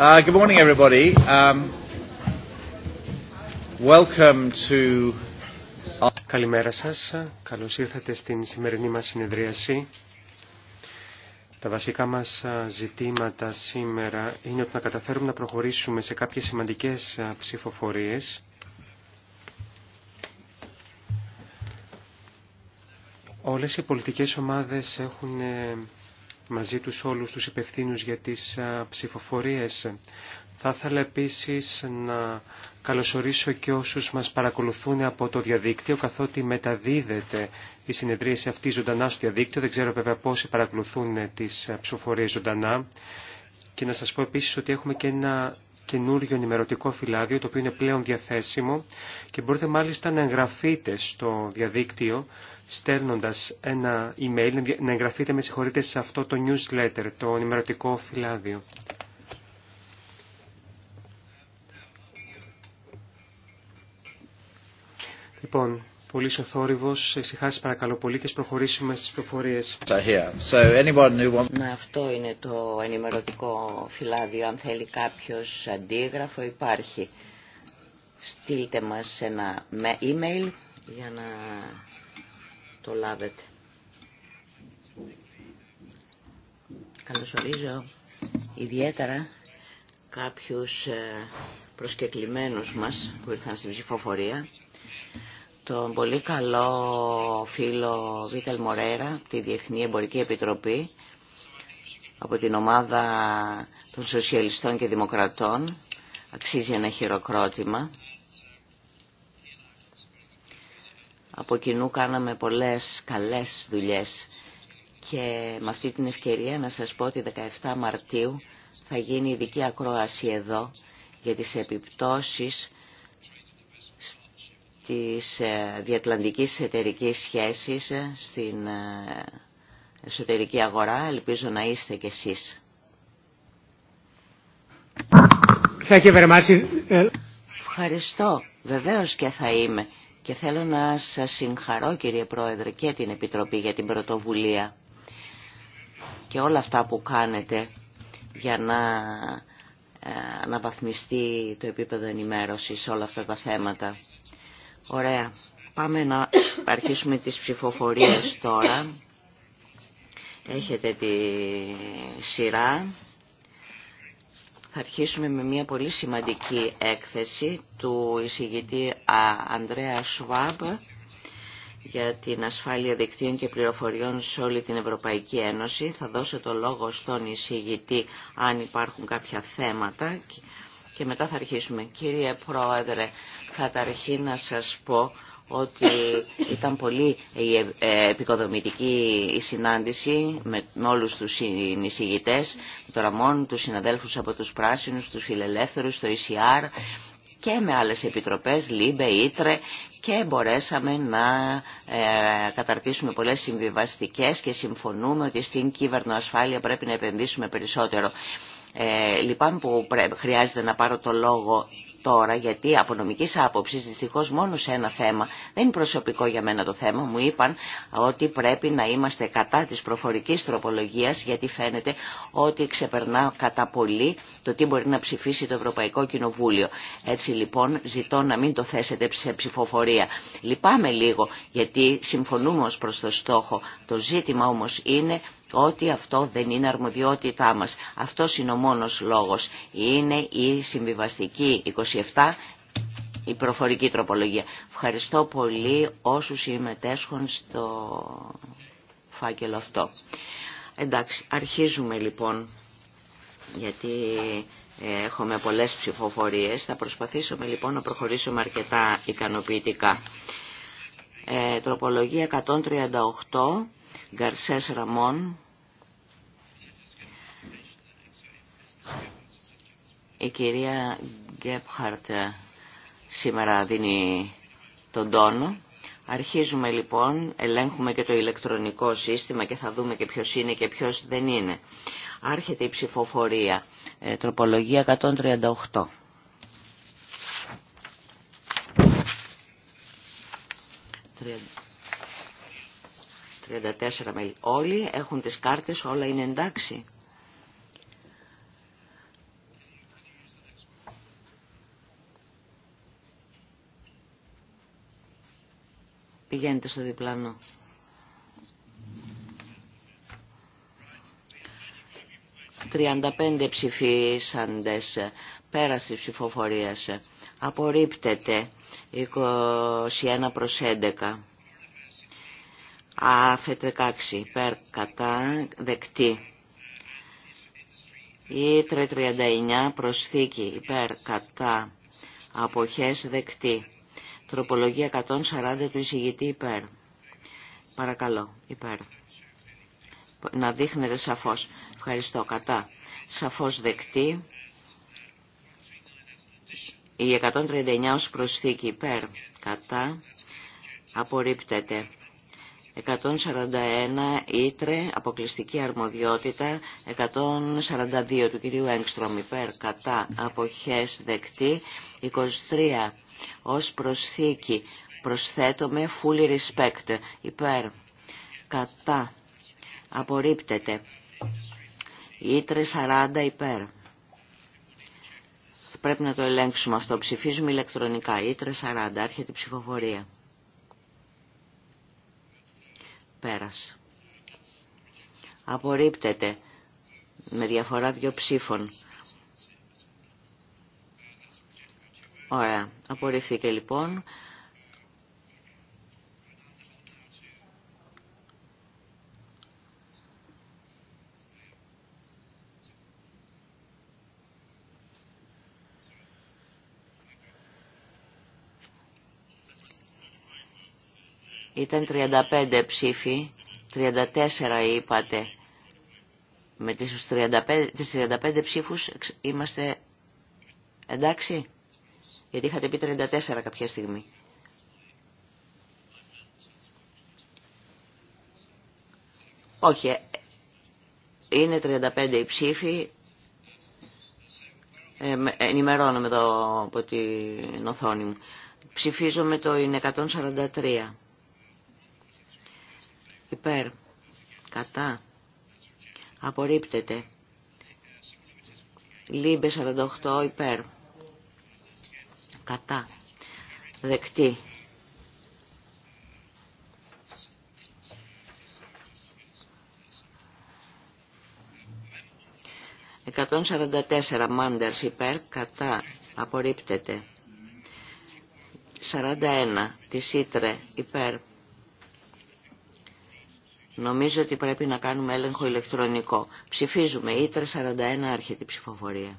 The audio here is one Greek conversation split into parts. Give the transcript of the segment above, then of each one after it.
Uh, good morning, everybody. Um, welcome Καλημέρα σας. Καλώς ήρθατε στην σημερινή μας συνεδρίαση. Τα βασικά μας ζητήματα σήμερα είναι ότι να καταφέρουμε να προχωρήσουμε σε κάποιες σημαντικές ψηφοφορίες. Όλες οι πολιτικές ομάδες έχουν ε, μαζί τους όλους τους υπευθύνους για τις ψηφοφορίες. Θα ήθελα επίσης να καλωσορίσω και όσους μας παρακολουθούν από το διαδίκτυο, καθότι μεταδίδεται η συνεδρία σε αυτή ζωντανά στο διαδίκτυο. Δεν ξέρω βέβαια πόσοι παρακολουθούν τις ψηφοφορίες ζωντανά. Και να σας πω επίσης ότι έχουμε και ένα καινούριο ενημερωτικό φυλάδιο, το οποίο είναι πλέον διαθέσιμο και μπορείτε μάλιστα να εγγραφείτε στο διαδίκτυο στέλνοντας ένα email, να εγγραφείτε με συγχωρείτε σε αυτό το newsletter, το ενημερωτικό φυλάδιο. Λοιπόν, πολύ ο θόρυβος. παρακαλώ πολύ και προχωρήσουμε στις προφορίες. Να αυτό είναι το ενημερωτικό φυλάδιο. Αν θέλει κάποιος αντίγραφο υπάρχει. Στείλτε μας ένα email για να το λάβετε. Καλωσορίζω ιδιαίτερα κάποιους ε, προσκεκλημένους μας που ήρθαν στην ψηφοφορία τον πολύ καλό φίλο Βίτελ Μορέρα, τη Διεθνή Εμπορική Επιτροπή, από την ομάδα των Σοσιαλιστών και Δημοκρατών. Αξίζει ένα χειροκρότημα. Από κοινού κάναμε πολλές καλές δουλειές και με αυτή την ευκαιρία να σας πω ότι 17 Μαρτίου θα γίνει ειδική ακρόαση εδώ για τις επιπτώσεις της ε, διατλαντικής εταιρικής σχέσης ε, στην ε, εσωτερική αγορά. Ελπίζω να είστε κι εσείς. Ευχαριστώ. Βεβαίως και θα είμαι. Και θέλω να σας συγχαρώ κύριε Πρόεδρε και την Επιτροπή για την πρωτοβουλία και όλα αυτά που κάνετε για να αναβαθμιστεί το επίπεδο ενημέρωσης σε όλα αυτά τα θέματα. Ωραία. Πάμε να αρχίσουμε τις ψηφοφορίες τώρα. Έχετε τη σειρά. Θα αρχίσουμε με μια πολύ σημαντική έκθεση του εισηγητή Ανδρέα Σουάμπ για την ασφάλεια δικτύων και πληροφοριών σε όλη την Ευρωπαϊκή Ένωση. Θα δώσω το λόγο στον εισηγητή αν υπάρχουν κάποια θέματα και μετά θα αρχίσουμε. Κύριε Πρόεδρε, καταρχήν να σας πω ότι ήταν πολύ ε, επικοδομητική η συνάντηση με όλους τους με τον Ραμόν, τους συναδέλφους από τους Πράσινους, τους Φιλελεύθερους, το ECR και με άλλες επιτροπές, ΛΥΜΠΕ, ΙΤΡΕ και μπορέσαμε να ε, καταρτήσουμε πολλές συμβιβαστικές και συμφωνούμε ότι στην ασφάλεια πρέπει να επενδύσουμε περισσότερο. Ε, λυπάμαι που χρειάζεται να πάρω το λόγο τώρα, γιατί από νομική άποψη, δυστυχώ μόνο σε ένα θέμα, δεν είναι προσωπικό για μένα το θέμα, μου είπαν ότι πρέπει να είμαστε κατά τη προφορική τροπολογία, γιατί φαίνεται ότι ξεπερνά κατά πολύ το τι μπορεί να ψηφίσει το Ευρωπαϊκό Κοινοβούλιο. Έτσι λοιπόν, ζητώ να μην το θέσετε σε ψηφοφορία. Λυπάμαι λίγο, γιατί συμφωνούμε ω προ το στόχο. Το ζήτημα όμω είναι ότι αυτό δεν είναι αρμοδιότητά μας. Αυτό είναι ο μόνος λόγος. Είναι η συμβιβαστική 27, η προφορική τροπολογία. Ευχαριστώ πολύ όσους συμμετέσχουν στο φάκελο αυτό. Εντάξει, αρχίζουμε λοιπόν, γιατί ε, έχουμε πολλές ψηφοφορίες. Θα προσπαθήσουμε λοιπόν να προχωρήσουμε αρκετά ικανοποιητικά. Ε, τροπολογία 138 Γκαρσές Ραμόν. Η κυρία Γκέπχαρτ σήμερα δίνει τον τόνο. Αρχίζουμε λοιπόν, ελέγχουμε και το ηλεκτρονικό σύστημα και θα δούμε και ποιος είναι και ποιος δεν είναι. Άρχεται η ψηφοφορία. Ε, τροπολογία 138. 34 μέλη. Όλοι έχουν τις κάρτες, όλα είναι εντάξει. Πηγαίνετε στο διπλάνο. «35 ψηφίσαντες πέρασε ψηφοφορίας. Απορρίπτεται 21 προς 11». Αφετ 16 υπέρ κατά δεκτή. Η 339 προσθήκη υπέρ κατά αποχές δεκτή. Τροπολογία 140 του εισηγητή υπέρ. Παρακαλώ, υπέρ. Να δείχνετε σαφώς. Ευχαριστώ, κατά. Σαφώς δεκτή. Η 139 ως προσθήκη υπέρ. Κατά. Απορρίπτεται. 141 Ήτρε, αποκλειστική αρμοδιότητα, 142 του κυρίου Έγκστρομ υπέρ κατά αποχές δεκτή, 23 ως προσθήκη προσθέτομε fully respect υπέρ κατά απορρίπτεται, Ήτρε 40 υπέρ. Πρέπει να το ελέγξουμε αυτό. Ψηφίζουμε ηλεκτρονικά. Ήτρε 40. Άρχεται η ψηφοφορία. Πέρας. Απορρίπτεται με διαφορά δύο ψήφων. Ωραία. Απορριφθήκε λοιπόν. Ήταν 35 ψήφοι, 34 είπατε. Με τις 35, τις 35 ψήφους είμαστε εντάξει. Γιατί είχατε πει 34 κάποια στιγμή. Όχι, ε, είναι 35 οι ψήφοι. Ε, ενημερώνομαι εδώ από την οθόνη μου. Ψηφίζομαι το 143 υπέρ, κατά, απορρίπτεται. Λίμπε 48 υπέρ, κατά, δεκτή. Εκατόν μάντερς υπέρ, κατά, απορρίπτεται. 41 τη ΣΥΤΡΕ, υπέρ, Νομίζω ότι πρέπει να κάνουμε έλεγχο ηλεκτρονικό. Ψηφίζουμε. Ήτρα 41 άρχεται η ψηφοφορία.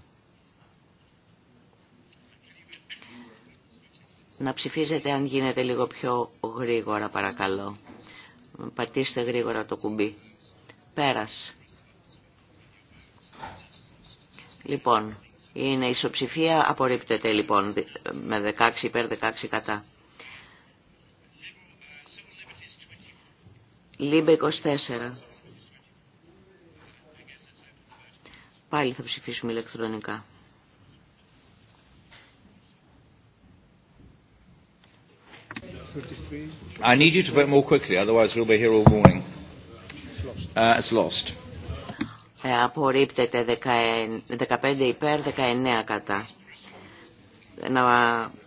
Να ψηφίζετε αν γίνεται λίγο πιο γρήγορα παρακαλώ. Πατήστε γρήγορα το κουμπί. Πέρας. Λοιπόν, είναι ισοψηφία, απορρίπτεται λοιπόν με 16 υπέρ 16 κατά. Λίμπε 24. Πάλι θα ψηφίσουμε ηλεκτρονικά. I need you to vote more quickly, otherwise we'll be here all morning. Uh, it's lost. Ε, απορρίπτεται 15 υπέρ, 19 κατά. Να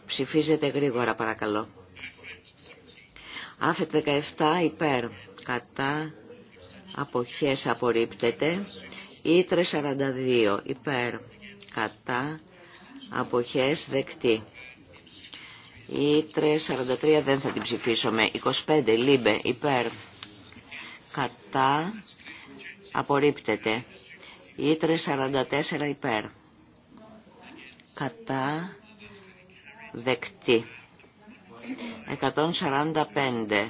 ψηφίζετε γρήγορα παρακαλώ. Άφετ 17 υπέρ κατά αποχές απορρίπτεται ή 342 υπέρ κατά αποχές δεκτή ή 343 δεν θα την ψηφίσουμε 25 λίμπε υπέρ κατά απορρίπτεται ή 344 υπέρ κατά δεκτή 145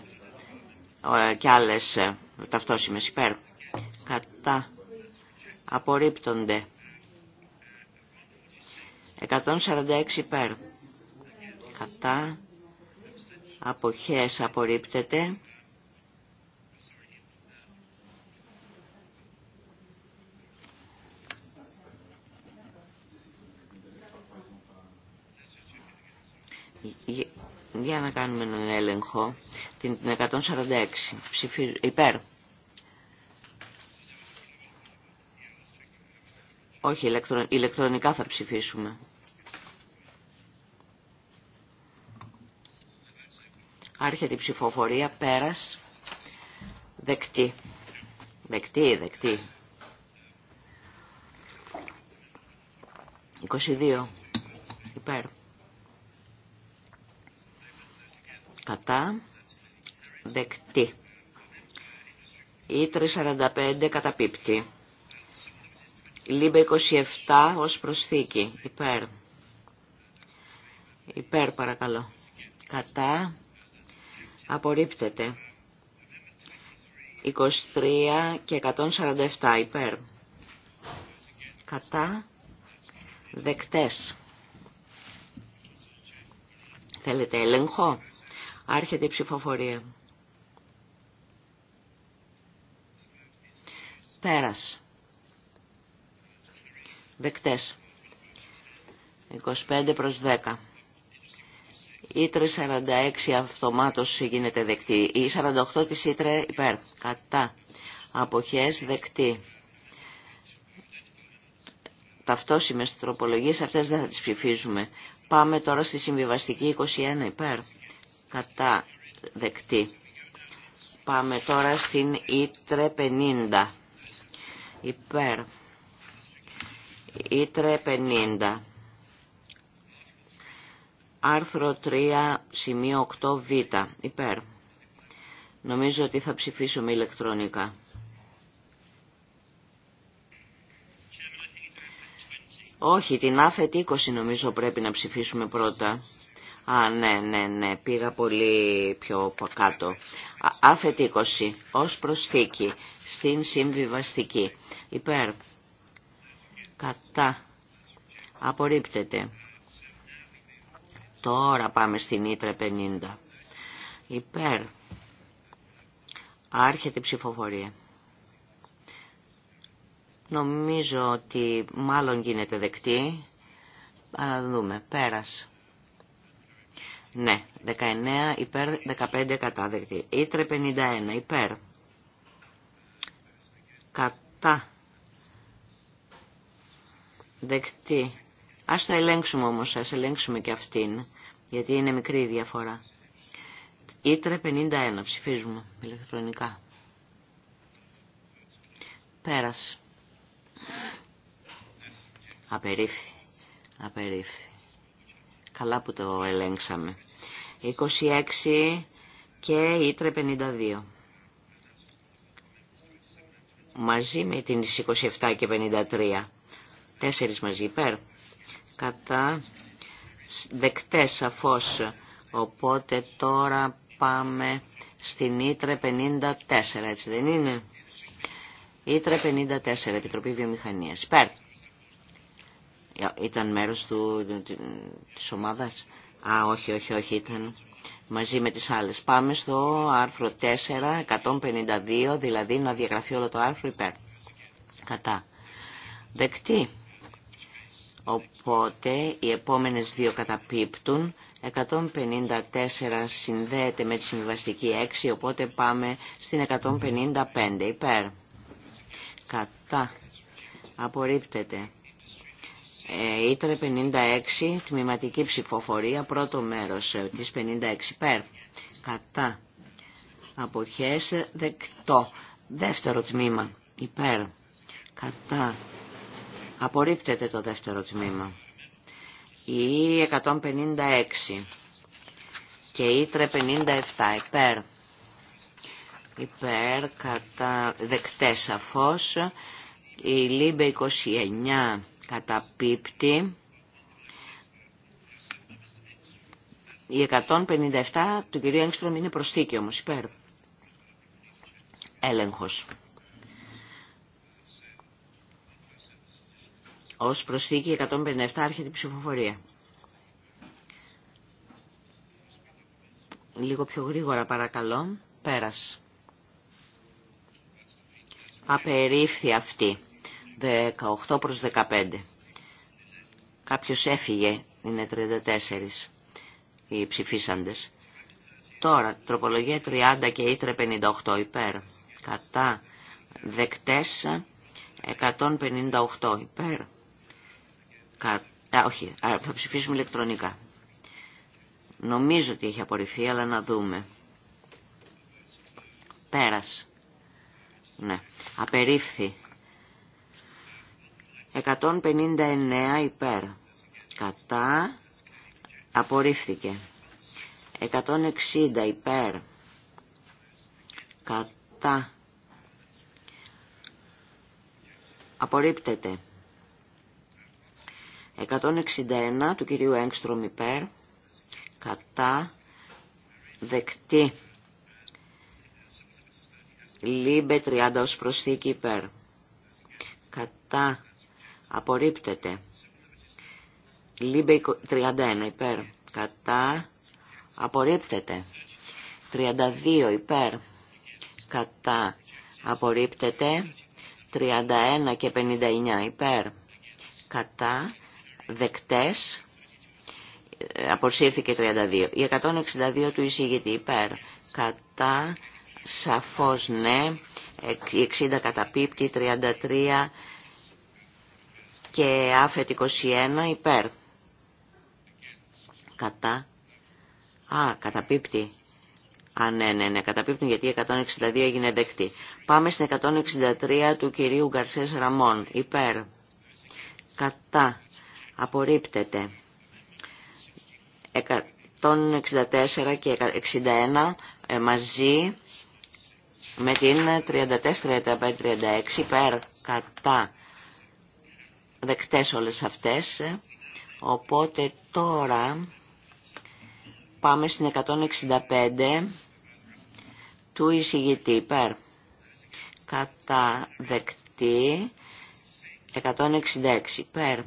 και άλλες ε, ταυτόσημες υπέρ. Κατά. Απορρίπτονται. 146 υπέρ. Κατά. Αποχές απορρίπτεται. Για να κάνουμε έναν έλεγχο. Την 146. Ψηφι... Υπέρ. Όχι, ηλεκτρονικά θα ψηφίσουμε. Άρχεται η ψηφοφορία, πέρας, δεκτή. Δεκτή, δεκτή. 22. Υπέρ. Κατά. Δεκτή. Ή 345 πίπτη. Λίμπε 27 ως προσθήκη. Υπέρ. Υπέρ παρακαλώ. Κατά. Απορρίπτεται. 23 και 147 υπέρ. Κατά. Δεκτές. Θέλετε έλεγχο. Άρχεται η ψηφοφορία. Πέρας. Δεκτές. 25 προς 10. Ήτρε 46 αυτομάτως γίνεται δεκτή. Η 48 της Ήτρε υπέρ. Κατά. Αποχές δεκτή. Ταυτόσιμες τροπολογίες αυτές δεν θα τις ψηφίζουμε. Πάμε τώρα στη συμβιβαστική 21 υπέρ κατά δεκτή. Πάμε τώρα στην Ήτρε 50. Υπέρ. Ήτρε 50. Άρθρο 3, σημείο 8, β. Υπέρ. Νομίζω ότι θα ψηφίσουμε ηλεκτρονικά. Όχι, την άφετη 20 νομίζω πρέπει να ψηφίσουμε πρώτα. Α, ναι, ναι, ναι, πήγα πολύ πιο κάτω. Αφετήκωση 20, ως προσθήκη, στην συμβιβαστική. Υπέρ, κατά, απορρίπτεται. Τώρα πάμε στην Ήτρα 50. Υπέρ, άρχεται η ψηφοφορία. Νομίζω ότι μάλλον γίνεται δεκτή. Α, δούμε, πέρας. Ναι. 19 υπέρ, 15 κατά δεκτή. Ήτρε 51 υπέρ. Κατά. Δεκτή. Ας το ελέγξουμε όμως, ας ελέγξουμε και αυτήν, γιατί είναι μικρή η διαφορά. Ήτρε 51, ψηφίζουμε ηλεκτρονικά. Πέρασε. Απερίφθη. Απερίφθη. Καλά που το ελέγξαμε. 26 και ήτρε 52. Μαζί με την 27 και 53. Τέσσερις μαζί Πέρ. Κατά δεκτές σαφώς. Οπότε τώρα πάμε στην Ήτρε 54, έτσι δεν είναι. Ήτρε 54, Επιτροπή Βιομηχανίας. Πέρ. Ε, ήταν μέρος του, της ομάδας. Α, όχι, όχι, όχι, ήταν μαζί με τις άλλες. Πάμε στο άρθρο 4, 152, δηλαδή να διαγραφεί όλο το άρθρο υπέρ. Κατά. Δεκτή. Οπότε οι επόμενες δύο καταπίπτουν. 154 συνδέεται με τη συμβιβαστική 6, οπότε πάμε στην 155 υπέρ. Κατά. Απορρίπτεται. Ε, Ήτρε 56, τμηματική ψηφοφορία, πρώτο μέρος ε, της 56, περ, κατά, αποχές, ε, δεκτό. Δεύτερο τμήμα, υπέρ, κατά, απορρίπτεται το δεύτερο τμήμα. Ή 156 και Ήτρε 57, υπέρ, υπέρ, κατά, δεκτές αφώς Η Λίμπε 29, καταπίπτει η 157 του κυρίου Έγκστρομ είναι προσθήκη όμως υπέρ έλεγχος ως προσθήκη 157 άρχεται η ψηφοφορία λίγο πιο γρήγορα παρακαλώ πέρας απερίφθη αυτή 18 προς 15. Κάποιος έφυγε, είναι 34 οι ψηφίσαντες. Τώρα, τροπολογία 30 και ήτρε 58 υπέρ. Κατά δεκτές 158 υπέρ. Κα... όχι, θα ψηφίσουμε ηλεκτρονικά. Νομίζω ότι έχει απορριφθεί, αλλά να δούμε. Πέρας. Ναι. Απερίφθη. 159 υπέρ. Κατά. Απορρίφθηκε. 160 υπέρ. Κατά. Απορρίπτεται. 161 του κυρίου Έγκστρομ υπέρ. Κατά. Δεκτή. Λίμπε 30 ως προσθήκη υπέρ. Κατά απορρίπτεται. Λίμπε 31 υπέρ, κατά, απορρίπτεται. 32 υπέρ, κατά, απορρίπτεται. 31 και 59 υπέρ, κατά, δεκτές, ε, αποσύρθηκε 32. Η 162 του εισηγητή υπέρ, κατά, σαφώς ναι, 60 ε, καταπίπτει, 33 και άφετ 21 υπέρ. Κατά. Α, καταπίπτει. Α, ναι, ναι, ναι, καταπίπτουν γιατί η 162 έγινε δεκτή. Πάμε στην 163 του κυρίου Γκαρσές Ραμών. Υπέρ. Κατά. Απορρίπτεται. 164 και 61 ε, μαζί με την 34, 36 υπέρ. Κατά δεκτές όλες αυτές. Οπότε τώρα πάμε στην 165 του εισηγητή υπέρ. Κατά δεκτή 166 υπέρ.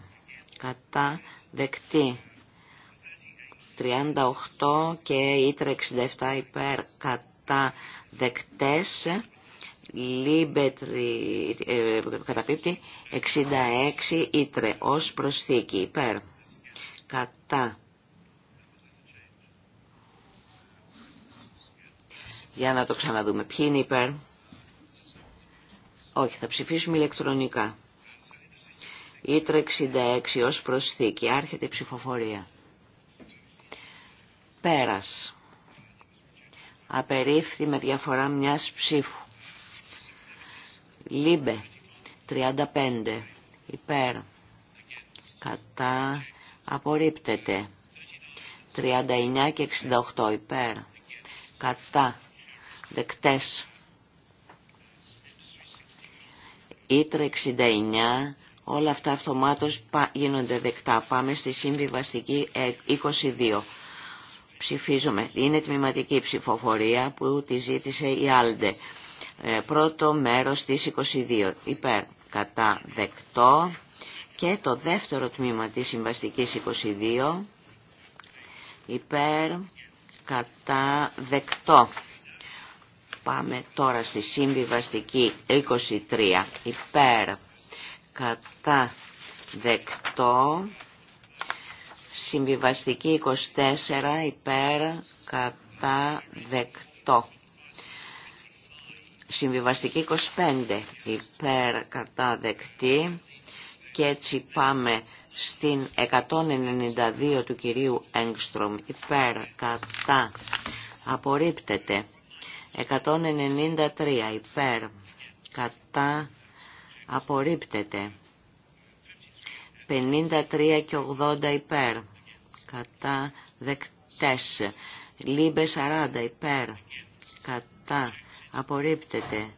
Κατά δεκτή 38 και ήτρα 67 υπέρ. Κατά δεκτές Λίμπετρι ε, καταπίπτει 66 ήτρε ως προσθήκη υπέρ κατά για να το ξαναδούμε ποιοι είναι υπέρ όχι θα ψηφίσουμε ηλεκτρονικά ήτρε 66 ως προσθήκη άρχεται η ψηφοφορία πέρας απερίφθη με διαφορά μιας ψήφου Λίμπε 35 υπέρ κατά απορρίπτεται 39 και 68 υπέρ κατά δεκτές Ήτρα 69 όλα αυτά αυτομάτως γίνονται δεκτά πάμε στη συμβιβαστική 22 ε, ψηφίζουμε είναι τμηματική ψηφοφορία που τη ζήτησε η Άλντε ε, πρώτο μέρος της 22 υπέρ κατά δεκτό και το δεύτερο τμήμα της συμβαστικής 22 υπέρ κατά δεκτό. Πάμε τώρα στη συμβιβαστική 23 υπέρ κατά δεκτό. Συμβιβαστική 24 υπέρ κατά δεκτό. Συμβιβαστική 25 υπέρ κατά δεκτή και έτσι πάμε στην 192 του κυρίου Έγκστρομ υπέρ κατά απορρίπτεται 193 υπέρ κατά απορρίπτεται 53 και 80 υπέρ κατά δεκτές λίμπε 40 υπέρ κατά απορρίπτεται.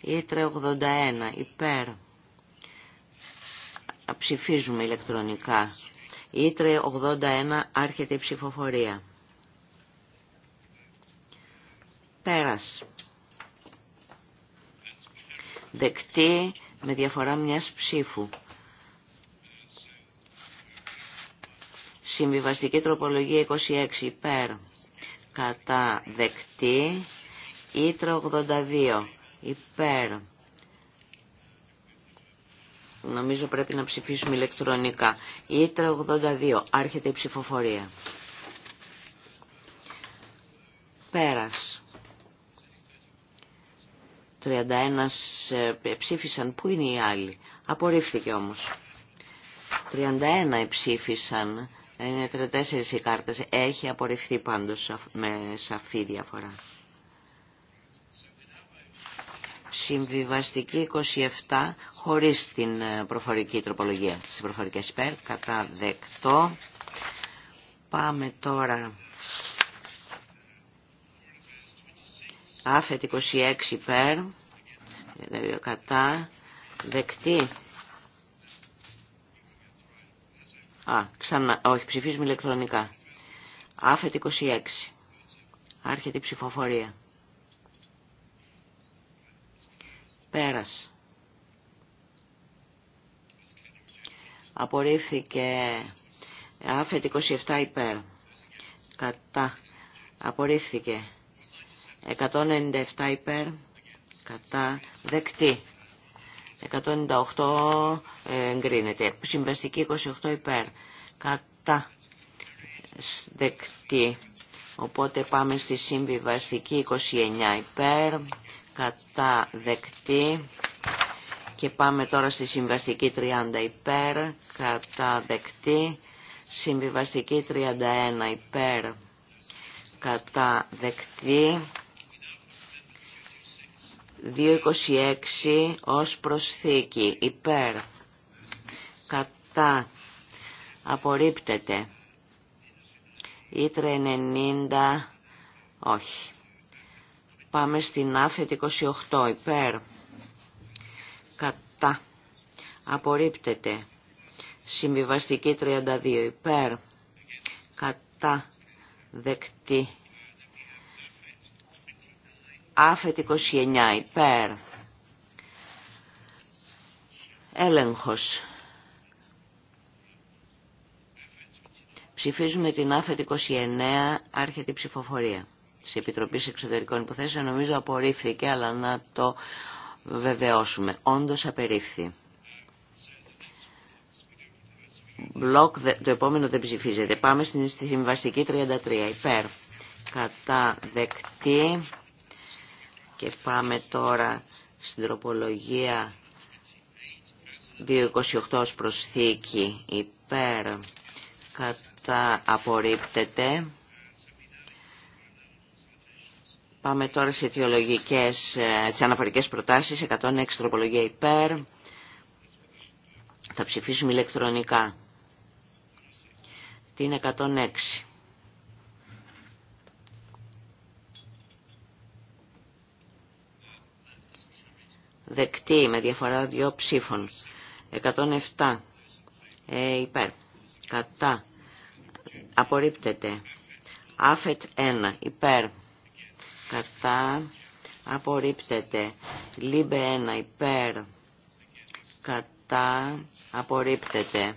Ήτρε 81 υπέρ. Ψηφίζουμε ηλεκτρονικά. Ήτρε 81 άρχεται η ψηφοφορία. Πέρας. Δεκτή με διαφορά μιας ψήφου. Συμβιβαστική τροπολογία 26 υπέρ. Κατά δεκτή Ήτρα 82. Υπέρ. Νομίζω πρέπει να ψηφίσουμε ηλεκτρονικά. Ήτρα 82. Άρχεται η ψηφοφορία. Πέρας. 31 ε, ψήφισαν. Πού είναι οι άλλοι. Απορρίφθηκε όμως. 31 ψήφισαν. Ε, είναι 34 οι κάρτες. Έχει απορριφθεί πάντως με σαφή διαφορά. Συμβιβαστική 27 χωρίς την ε, προφορική τροπολογία. Στις προφορικές υπέρ, κατά δεκτό. Πάμε τώρα. Άφετ 26 υπέρ, δηλαδή κατά δεκτή. Α, ξανά, όχι, ψηφίζουμε ηλεκτρονικά. Άφετ 26. Άρχεται η ψηφοφορία. Πέρας. Απορρίφθηκε άφετ 27 υπέρ. Κατά. Απορρίφθηκε 197 υπέρ. Κατά. Δεκτή. 198 ε, εγκρίνεται. Συμβαστική 28 υπέρ. Κατά. Δεκτή. Οπότε πάμε στη συμβιβαστική 29 υπέρ κατά δεκτή και πάμε τώρα στη συμβαστική 30 υπέρ κατά δεκτή συμβιβαστική 31 υπέρ κατά δεκτή 226 ως προσθήκη υπέρ κατά απορρίπτεται ήτρε 90 όχι Πάμε στην άφετη 28 υπέρ. Κατά. Απορρίπτεται. Συμβιβαστική 32 υπέρ. Κατά. Δεκτή. Άφετη 29 υπέρ. Έλεγχος. Ψηφίζουμε την άφετη 29, άρχεται η ψηφοφορία της Επιτροπής Εξωτερικών Υποθέσεων νομίζω απορρίφθηκε αλλά να το βεβαιώσουμε. Όντως απερίφθη. Μπλοκ, το επόμενο δεν ψηφίζεται. Πάμε στην συμβαστική 33. Υπέρ. Κατά δεκτή. Και πάμε τώρα στην τροπολογία 228 προσθήκη. Υπέρ. Κατά απορρίπτεται. Πάμε τώρα σε αιτιολογικές, ε, τις αναφορικές προτάσεις, 106 τροπολογία υπέρ. Θα ψηφίσουμε ηλεκτρονικά. Την 106. Δεκτή με διαφορά δύο ψήφων. 107 ε, υπέρ. Κατά. Απορρίπτεται. Άφετ 1 υπέρ κατά απορρίπτεται. ΛΥΜΠΕ 1 υπέρ κατά απορρίπτεται.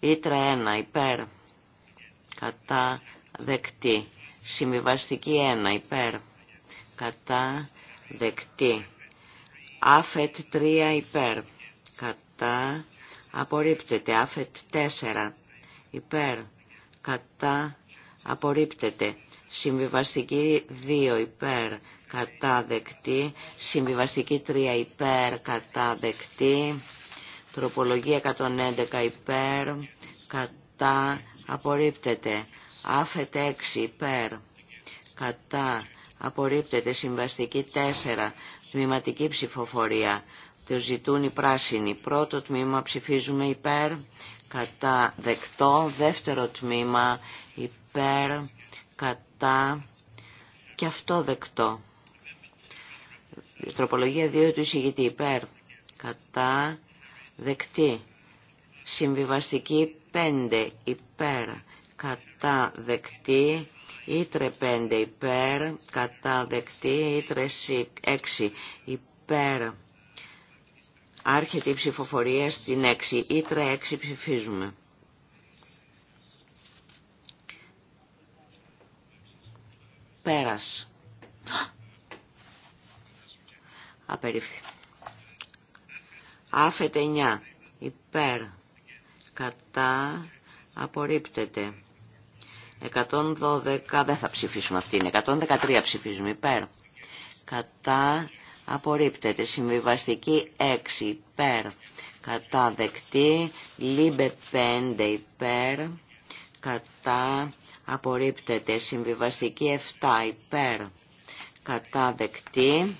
Ήτρα 1 υπέρ κατά δεκτή. Συμβιβαστική 1 υπέρ κατά δεκτή. Άφετ 3 υπέρ κατά απορρίπτεται. Άφετ 4 υπέρ κατά απορρίπτεται. Συμβιβαστική 2 υπέρ κατά δεκτή. Συμβιβαστική 3 υπέρ κατά δεκτή. Τροπολογία 111 υπέρ κατά απορρίπτεται. Άφετ 6 υπέρ κατά απορρίπτεται. Συμβαστική 4 τμηματική ψηφοφορία. Το ζητούν οι πράσινοι. Πρώτο τμήμα ψηφίζουμε υπέρ, κατά δεκτό, δεύτερο τμήμα υπέρ, κατά και αυτό δεκτό. Τροπολογία 2 του εισηγητή υπέρ, κατά δεκτή. Συμβιβαστική 5 υπέρ, κατά δεκτή. Ήτρε 5 υπέρ, κατά δεκτή. Ήτρε 6 υπέρ, Άρχεται η ψηφοφορία στην 6. Ήτρα 6 ψηφίζουμε. Πέρας. Απερίφθη. Άφεται 9. Υπέρ. Κατά. Απορρίπτεται. 112. Δεν θα ψηφίσουμε αυτήν. 113 ψηφίζουμε. Υπέρ. Κατά απορρίπτεται. Συμβιβαστική 6 υπέρ κατά δεκτή. Λίμπε 5 υπέρ κατά απορρίπτεται. Συμβιβαστική 7 υπέρ κατά δεκτή.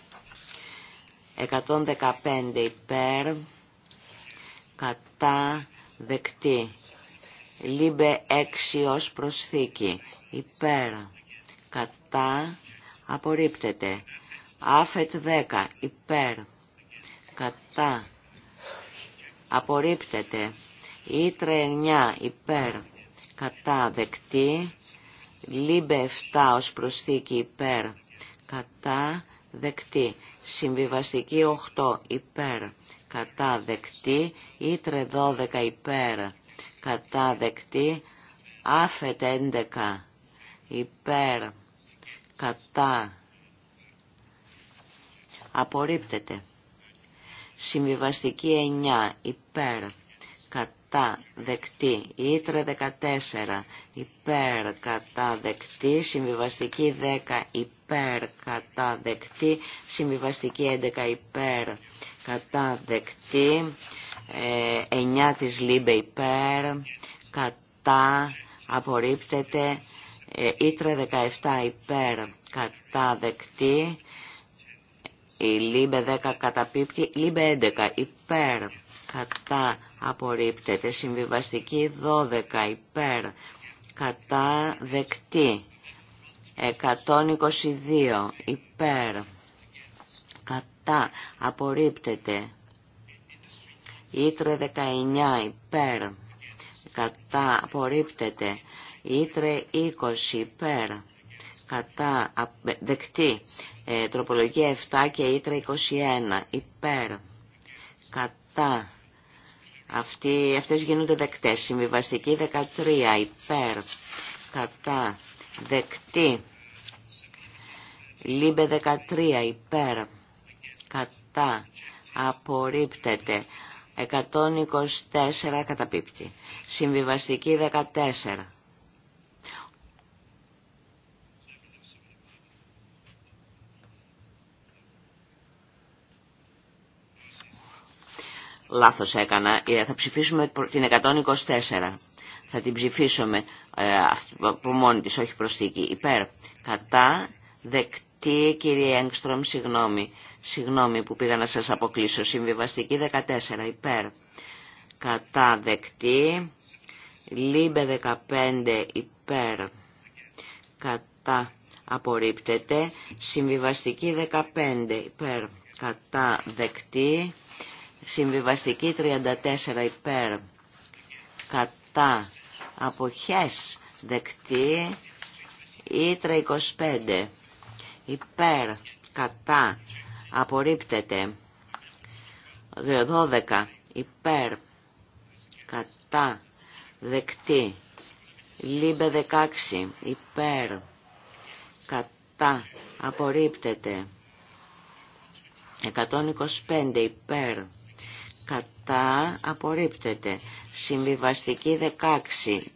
115 υπέρ κατά δεκτή. Λίμπε 6 ως προσθήκη. Υπέρ. Κατά. Απορρίπτεται. Άφετ 10 υπέρ κατά απορρίπτεται. Ήτρε 9 υπέρ κατά δεκτή. Λίμπε 7 ως προσθήκη υπέρ κατά δεκτή. Συμβιβαστική 8 υπέρ κατά δεκτή. Ήτρε 12 υπέρ κατά δεκτή. Άφετ 11 υπέρ κατά απορρίπτεται. Συμβιβαστική 9 υπέρ κατά δεκτή. Ήτρα 14 υπέρ κατά δεκτή. Συμβιβαστική 10 υπέρ κατά δεκτή. Συμβιβαστική 11 υπέρ κατά δεκτή. 9 ε, της Λίμπε υπέρ κατά απορρίπτεται. Ε, Ήτρα 17 υπέρ κατά δεκτή. Η λίμπε 10 καταπίπτει, λίμπε 11 υπέρ, κατά απορρίπτεται, συμβιβαστική 12 υπέρ, κατά δεκτή, 122 υπέρ, κατά απορρίπτεται, ήτρε 19 υπέρ, κατά απορρίπτεται, ήτρε 20 υπέρ, κατά δεκτή ε, τροπολογία 7 και ήτρα 21 υπέρ κατά αυτοί, αυτές γίνονται δεκτές συμβιβαστική 13 υπέρ κατά δεκτή λίμπε 13 υπέρ κατά απορρίπτεται 124 καταπίπτει συμβιβαστική 14 Λάθος έκανα. Ε, θα ψηφίσουμε την 124. Θα την ψηφίσουμε ε, από μόνη της, όχι προσθήκη. Υπέρ. Κατά. Δεκτή, κύριε Έγκστρομ, συγγνώμη. Συγγνώμη που πήγα να σας αποκλείσω. Συμβιβαστική 14. Υπέρ. Κατά. Δεκτή. Λίμπε 15. Υπέρ. Κατά. Απορρίπτεται. Συμβιβαστική 15. Υπέρ. Κατά. Δεκτή. Συμβιβαστική 34 υπέρ κατά αποχές δεκτή ήτρα 25 υπέρ κατά απορρίπτεται 12 υπέρ κατά δεκτή λίμπε 16 υπέρ κατά απορρίπτεται 125 υπέρ κατά απορρίπτεται. Συμβιβαστική 16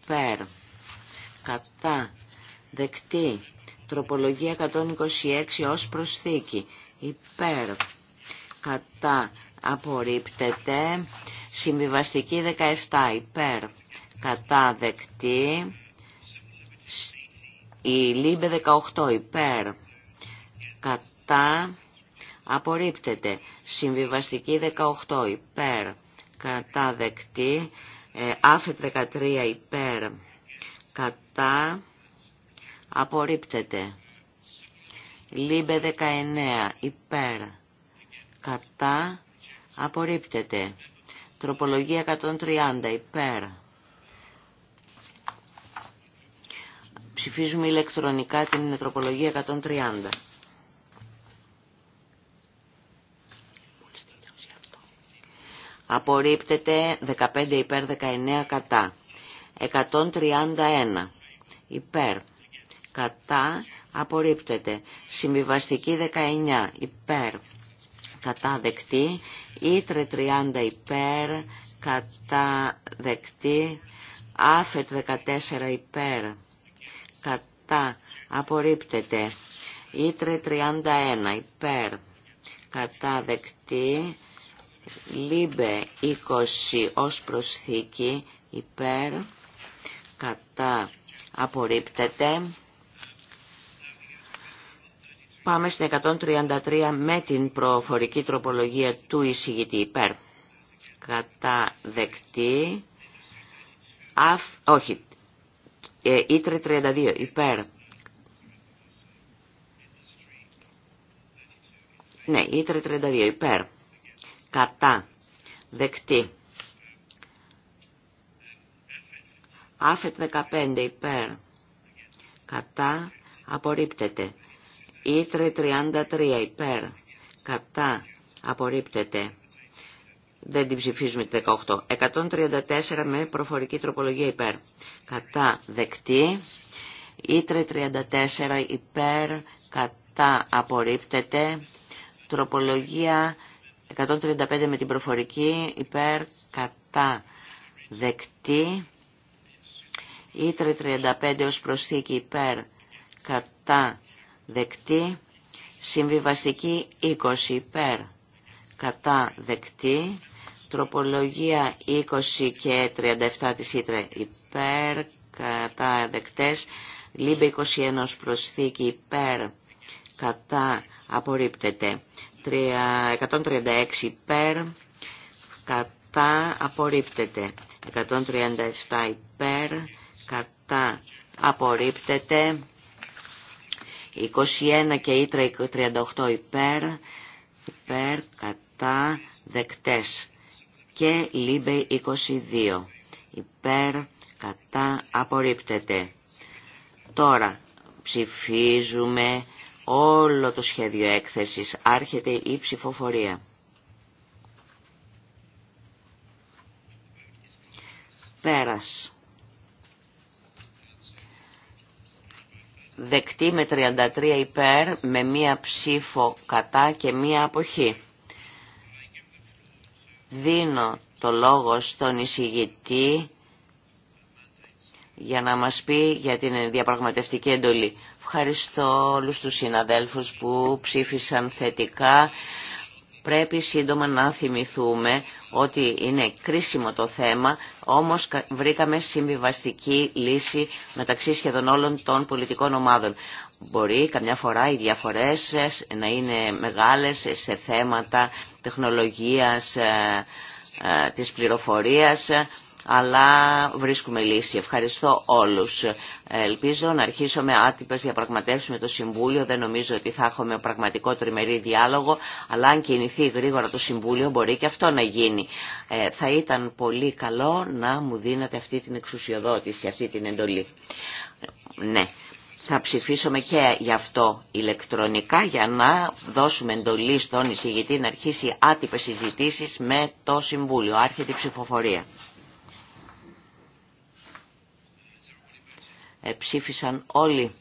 περ κατά δεκτή. Τροπολογία 126 ως προσθήκη υπέρ κατά απορρίπτεται. Συμβιβαστική 17 υπέρ κατά δεκτή. Η Λίμπε 18 υπέρ κατά απορρίπτεται. Συμβιβαστική 18 υπέρ κατά δεκτή. Ε, άφετ 13 υπέρ κατά απορρίπτεται. Λίμπε 19 υπέρ κατά απορρίπτεται. Τροπολογία 130 υπέρ. Ψηφίζουμε ηλεκτρονικά την τροπολογία 130. απορρίπτεται 15 υπέρ 19 κατά. 131 υπέρ κατά απορρίπτεται. Συμβιβαστική 19 υπέρ κατά δεκτή. Ήτρε 30 υπέρ κατά δεκτή. Άφετ 14 υπέρ κατά απορρίπτεται. Ήτρε 31 υπέρ κατά δεκτή. Λίμπε 20 ως προσθήκη υπέρ κατά απορρίπτεται. Πάμε στην 133 με την προφορική τροπολογία του εισηγητή υπέρ. Κατά δεκτή. Αφ, όχι. Ε, ήτρε 32 υπέρ. Ναι, ήτρε 32 υπέρ κατά δεκτή. Άφετ 15 υπέρ κατά απορρίπτεται. Ήτρε 33 υπέρ κατά απορρίπτεται. Δεν την ψηφίζουμε τη 18. 134 με προφορική τροπολογία υπέρ. Κατά δεκτή. Ήτρε 34 υπέρ κατά απορρίπτεται. Τροπολογία 135 με την προφορική υπέρ κατά δεκτή. Ήτρε 35 ως προσθήκη υπέρ κατά δεκτή. Συμβιβαστική 20 υπέρ κατά δεκτή. Τροπολογία 20 και 37 της Ήτρε υπέρ κατά δεκτές. Λίμπε 21 προσθήκη υπέρ κατά απορρίπτεται. 136 υπέρ, κατά απορρίπτεται. 137 υπέρ, κατά απορρίπτεται. 21 και ήτρα 38 υπέρ, υπέρ, κατά, δεκτές. Και λίμπε 22, υπέρ, κατά, απορρίπτεται. Τώρα ψηφίζουμε όλο το σχέδιο έκθεσης. Άρχεται η ψηφοφορία. Πέρας. Δεκτή με 33 υπέρ, με μία ψήφο κατά και μία αποχή. Δίνω το λόγο στον εισηγητή για να μας πει για την διαπραγματευτική εντολή. Ευχαριστώ όλους τους συναδέλφους που ψήφισαν θετικά. Πρέπει σύντομα να θυμηθούμε ότι είναι κρίσιμο το θέμα, όμως βρήκαμε συμβιβαστική λύση μεταξύ σχεδόν όλων των πολιτικών ομάδων. Μπορεί καμιά φορά οι διαφορές να είναι μεγάλες σε θέματα τεχνολογίας, ε, ε, της πληροφορίας, αλλά βρίσκουμε λύση. Ευχαριστώ όλους. Ελπίζω να αρχίσουμε με άτυπες διαπραγματεύσεις με το Συμβούλιο. Δεν νομίζω ότι θα έχουμε πραγματικό τριμερή διάλογο, αλλά αν κινηθεί γρήγορα το Συμβούλιο μπορεί και αυτό να γίνει. Ε, θα ήταν πολύ καλό να μου δίνετε αυτή την εξουσιοδότηση, αυτή την εντολή. Ναι. Θα ψηφίσουμε και γι' αυτό ηλεκτρονικά για να δώσουμε εντολή στον εισηγητή να αρχίσει άτυπες συζητήσεις με το Συμβούλιο. Άρχεται η ψηφοφορία. Ε, ψήφισαν όλοι.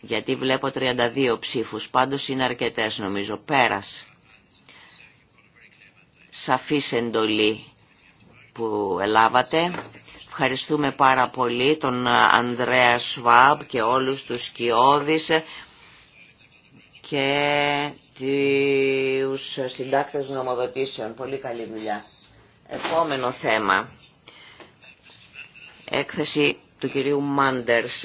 Γιατί βλέπω 32 ψήφους, πάντως είναι αρκετές νομίζω. Πέρας. Σαφής εντολή που ελάβατε. Ευχαριστούμε πάρα πολύ τον ε, Ανδρέα Σβάμπ και όλους τους σκιώδης και τους συντάκτες νομοδοτήσεων. Πολύ καλή δουλειά. Επόμενο θέμα. Έκθεση του κυρίου Μάντερς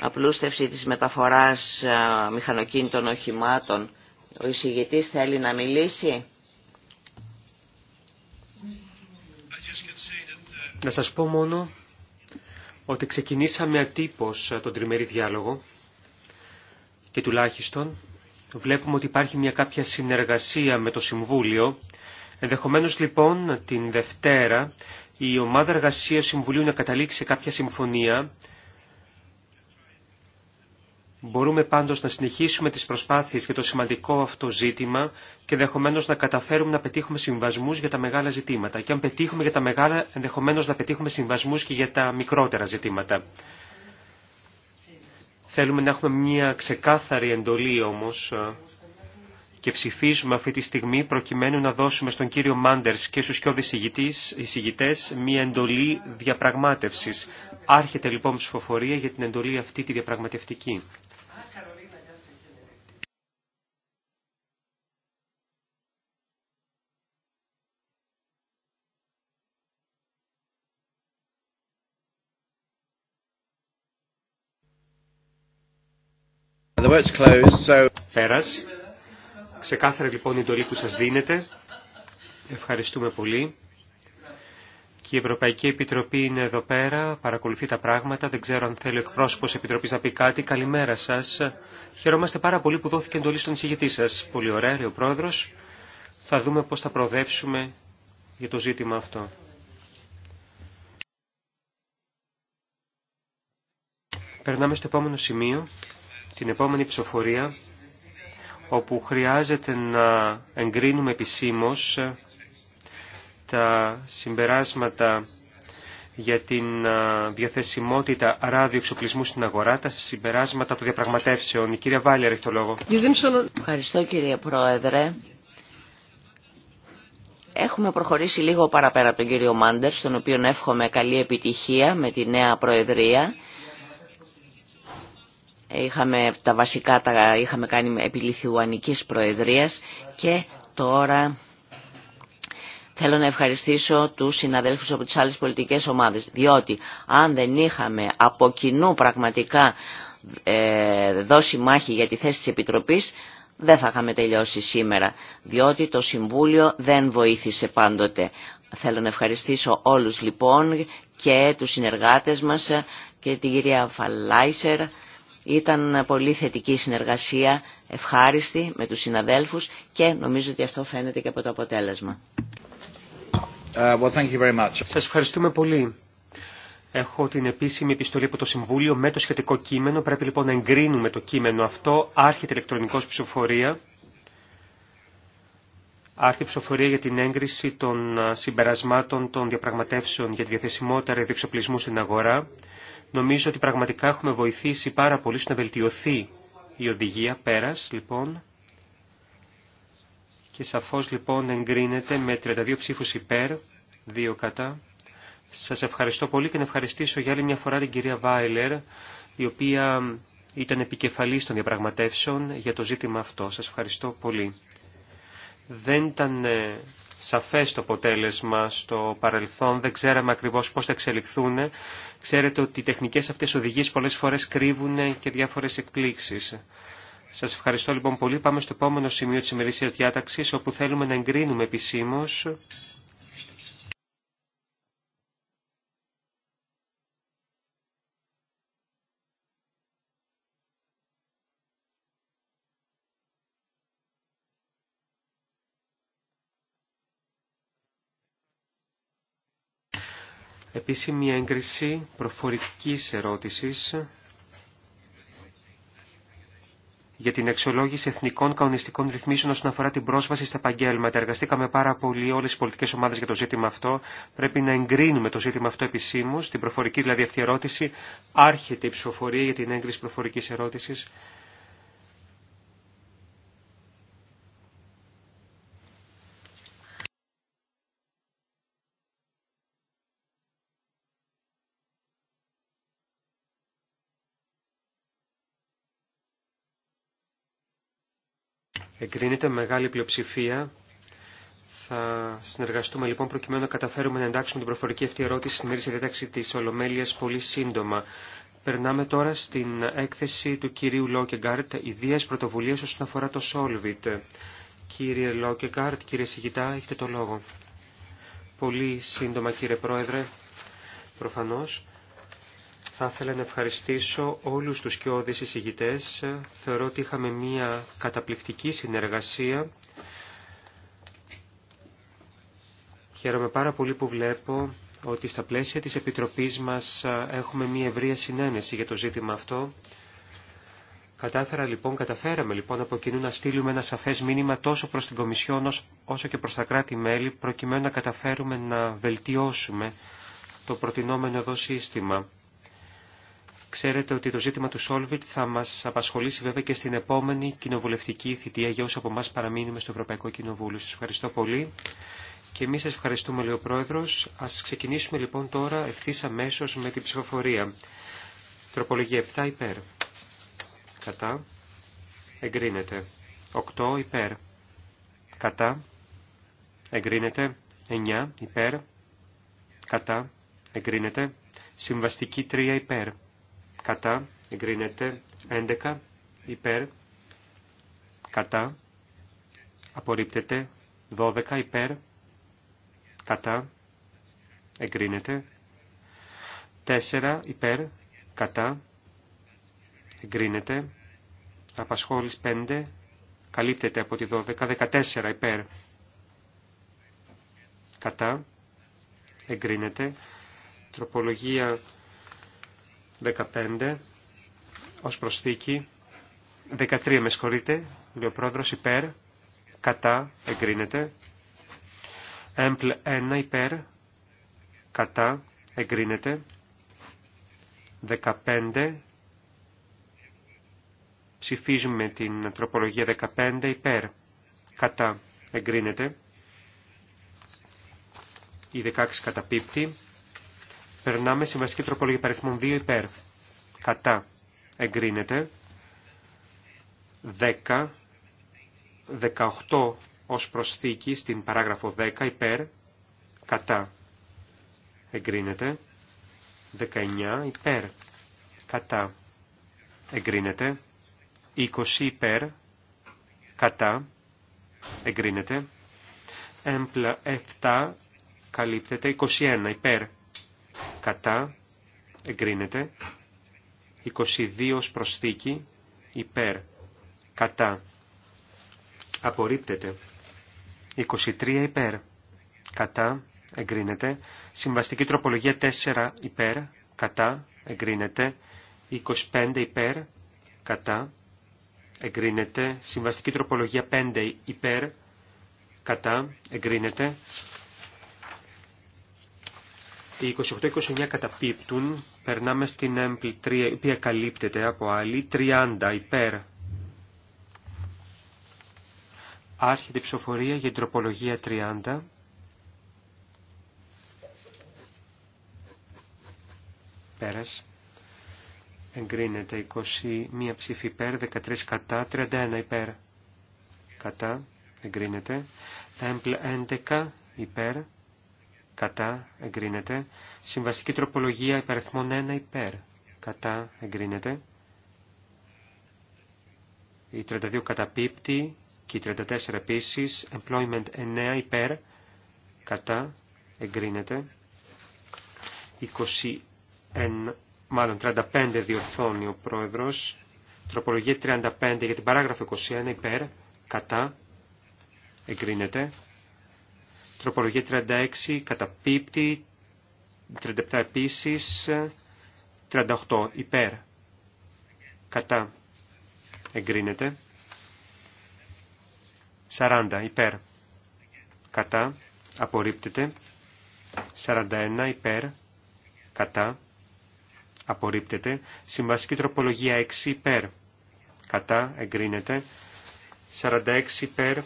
απλούστευση της μεταφοράς ε, μηχανοκίνητων οχημάτων. Ο εισηγητής θέλει να μιλήσει. Να σας πω μόνο ότι ξεκινήσαμε ατύπως ε, τον τριμερή διάλογο και τουλάχιστον βλέπουμε ότι υπάρχει μια κάποια συνεργασία με το Συμβούλιο. Ενδεχομένως λοιπόν την Δευτέρα η ομάδα εργασία Συμβουλίου να καταλήξει σε κάποια συμφωνία. Μπορούμε πάντως να συνεχίσουμε τις προσπάθειες για το σημαντικό αυτό ζήτημα και ενδεχομένω να καταφέρουμε να πετύχουμε συμβασμούς για τα μεγάλα ζητήματα. Και αν πετύχουμε για τα μεγάλα, ενδεχομένω να πετύχουμε συμβασμούς και για τα μικρότερα ζητήματα. Θέλουμε να έχουμε μια ξεκάθαρη εντολή όμως ε, και ψηφίζουμε αυτή τη στιγμή προκειμένου να δώσουμε στον κύριο Μάντερς και στους κοιόδη εισηγητές μία εντολή διαπραγμάτευσης. Άρχεται λοιπόν ψηφοφορία για την εντολή αυτή τη διαπραγματευτική. Πέρας. Ξεκάθαρα λοιπόν η εντολή που σας δίνεται. Ευχαριστούμε πολύ. Και η Ευρωπαϊκή Επιτροπή είναι εδώ πέρα, παρακολουθεί τα πράγματα. Δεν ξέρω αν θέλει ο εκπρόσωπος Επιτροπής να πει κάτι. Καλημέρα σας. Χαιρόμαστε πάρα πολύ που δόθηκε εντολή στον εισηγητή σας. Πολύ ωραία, ο Πρόεδρος. Θα δούμε πώς θα προοδεύσουμε για το ζήτημα αυτό. Περνάμε στο επόμενο σημείο, την επόμενη ψηφοφορία όπου χρειάζεται να εγκρίνουμε επισήμως τα συμπεράσματα για την διαθεσιμότητα ράδιο εξοπλισμού στην αγορά, τα συμπεράσματα των διαπραγματεύσεων. Η κυρία Βάλια έχει το λόγο. Ευχαριστώ κύριε Πρόεδρε. Έχουμε προχωρήσει λίγο παραπέρα από τον κύριο Μάντερ, στον οποίο εύχομαι καλή επιτυχία με τη νέα Προεδρία. Είχαμε τα βασικά, τα είχαμε κάνει επί Λιθουανικής Προεδρίας και τώρα θέλω να ευχαριστήσω τους συναδέλφους από τις άλλες πολιτικές ομάδες, διότι αν δεν είχαμε από κοινού πραγματικά ε, δώσει μάχη για τη θέση της Επιτροπής, δεν θα είχαμε τελειώσει σήμερα, διότι το Συμβούλιο δεν βοήθησε πάντοτε. Θέλω να ευχαριστήσω όλους λοιπόν και τους συνεργάτες μας και την κυρία Φαλάισερ ήταν πολύ θετική συνεργασία, ευχάριστη με τους συναδέλφους και νομίζω ότι αυτό φαίνεται και από το αποτέλεσμα. Ε, well, thank you very much. Σας ευχαριστούμε πολύ. Έχω την επίσημη επιστολή από το Συμβούλιο με το σχετικό κείμενο. Πρέπει λοιπόν να εγκρίνουμε το κείμενο αυτό. Άρχεται ηλεκτρονικός ψηφοφορία. Άρχη ψηφοφορία για την έγκριση των ε, συμπερασμάτων των διαπραγματεύσεων για τη διαθεσιμότητα στην αγορά. Νομίζω ότι πραγματικά έχουμε βοηθήσει πάρα πολύ στο να βελτιωθεί η οδηγία πέρας, λοιπόν, και σαφώς λοιπόν εγκρίνεται με 32 ψήφους υπέρ, δύο κατά. Σας ευχαριστώ πολύ και να ευχαριστήσω για άλλη μια φορά την κυρία Βάιλερ, η οποία ήταν επικεφαλής των διαπραγματεύσεων για το ζήτημα αυτό. Σας ευχαριστώ πολύ. Δεν ήταν ε, σαφές το αποτέλεσμα στο παρελθόν, δεν ξέραμε ακριβώς πώς θα εξελιχθούν. Ξέρετε ότι οι τεχνικές αυτές οδηγίες πολλές φορές κρύβουν και διάφορες εκπλήξεις. Σας ευχαριστώ λοιπόν πολύ. Πάμε στο επόμενο σημείο της ημερήσιας διάταξης, όπου θέλουμε να εγκρίνουμε επισήμως Επίσημη έγκριση προφορικής ερώτησης για την αξιολόγηση εθνικών καονιστικών ρυθμίσεων όσον αφορά την πρόσβαση στα επαγγέλματα. Εργαστήκαμε πάρα πολύ όλε οι πολιτικέ ομάδε για το ζήτημα αυτό. Πρέπει να εγκρίνουμε το ζήτημα αυτό επισήμω. Την προφορική δηλαδή αυτή ερώτηση. Άρχεται η ψηφοφορία για την έγκριση προφορική ερώτηση. εγκρίνεται μεγάλη πλειοψηφία. Θα συνεργαστούμε λοιπόν προκειμένου να καταφέρουμε να εντάξουμε την προφορική αυτή ερώτηση στη μέρη διάταξη της Ολομέλειας πολύ σύντομα. Περνάμε τώρα στην έκθεση του κυρίου Λόκεγκάρτ, ιδίας πρωτοβουλίας όσον αφορά το Solvit. Κύριε Λόκεγκάρτ, κύριε Σιγητά, έχετε το λόγο. Πολύ σύντομα κύριε Πρόεδρε, προφανώς. Θα ήθελα να ευχαριστήσω όλους τους κοιόδης εισηγητές. Θεωρώ ότι είχαμε μία καταπληκτική συνεργασία. Χαίρομαι πάρα πολύ που βλέπω ότι στα πλαίσια της Επιτροπής μας έχουμε μία ευρεία συνένεση για το ζήτημα αυτό. Κατάφερα λοιπόν, καταφέραμε λοιπόν από κοινού να στείλουμε ένα σαφές μήνυμα τόσο προς την Κομισιόν όσο και προς τα κράτη-μέλη προκειμένου να καταφέρουμε να βελτιώσουμε το προτινόμενο εδώ σύστημα. Ξέρετε ότι το ζήτημα του Solvit θα μας απασχολήσει βέβαια και στην επόμενη κοινοβουλευτική θητεία για όσου από εμά παραμείνουμε στο Ευρωπαϊκό Κοινοβούλιο. Σας ευχαριστώ πολύ. Και εμείς σας ευχαριστούμε, λέει ο Ας ξεκινήσουμε λοιπόν τώρα ευθύ αμέσω με την ψηφοφορία. Τροπολογία 7 υπέρ. Κατά. Εγκρίνεται. 8 υπέρ. Κατά. Εγκρίνεται. 9 υπέρ. Κατά. Εγκρίνεται. Συμβαστική 3 υπέρ κατά, εγκρίνεται. 11 υπέρ, κατά, απορρίπτεται. 12 υπέρ, κατά, εγκρίνεται. 4 υπέρ, κατά, εγκρίνεται. Απασχόλης 5, καλύπτεται από τη 12, 14 υπέρ, κατά, εγκρίνεται. Τροπολογία 15 ως προσθήκη 13 με συγχωρείτε, λέει ο πρόεδρος υπέρ, κατά, εγκρίνεται. Έμπλ 1 υπέρ, κατά, εγκρίνεται. 15, ψηφίζουμε την τροπολογία 15 υπέρ, κατά, εγκρίνεται. Η 16 καταπίπτει. Περνάμε στη βασική τροπολογία παριθμών 2 υπέρ. Κατά. Εγκρίνεται. 10. 18 ως προσθήκη στην παράγραφο 10 υπέρ. Κατά. Εγκρίνεται. 19 υπέρ. Κατά. Εγκρίνεται. 20 υπέρ. Κατά. Εγκρίνεται. Έμπλα 7 καλύπτεται. 21 υπέρ κατά, εγκρίνεται. 22 προσθήκη, υπέρ, κατά, απορρίπτεται. 23 υπέρ, κατά, εγκρίνεται. Συμβαστική τροπολογία 4 υπέρ, κατά, εγκρίνεται. 25 υπέρ, κατά, εγκρίνεται. Συμβαστική τροπολογία 5 υπέρ, κατά, εγκρίνεται. Οι 28-29 καταπίπτουν, περνάμε στην έμπλη 3, η οποία καλύπτεται από άλλη, 30 υπέρ. Άρχεται η ψηφοφορία για την τροπολογία 30. Πέρας. Εγκρίνεται 21 ψήφι υπέρ, 13 κατά, 31 υπέρ. Κατά, εγκρίνεται. Έμπλ 11 υπέρ κατά εγκρίνεται. Συμβαστική τροπολογία υπαριθμών 1 υπέρ κατά εγκρίνεται. Η 32 καταπίπτει και η 34 επίση Employment 9 υπέρ κατά εγκρίνεται. 21, μάλλον 35 διορθώνει ο πρόεδρος. Τροπολογία 35 για την παράγραφο 21 υπέρ κατά εγκρίνεται. Τροπολογία 36 καταπίπτει, 37 επίσης, 38 υπέρ, κατά, εγκρίνεται, 40 υπέρ, κατά, απορρίπτεται, 41 υπέρ, κατά, απορρίπτεται, συμβασική τροπολογία 6 υπέρ, κατά, εγκρίνεται, 46 υπέρ,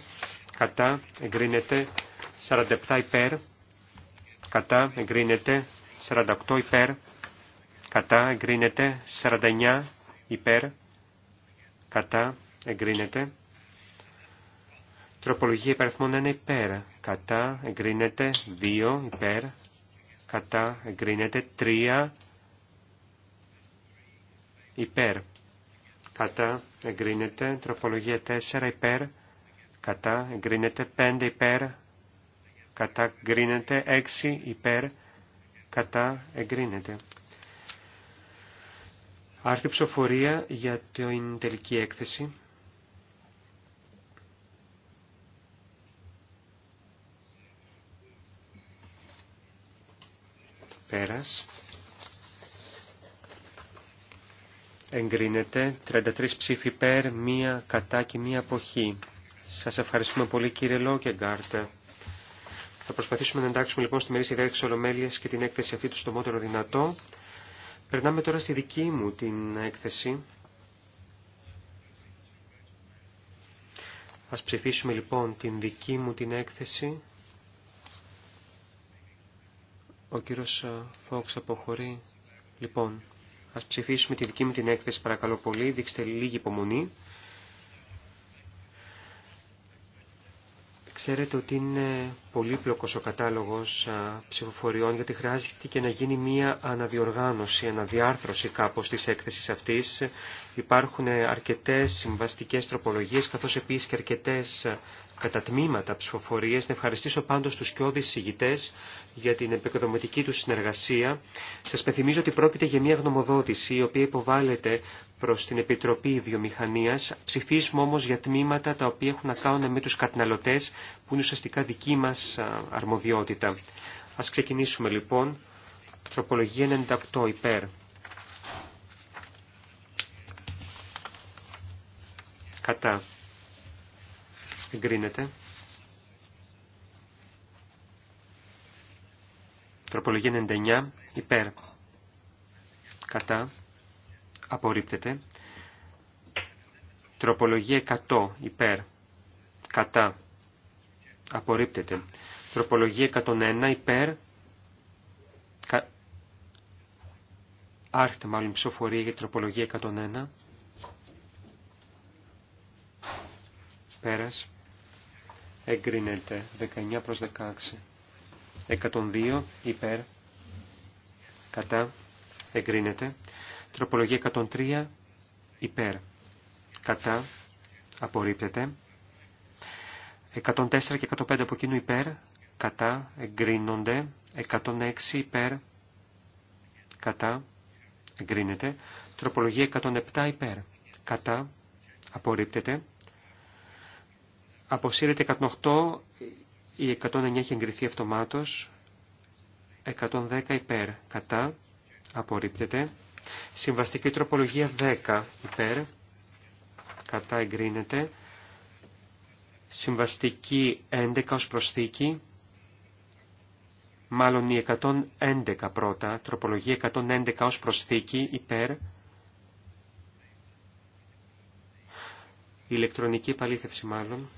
κατά, εγκρίνεται, 47 υπέρ, κατά εγκρίνεται, 48 υπέρ, κατά εγκρίνεται, 49 υπέρ, κατά εγκρίνεται. Τροπολογία υπερθμών είναι υπέρ, κατά εγκρίνεται, 2 υπέρ, κατά εγκρίνεται, 3 υπέρ, κατά εγκρίνεται, τροπολογία 4 υπέρ, κατά εγκρίνεται, 5 υπέρ, κατά γκρίνεται, Έξι, υπέρ κατά εγκρίνεται. Άρτη ψηφοφορία για την τελική έκθεση. Πέρας. Εγκρίνεται 33 ψήφοι υπέρ, μία κατά και μία αποχή. Σας ευχαριστούμε πολύ κύριε Λόκεγκάρτε. Θα προσπαθήσουμε να εντάξουμε λοιπόν στη μερίστη τη Ολομέλεια και την έκθεση αυτή του στο μότερο δυνατό. Περνάμε τώρα στη δική μου την έκθεση. Α ψηφίσουμε λοιπόν την δική μου την έκθεση. Ο κύριο Φόξ αποχωρεί. Λοιπόν, α ψηφίσουμε τη δική μου την έκθεση παρακαλώ πολύ. Δείξτε λίγη υπομονή. Ξέρετε ότι είναι πολύπλοκος ο κατάλογος ψηφοφοριών γιατί χρειάζεται και να γίνει μία αναδιοργάνωση, αναδιάρθρωση κάπως της έκθεσης αυτής. Υπάρχουν αρκετές συμβαστικές τροπολογίες καθώς επίσης και αρκετές κατά τμήματα ψηφοφορίες. Να ευχαριστήσω πάντως τους κοιόδης συγητές για την επικοδομητική τους συνεργασία. Σας πενθυμίζω ότι πρόκειται για μια γνωμοδότηση η οποία υποβάλλεται προς την Επιτροπή Βιομηχανίας. Ψηφίσουμε όμως για τμήματα τα οποία έχουν να με τους καταναλωτές που είναι ουσιαστικά δική μας αρμοδιότητα. Ας ξεκινήσουμε λοιπόν. Τροπολογία 98 υπέρ. Κατά. Εγκρίνεται. Τροπολογία 99. Υπέρ. Κατά. Απορρίπτεται. Τροπολογία 100. Υπέρ. Κατά. Απορρίπτεται. Τροπολογία 101. Υπέρ. Κα... Άρχεται μάλλον ψηφοφορία για τροπολογία 101. Πέρας εγκρίνεται 19 προς 16. 102 υπέρ κατά εγκρίνεται. Τροπολογία 103 υπέρ κατά απορρίπτεται. 104 και 105 από κοινού υπέρ κατά εγκρίνονται. 106 υπέρ κατά εγκρίνεται. Τροπολογία 107 υπέρ κατά απορρίπτεται. Αποσύρεται 108, η 109 έχει εγκριθεί αυτομάτως, 110 υπέρ, κατά, απορρίπτεται. Συμβαστική τροπολογία 10 υπέρ, κατά εγκρίνεται. Συμβαστική 11 ως προσθήκη, μάλλον η 111 πρώτα, τροπολογία 111 ως προσθήκη υπέρ. Ηλεκτρονική επαλήθευση μάλλον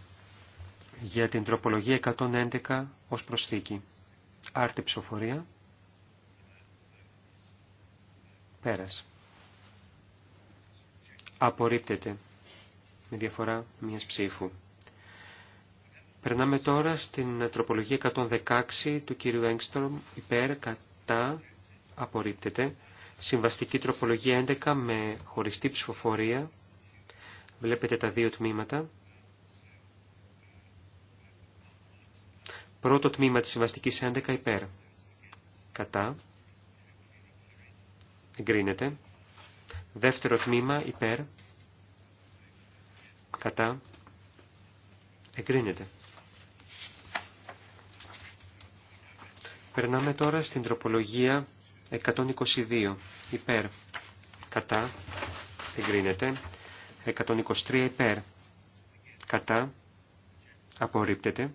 για την τροπολογία 111 ως προσθήκη. Άρτη ψηφοφορία. Πέρας. Απορρίπτεται με διαφορά μιας ψήφου. Περνάμε τώρα στην τροπολογία 116 του κύριου Έγκστρομ υπέρ κατά απορρίπτεται. Συμβαστική τροπολογία 11 με χωριστή ψηφοφορία. Βλέπετε τα δύο τμήματα. Πρώτο τμήμα της συμβαστικής 11 υπέρ. Κατά. Εγκρίνεται. Δεύτερο τμήμα υπέρ. Κατά. Εγκρίνεται. Περνάμε τώρα στην τροπολογία 122 υπέρ. Κατά. Εγκρίνεται. 123 υπέρ. Κατά. Απορρίπτεται.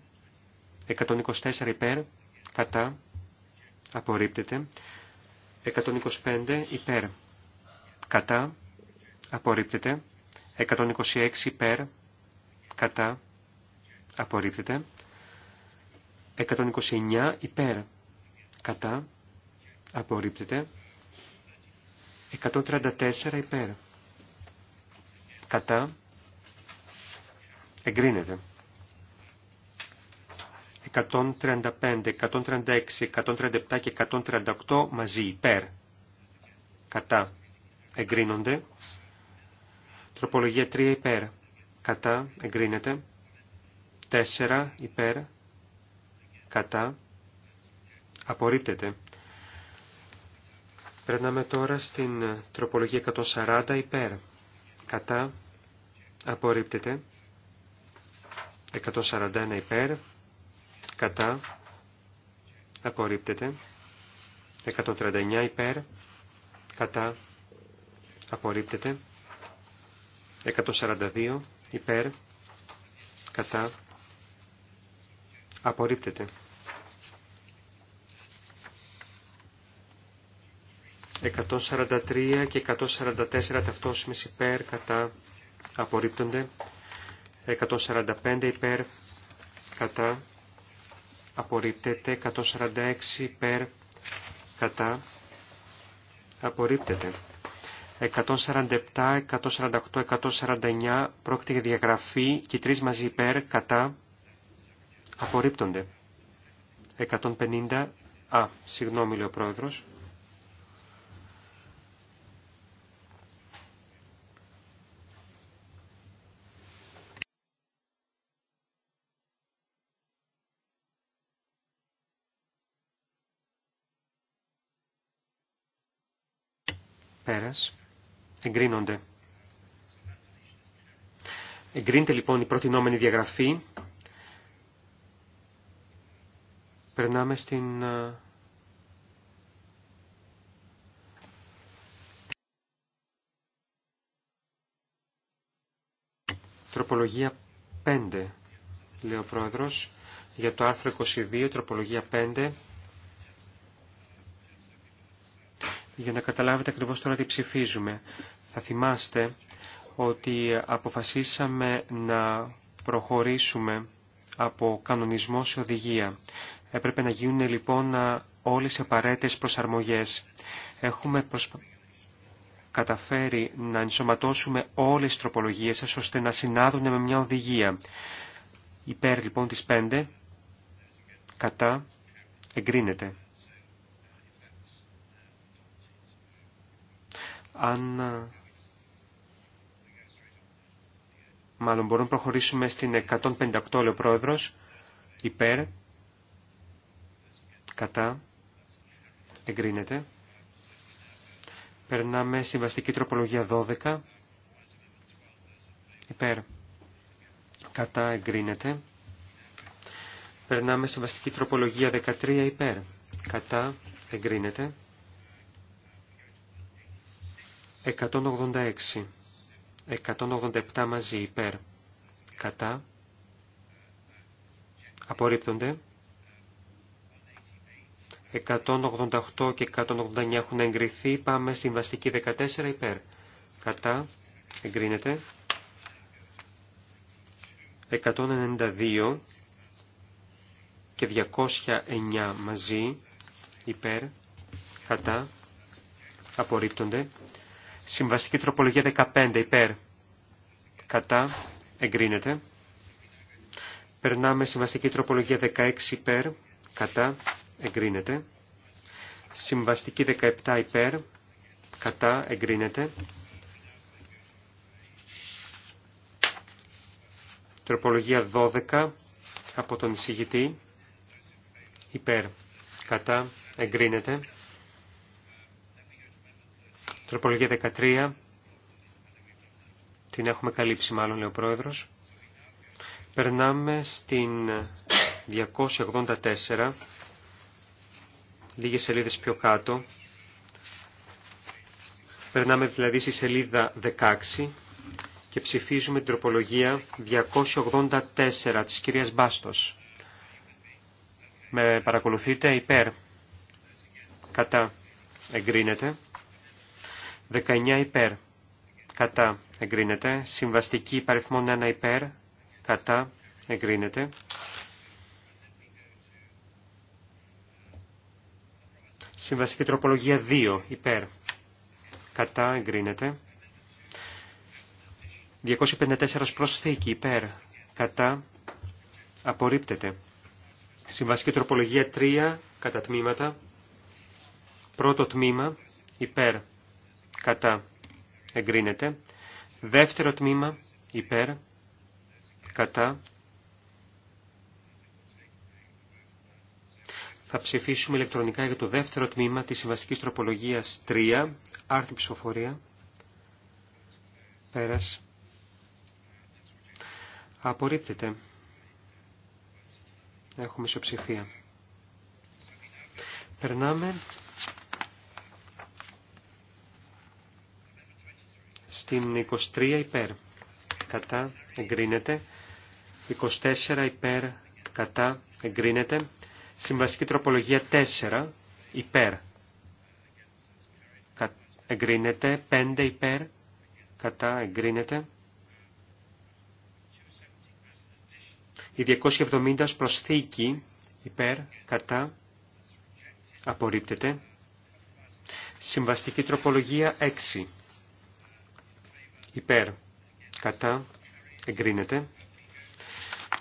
124 υπέρ, κατά, απορρίπτεται. 125 υπέρ, κατά, απορρίπτεται. 126 υπέρ, κατά, απορρίπτεται. 129 υπέρ, κατά, απορρίπτεται. 134 υπέρ, κατά, εγκρίνεται. 135, 136, 137 και 138 μαζί υπέρ. Κατά. Εγκρίνονται. Τροπολογία 3 υπέρ. Κατά. Εγκρίνεται. 4 υπέρ. Κατά. Απορρίπτεται. Περνάμε τώρα στην τροπολογία 140 υπέρ. Κατά. Απορρίπτεται. 141 υπέρ κατά, απορρίπτεται. 139 υπέρ, κατά, απορρίπτεται. 142 υπέρ, κατά, απορρίπτεται. 143 και 144 ταυτόσιμες υπέρ κατά απορρίπτονται. 145 υπέρ κατά απορρίπτεται 146 υπέρ κατά απορρίπτεται 147, 148, 149 πρόκειται για διαγραφή και τρεις μαζί υπέρ κατά απορρίπτονται 150 α, συγγνώμη λέει ο πρόεδρος εγκρίνονται. Εγκρίνεται λοιπόν η προτινόμενη διαγραφή. Περνάμε στην... Τροπολογία 5, λέει ο Πρόεδρος, για το άρθρο 22, τροπολογία 5, για να καταλάβετε ακριβώς τώρα τι ψηφίζουμε. Θα θυμάστε ότι αποφασίσαμε να προχωρήσουμε από κανονισμό σε οδηγία. Έπρεπε να γίνουν λοιπόν όλες οι απαραίτητες προσαρμογές. Έχουμε καταφέρει να ενσωματώσουμε όλες τις τροπολογίες ώστε να συνάδουν με μια οδηγία. Υπέρ λοιπόν της 5, κατά, εγκρίνεται. αν μάλλον μπορούμε να προχωρήσουμε στην 158 λέει ο πρόεδρος, υπέρ, κατά, εγκρίνεται. Περνάμε συμβαστική τροπολογία 12, υπέρ, κατά, εγκρίνεται. Περνάμε συμβαστική τροπολογία 13, υπέρ, κατά, εγκρίνεται. 186, 187 μαζί υπέρ, κατά, απορρίπτονται. 188 και 189 έχουν εγκριθεί. Πάμε στην βαστική 14 υπέρ. Κατά. Εγκρίνεται. 192 και 209 μαζί υπέρ. Κατά. Απορρίπτονται. Συμβαστική τροπολογία 15 υπέρ. Κατά. Εγκρίνεται. Περνάμε συμβαστική τροπολογία 16 υπέρ. Κατά. Εγκρίνεται. Συμβαστική 17 υπέρ. Κατά. Εγκρίνεται. Τροπολογία 12 από τον εισηγητή. Υπέρ. Κατά. Εγκρίνεται. Τροπολογία 13. Την έχουμε καλύψει μάλλον, λέει ο Πρόεδρος. Περνάμε στην 284, λίγες σελίδες πιο κάτω. Περνάμε δηλαδή στη σελίδα 16 και ψηφίζουμε την τροπολογία 284 της κυρίας Μπάστος. Με παρακολουθείτε υπέρ, κατά εγκρίνεται. 19 υπέρ. Κατά. Εγκρίνεται. Συμβαστική υπαριθμόν 1 υπέρ. Κατά. Εγκρίνεται. Συμβαστική τροπολογία 2 υπέρ. Κατά. Εγκρίνεται. 254 προσθήκη υπέρ. Κατά. Απορρίπτεται. Συμβαστική τροπολογία 3 κατά τμήματα. Πρώτο τμήμα υπέρ κατά εγκρίνεται. Δεύτερο τμήμα υπέρ κατά Θα ψηφίσουμε ηλεκτρονικά για το δεύτερο τμήμα της συμβαστικής τροπολογίας 3, άρτη ψηφοφορία. Πέρας. Απορρίπτεται. Έχουμε ισοψηφία. Περνάμε Στην 23 υπέρ κατά εγκρίνεται. 24 υπέρ κατά εγκρίνεται. Συμβαστική τροπολογία 4 υπέρ εγκρίνεται. 5 υπέρ κατά εγκρίνεται. Η 270 προσθήκη υπέρ κατά απορρίπτεται. Συμβαστική τροπολογία 6 υπέρ, κατά, εγκρίνεται.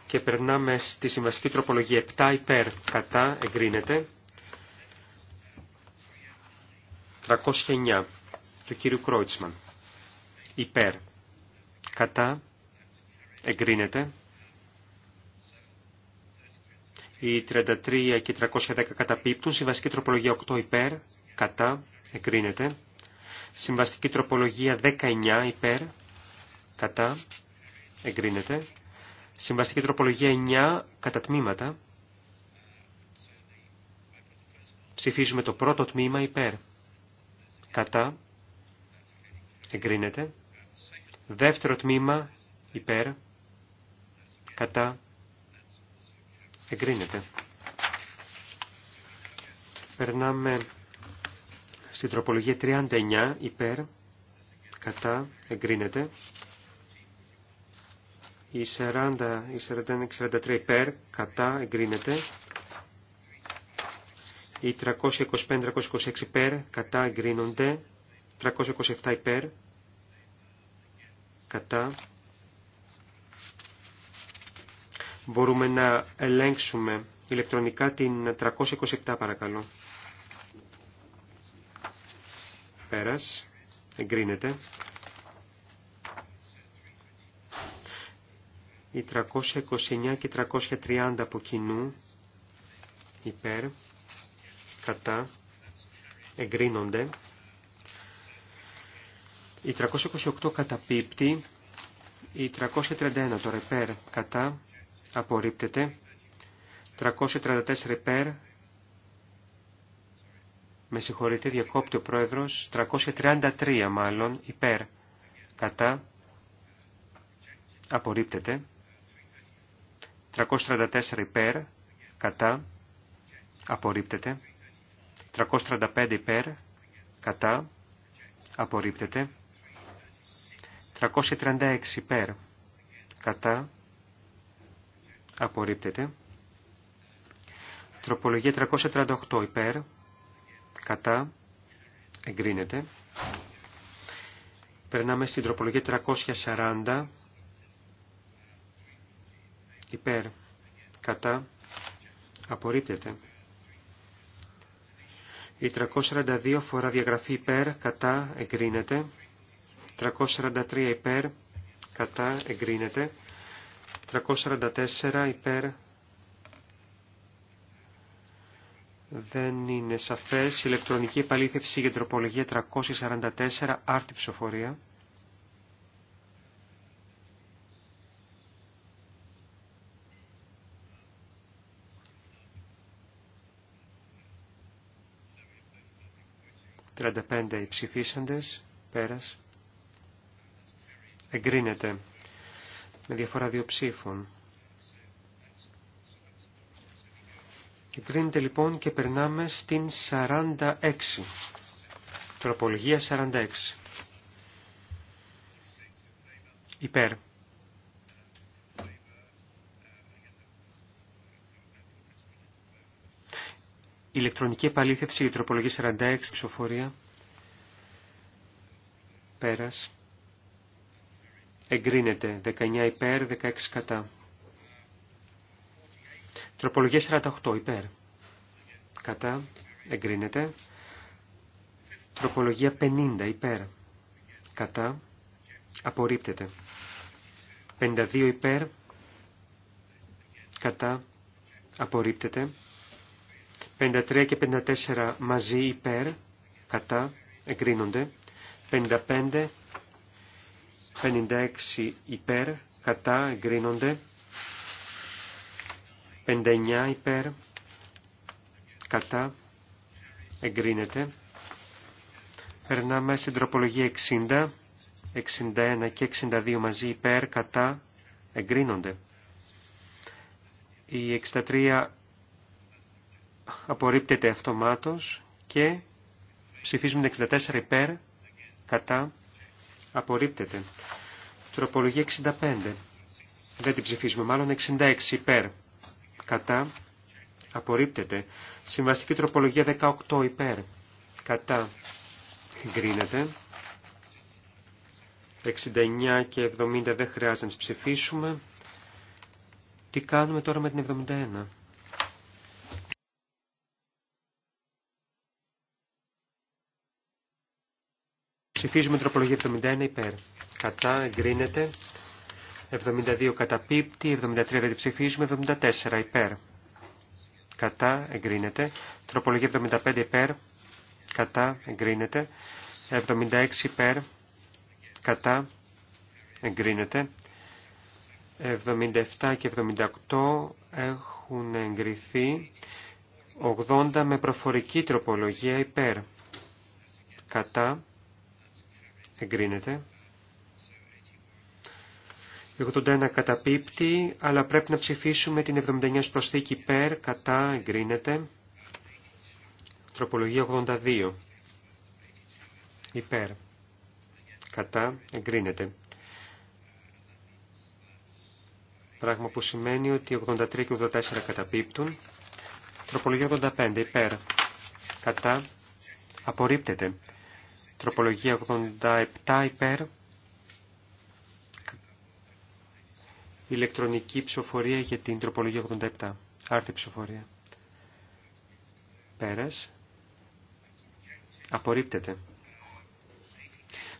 Και περνάμε στη συμβαστική τροπολογία 7 υπέρ, κατά, εγκρίνεται. 309 του κύριου Κρόιτσμαν. Υπέρ, κατά, εγκρίνεται. Οι 33 και 310 καταπίπτουν. Συμβαστική τροπολογία 8 υπέρ, κατά, εγκρίνεται. Συμβαστική τροπολογία 19 υπέρ, κατά, εγκρίνεται. Συμβαστική τροπολογία 9 κατά τμήματα. Ψηφίζουμε το πρώτο τμήμα υπέρ, κατά, εγκρίνεται. Δεύτερο τμήμα υπέρ, κατά, εγκρίνεται. Περνάμε στην τροπολογία 39 υπέρ κατά εγκρίνεται. Η 40, η 41, 43 υπέρ κατά εγκρίνεται. Η 325, 326 υπέρ κατά εγκρίνονται. 327 υπέρ κατά Μπορούμε να ελέγξουμε ηλεκτρονικά την 327 παρακαλώ. πέρας, εγκρίνεται. Οι 329 και 330 από κοινού, υπέρ, κατά, εγκρίνονται. Οι 328 καταπίπτει, η 331 τώρα υπέρ, κατά, απορρίπτεται. 334 υπέρ, με συγχωρείτε, διακόπτει ο πρόεδρος, 333 μάλλον, υπέρ, κατά, απορρίπτεται, 334 υπέρ, κατά, απορρίπτεται, 335 υπέρ, κατά, απορρίπτεται, 336 υπέρ, κατά, απορρίπτεται, τροπολογία 338 υπέρ, κατά, εγκρίνεται. Περνάμε στην τροπολογία 340, υπέρ, κατά, απορρίπτεται. Η 342 φορά διαγραφή υπέρ, κατά, εγκρίνεται. 343 υπέρ, κατά, εγκρίνεται. 344 υπέρ, Δεν είναι σαφές. Ηλεκτρονική επαλήθευση για τροπολογία 344, άρτη ψηφοφορία. 35 οι ψηφίσαντες, πέρας. Εγκρίνεται με διαφορά δύο ψήφων. Εγκρίνεται λοιπόν και περνάμε στην 46. Τροπολογία 46. Υπέρ. Ηλεκτρονική επαλήθευση για τροπολογία 46 ψηφοφορία. Πέρας. Εγκρίνεται 19 υπέρ, 16 κατά. Τροπολογία 48 υπέρ. Κατά. Εγκρίνεται. Τροπολογία 50 υπέρ. Κατά. Απορρίπτεται. 52 υπέρ. Κατά. Απορρίπτεται. 53 και 54 μαζί υπέρ. Κατά. Εγκρίνονται. 55. 56 υπέρ. Κατά. Εγκρίνονται. 59 υπέρ κατά εγκρίνεται. Περνάμε στην τροπολογία 60, 61 και 62 μαζί υπέρ κατά εγκρίνονται. Η 63 απορρίπτεται αυτομάτως και ψηφίζουμε την 64 υπέρ κατά απορρίπτεται. Τροπολογία 65. Δεν την ψηφίζουμε, μάλλον 66 υπέρ κατά, απορρίπτεται. Συμβαστική τροπολογία 18 υπέρ, κατά, εγκρίνεται. 69 και 70 δεν χρειάζεται να τις ψηφίσουμε. Τι κάνουμε τώρα με την 71. Ψηφίζουμε τροπολογία 71 υπέρ. Κατά εγκρίνεται 72 κατά πίπτη, 73 δεν ψηφίζουμε, 74 υπέρ. Κατά εγκρίνεται. Τροπολογία 75 υπέρ. Κατά εγκρίνεται. 76 υπέρ. Κατά εγκρίνεται. 77 και 78 έχουν εγκριθεί. 80 με προφορική τροπολογία υπέρ. Κατά εγκρίνεται. 81 καταπίπτει, αλλά πρέπει να ψηφίσουμε την 79 προσθήκη υπέρ, κατά, εγκρίνεται. Τροπολογία 82. Υπέρ. Κατά, εγκρίνεται. Πράγμα που σημαίνει ότι 83 και 84 καταπίπτουν. Τροπολογία 85. Υπέρ. Κατά. Απορρίπτεται. Τροπολογία 87 υπέρ. ηλεκτρονική ψηφοφορία για την τροπολογία 87. Άρτη ψηφοφορία. Πέρας. Απορρίπτεται.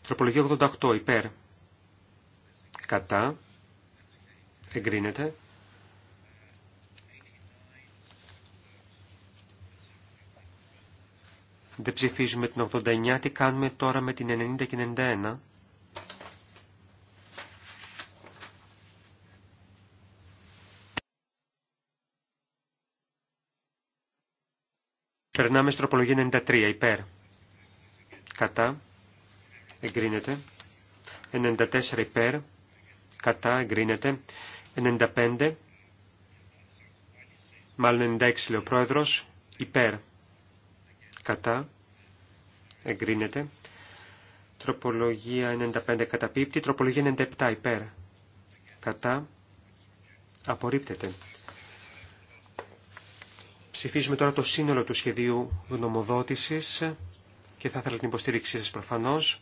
Τροπολογία 88. Υπέρ. Κατά. Εγκρίνεται. Δεν ψηφίζουμε την 89. Τι κάνουμε τώρα με την 90 και 91. Περνάμε στην τροπολογία 93 υπέρ. Κατά. Εγκρίνεται. 94 υπέρ. Κατά. Εγκρίνεται. 95. Μάλλον 96 λέει ο πρόεδρος. Υπέρ. Κατά. Εγκρίνεται. Τροπολογία 95 καταπίπτει. Τροπολογία 97 υπέρ. Κατά. Απορρίπτεται. Ψηφίζουμε τώρα το σύνολο του σχεδίου γνωμοδότησης και θα ήθελα την υποστήριξή σας προφανώς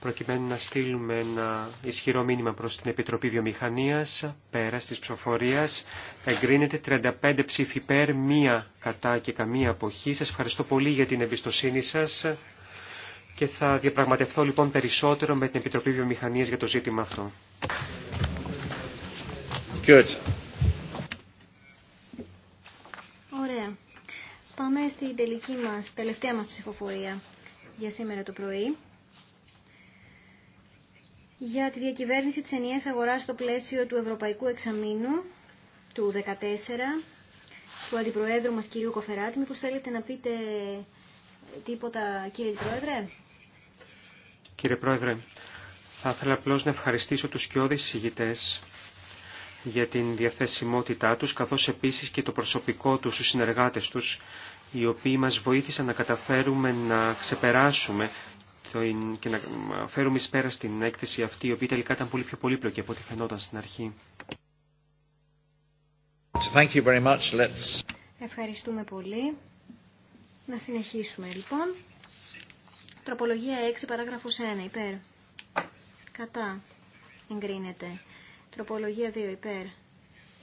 προκειμένου να στείλουμε ένα ισχυρό μήνυμα προς την Επιτροπή Βιομηχανίας, πέρα της ψηφοφορίας. Εγκρίνεται 35 ψήφοι περ μία κατά και καμία αποχή. Σας ευχαριστώ πολύ για την εμπιστοσύνη σας και θα διαπραγματευτώ λοιπόν περισσότερο με την Επιτροπή Βιομηχανίας για το ζήτημα αυτό. Good. Πάμε στην τελική μας, τελευταία μας ψηφοφορία για σήμερα το πρωί. Για τη διακυβέρνηση της ενιαίας αγοράς στο πλαίσιο του Ευρωπαϊκού Εξαμήνου του 2014, του Αντιπροέδρου μας κυρίου Κοφεράτη, μήπως θέλετε να πείτε τίποτα κύριε Πρόεδρε. Κύριε Πρόεδρε, θα ήθελα απλώ να ευχαριστήσω τους σκιώδεις συζητητές για την διαθεσιμότητά τους, καθώς επίσης και το προσωπικό τους, τους συνεργάτες τους, οι οποίοι μας βοήθησαν να καταφέρουμε να ξεπεράσουμε και να φέρουμε εις πέρα στην έκθεση αυτή, η οποία τελικά ήταν πολύ πιο πολύπλοκη από ό,τι φαινόταν στην αρχή. Ευχαριστούμε πολύ. Να συνεχίσουμε λοιπόν. Τροπολογία 6, παράγραφος 1, υπέρ. Κατά. Εγκρίνεται. Τροπολογία 2 υπέρ. 7,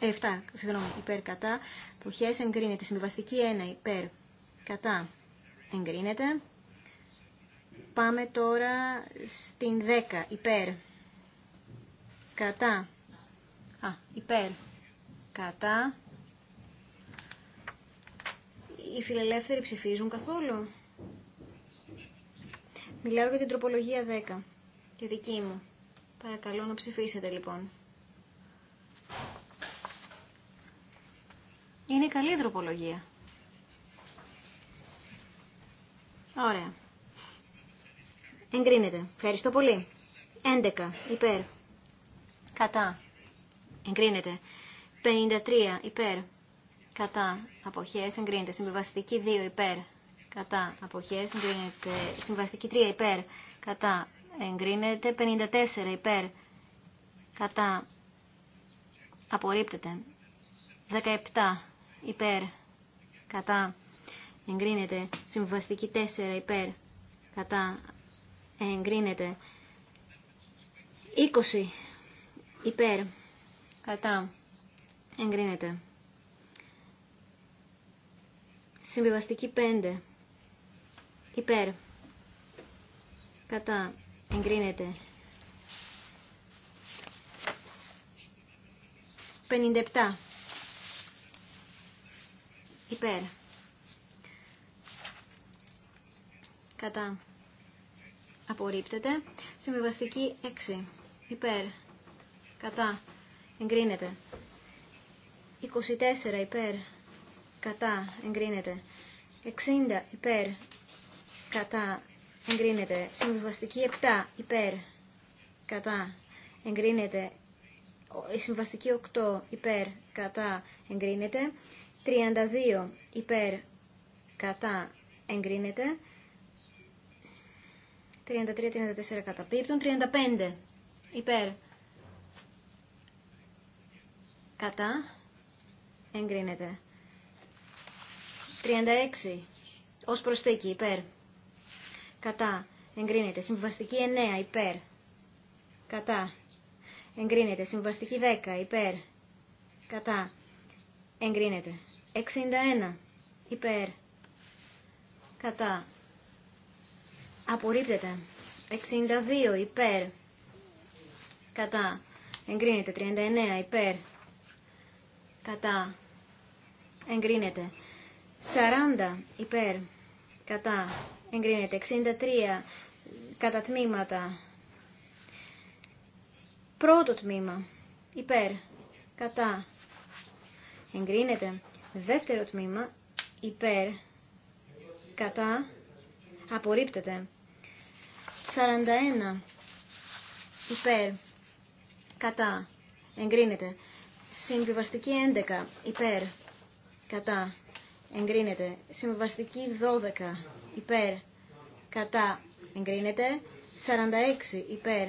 ε, συγγνώμη, υπέρ κατά. Αποχές εγκρίνεται. Συμβιβαστική 1 υπέρ κατά. Εγκρίνεται. Πάμε τώρα στην 10 υπέρ. Κατά. Α, υπέρ. Κατά. Οι φιλελεύθεροι ψηφίζουν καθόλου. Μιλάω για την τροπολογία 10. Και δική μου. Παρακαλώ να ψηφίσετε λοιπόν. Είναι καλή τροπολογία. Ωραία. Εγκρίνεται. Ευχαριστώ πολύ. 11. Υπέρ. Κατά. Εγκρίνεται. 53. Υπέρ. Κατά. Αποχές. Εγκρίνεται. Συμβιβαστική 2. Υπέρ. Κατά. Αποχές. Εγκρίνεται. Συμβαστική 3. Υπέρ. Κατά. Εγκρίνεται. 54. Υπέρ. Κατά. Απορρίπτεται. 17 υπέρ, κατά, εγκρίνεται. Συμβαστική 4 υπέρ, κατά, εγκρίνεται. 20 υπέρ, κατά, εγκρίνεται. Συμβιβαστική 5 υπέρ, κατά, εγκρίνεται. 57 Υπέρ. Κατά. Απορρίπτεται. Συμβιβαστική 6. Υπέρ. Κατά. Εγκρίνεται. 24. Υπέρ. Κατά. Εγκρίνεται. 60. Υπέρ. Κατά. Εγκρίνεται. Συμβιβαστική 7. Υπέρ. Κατά. Εγκρίνεται. Η συμβαστική 8 υπέρ κατά εγκρίνεται. 32 υπέρ κατά εγκρίνεται. 33-34 καταπίπτουν. 35 υπέρ κατά εγκρίνεται. 36 ως προσθήκη υπέρ κατά εγκρίνεται. Συμβαστική 9 υπέρ κατά εγκρίνεται. Συμβαστική 10 υπέρ κατά εγκρίνεται. 61 υπέρ κατά απορρίπτεται 62 υπέρ κατά εγκρίνεται 39 υπέρ κατά εγκρίνεται 40 υπέρ κατά εγκρίνεται 63 κατά τμήματα πρώτο τμήμα υπέρ κατά εγκρίνεται Δεύτερο τμήμα, υπέρ, κατά, απορρίπτεται. 41, υπέρ, κατά, εγκρίνεται. Συμβιβαστική 11, υπέρ, κατά, εγκρίνεται. Συμβιβαστική 12, υπέρ, κατά, εγκρίνεται. 46, υπέρ,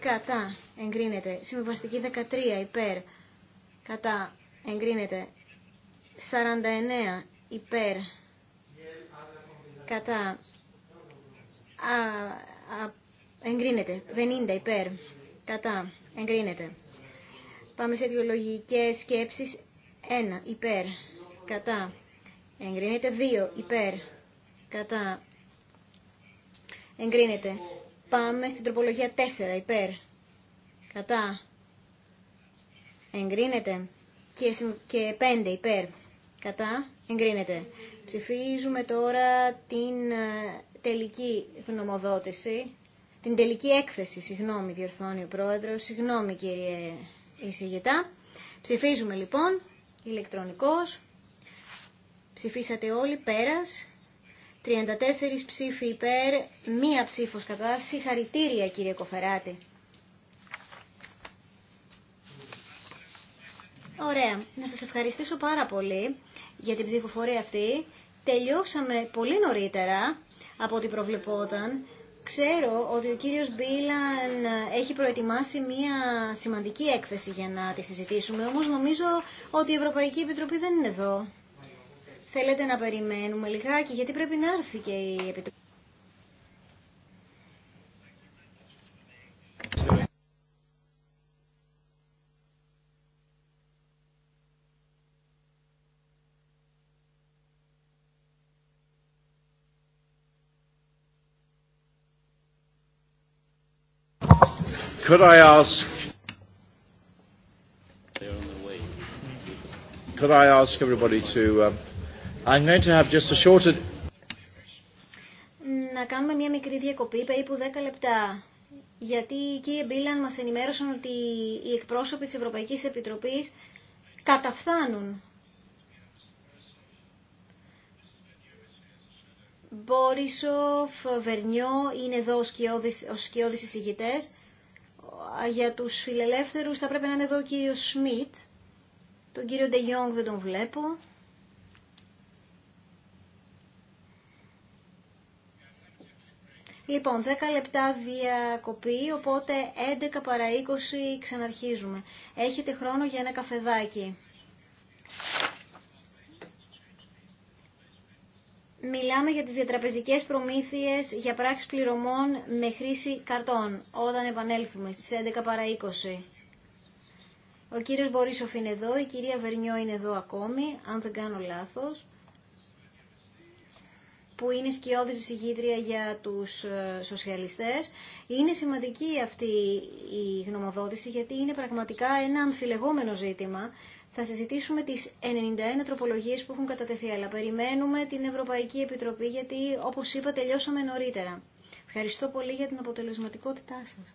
κατά, εγκρίνεται. Συμβιβαστική 13, υπέρ, κατά, εγκρίνεται. 49 υπέρ κατά α, α, εγκρίνεται 50 υπέρ κατά εγκρίνεται πάμε σε αιτιολογικές σκέψεις 1 υπέρ κατά εγκρίνεται 2 υπέρ κατά εγκρίνεται πάμε στην τροπολογία 4 υπέρ κατά εγκρίνεται και 5 υπέρ Κατά. Εγκρίνεται. Ψηφίζουμε τώρα την ε, τελική γνωμοδότηση. Την τελική έκθεση, συγγνώμη, διορθώνει ο πρόεδρος. Συγγνώμη, κύριε εισηγητά. Ψηφίζουμε λοιπόν ηλεκτρονικός. Ψηφίσατε όλοι πέρας. 34 ψήφοι υπέρ, μία ψήφος κατά. Συγχαρητήρια κύριε Κοφεράτη. Ωραία. Να σας ευχαριστήσω πάρα πολύ για την ψηφοφορία αυτή. Τελειώσαμε πολύ νωρίτερα από ό,τι προβλεπόταν. Ξέρω ότι ο κύριος Μπίλαν έχει προετοιμάσει μία σημαντική έκθεση για να τη συζητήσουμε, όμως νομίζω ότι η Ευρωπαϊκή Επιτροπή δεν είναι εδώ. Θέλετε να περιμένουμε λιγάκι, γιατί πρέπει να έρθει και η Επιτροπή. Να κάνουμε μια μικρή διακοπή, περίπου 10 λεπτά. Γιατί οι κύριοι Μπίλαν μας ενημέρωσαν ότι οι εκπρόσωποι της Ευρωπαϊκής Επιτροπής καταφθάνουν. Μπόρισοφ, Βερνιό είναι εδώ ως σκιώδης, ως σκιώδης εισηγητές για τους φιλελεύθερους θα πρέπει να είναι εδώ ο κύριο Σμιτ. Τον κύριο Ντε δεν τον βλέπω. Λοιπόν, 10 λεπτά διακοπή, οπότε 11 παρά 20 ξαναρχίζουμε. Έχετε χρόνο για ένα καφεδάκι. Μιλάμε για τις διατραπεζικές προμήθειες για πράξη πληρωμών με χρήση καρτών, όταν επανέλθουμε στις 11 παρα 20. Ο κύριος Μπορίσοφ είναι εδώ, η κυρία Βερνιό είναι εδώ ακόμη, αν δεν κάνω λάθος, που είναι σκιώδης εισηγήτρια για τους ε, σοσιαλιστές. Είναι σημαντική αυτή η γνωμοδότηση, γιατί είναι πραγματικά ένα αμφιλεγόμενο ζήτημα θα συζητήσουμε τις 91 τροπολογίες που έχουν κατατεθεί, αλλά περιμένουμε την Ευρωπαϊκή Επιτροπή γιατί, όπως είπα, τελειώσαμε νωρίτερα. Ευχαριστώ πολύ για την αποτελεσματικότητά σας.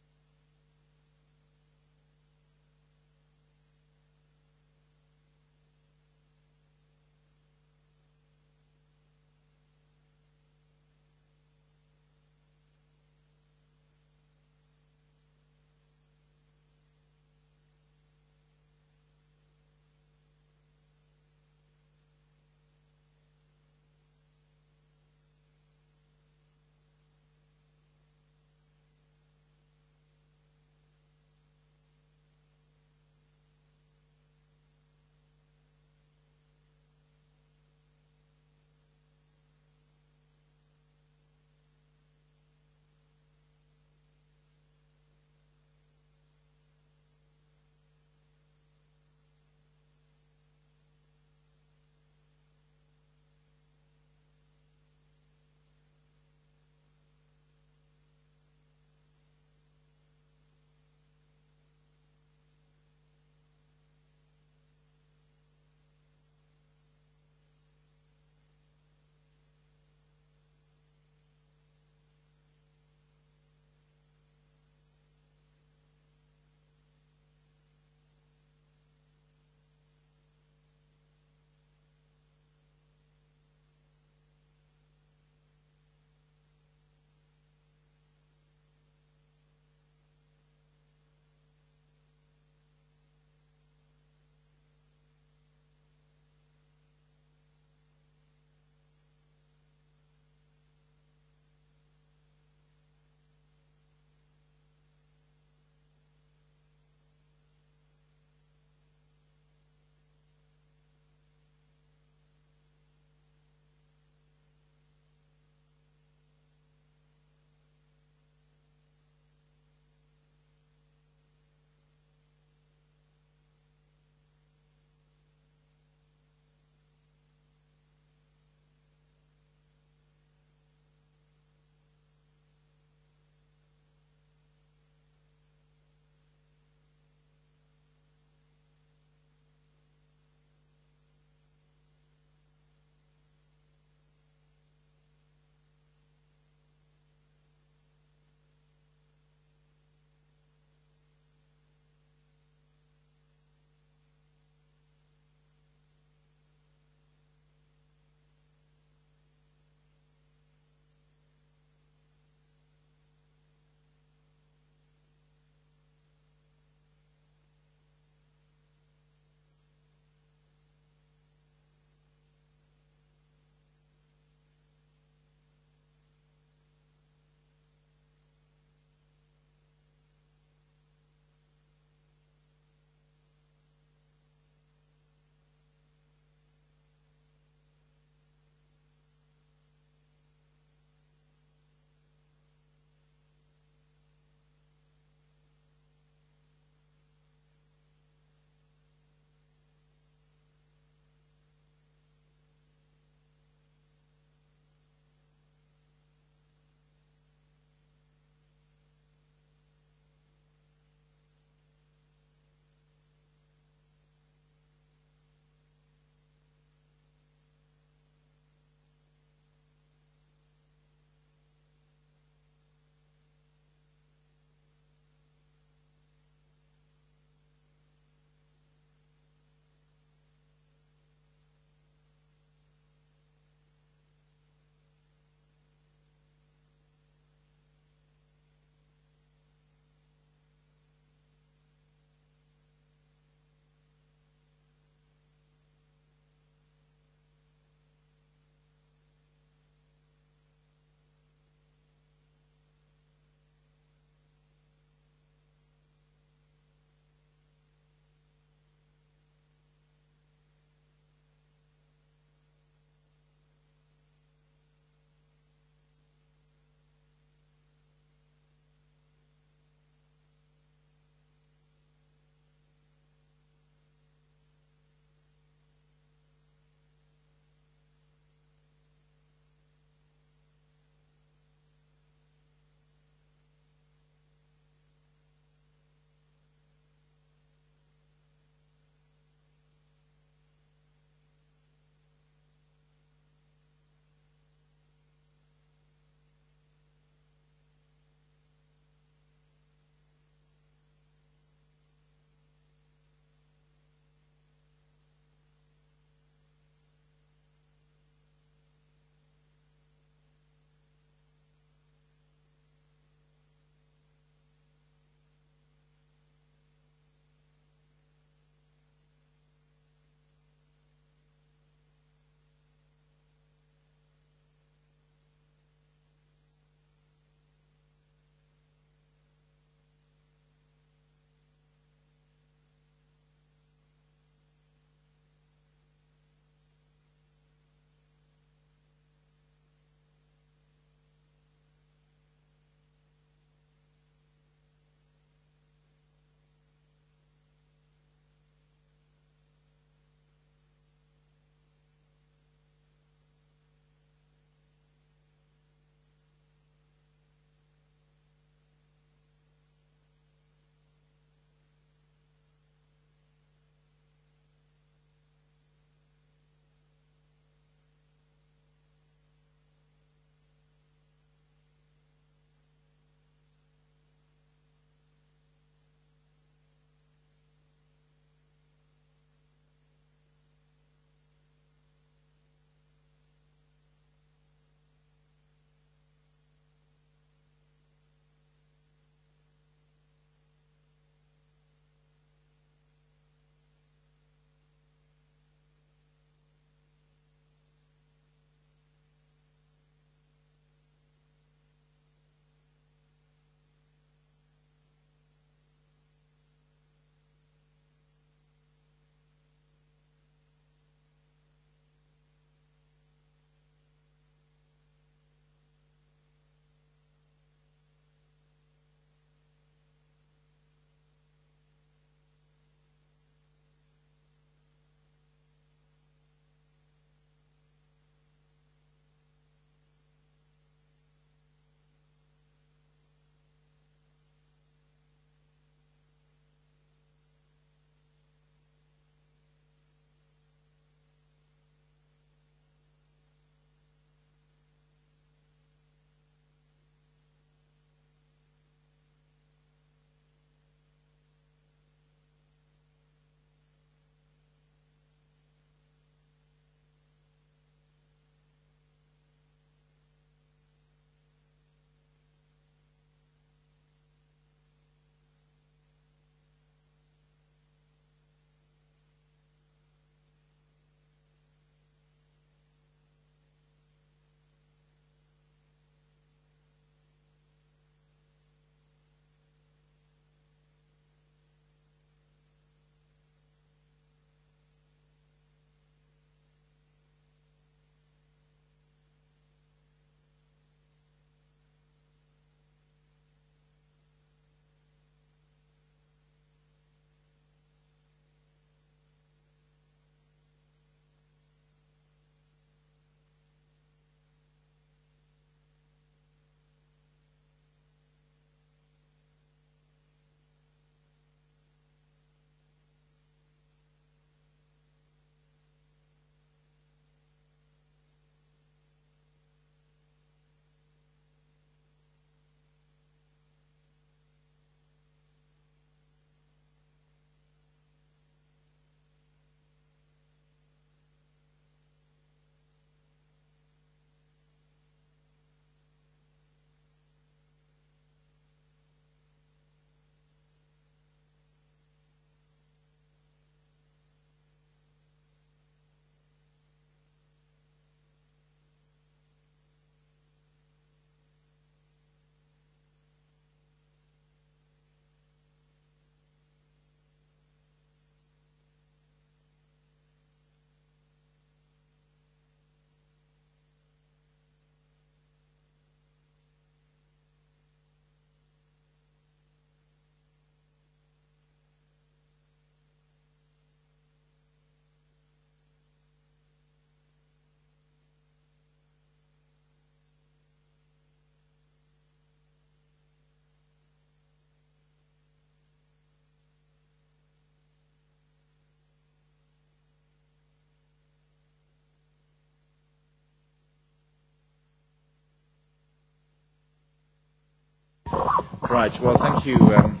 Right. Well, thank you um,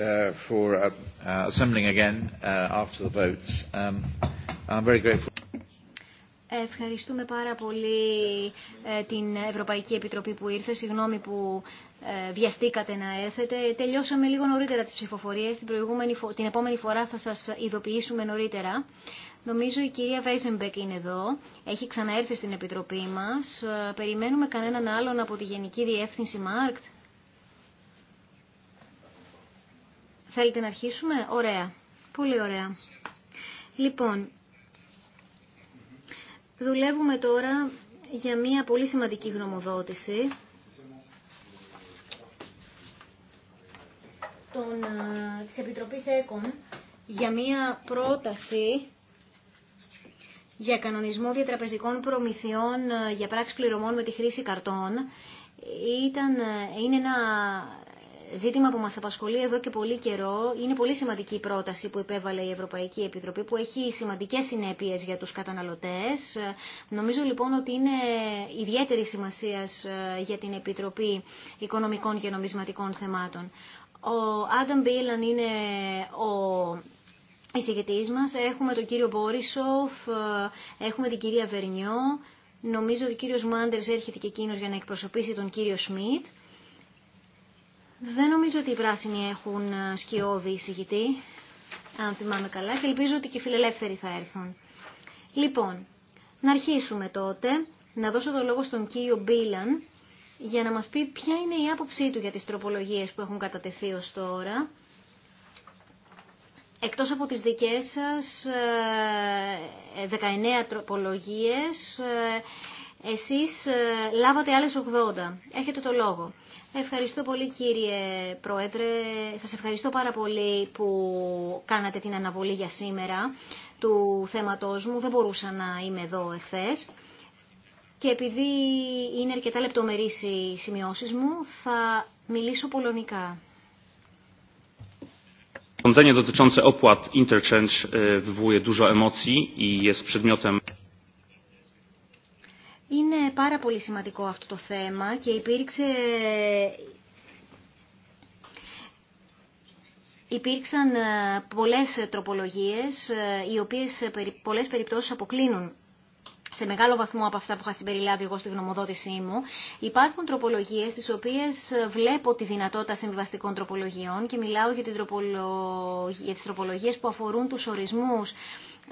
uh, for uh, uh, assembling again after the votes. Um, I'm very grateful. Ευχαριστούμε πάρα πολύ ε, την Ευρωπαϊκή Επιτροπή που ήρθε. Συγγνώμη που ε, βιαστήκατε να έρθετε. Τελειώσαμε λίγο νωρίτερα τις ψηφοφορίες. Την, την επόμενη φορά θα σας ειδοποιήσουμε νωρίτερα. Νομίζω η κυρία Βέιζεμπεκ είναι εδώ. Έχει ξαναέρθει στην Επιτροπή μας. Ε, περιμένουμε κανέναν άλλον από τη Γενική Διεύθυνση ΜΑΡΚΤ. Θέλετε να αρχίσουμε. Ωραία. Πολύ ωραία. Λοιπόν, δουλεύουμε τώρα για μια πολύ σημαντική γνωμοδότηση των, ε, της Επιτροπής ΕΚΟΝ για μια πρόταση για κανονισμό διατραπεζικών προμηθειών ε, για πράξη πληρωμών με τη χρήση καρτών. Ήταν, ε, είναι ένα ζήτημα που μας απασχολεί εδώ και πολύ καιρό είναι πολύ σημαντική η πρόταση που υπέβαλε η Ευρωπαϊκή Επιτροπή που έχει σημαντικές συνέπειες για τους καταναλωτές. Νομίζω λοιπόν ότι είναι ιδιαίτερη σημασία ε, για την Επιτροπή Οικονομικών και Νομισματικών Θεμάτων. Ο Άνταμ Μπίλαν είναι ο εισηγητής μας, έχουμε τον κύριο Μπόρισοφ, ε, έχουμε την κυρία Βερνιό, νομίζω ότι ο κύριος Μάντερς έρχεται και εκείνος για να εκπροσωπήσει τον κύριο Σμιτ. Δεν νομίζω ότι οι πράσινοι έχουν ε, σκιώδη εισηγητή, αν θυμάμαι καλά, και ελπίζω ότι και οι φιλελεύθεροι θα έρθουν. Λοιπόν, να αρχίσουμε τότε, να δώσω το λόγο στον κύριο Μπίλαν, για να μας πει ποια είναι η άποψή του για τις τροπολογίες που έχουν κατατεθεί ως τώρα. Εκτός από τις δικές σας 19 ε, τροπολογίες, ε, εσείς λάβατε άλλες 80. Έχετε το λόγο. Ευχαριστώ πολύ κύριε Πρόεδρε. Σας ευχαριστώ πάρα πολύ που κάνατε την αναβολή για σήμερα του θέματός μου. Δεν μπορούσα να είμαι εδώ εχθές. Και επειδή είναι αρκετά λεπτομερείς οι σημειώσεις μου, θα μιλήσω πολωνικά. dotyczące interchange e, wywołuje dużo emocji i jest przedmiotem είναι πάρα πολύ σημαντικό αυτό το θέμα και υπήρξε... Υπήρξαν ε, πολλές τροπολογίες, ε, οι οποίες πολλές περιπτώσεις αποκλίνουν σε μεγάλο βαθμό από αυτά που είχα συμπεριλάβει εγώ στη γνωμοδότησή μου. Υπάρχουν τροπολογίες τις οποίες βλέπω τη δυνατότητα συμβιβαστικών τροπολογιών και μιλάω για, την τροπολο... για τις τροπολογίες που αφορούν τους ορισμούς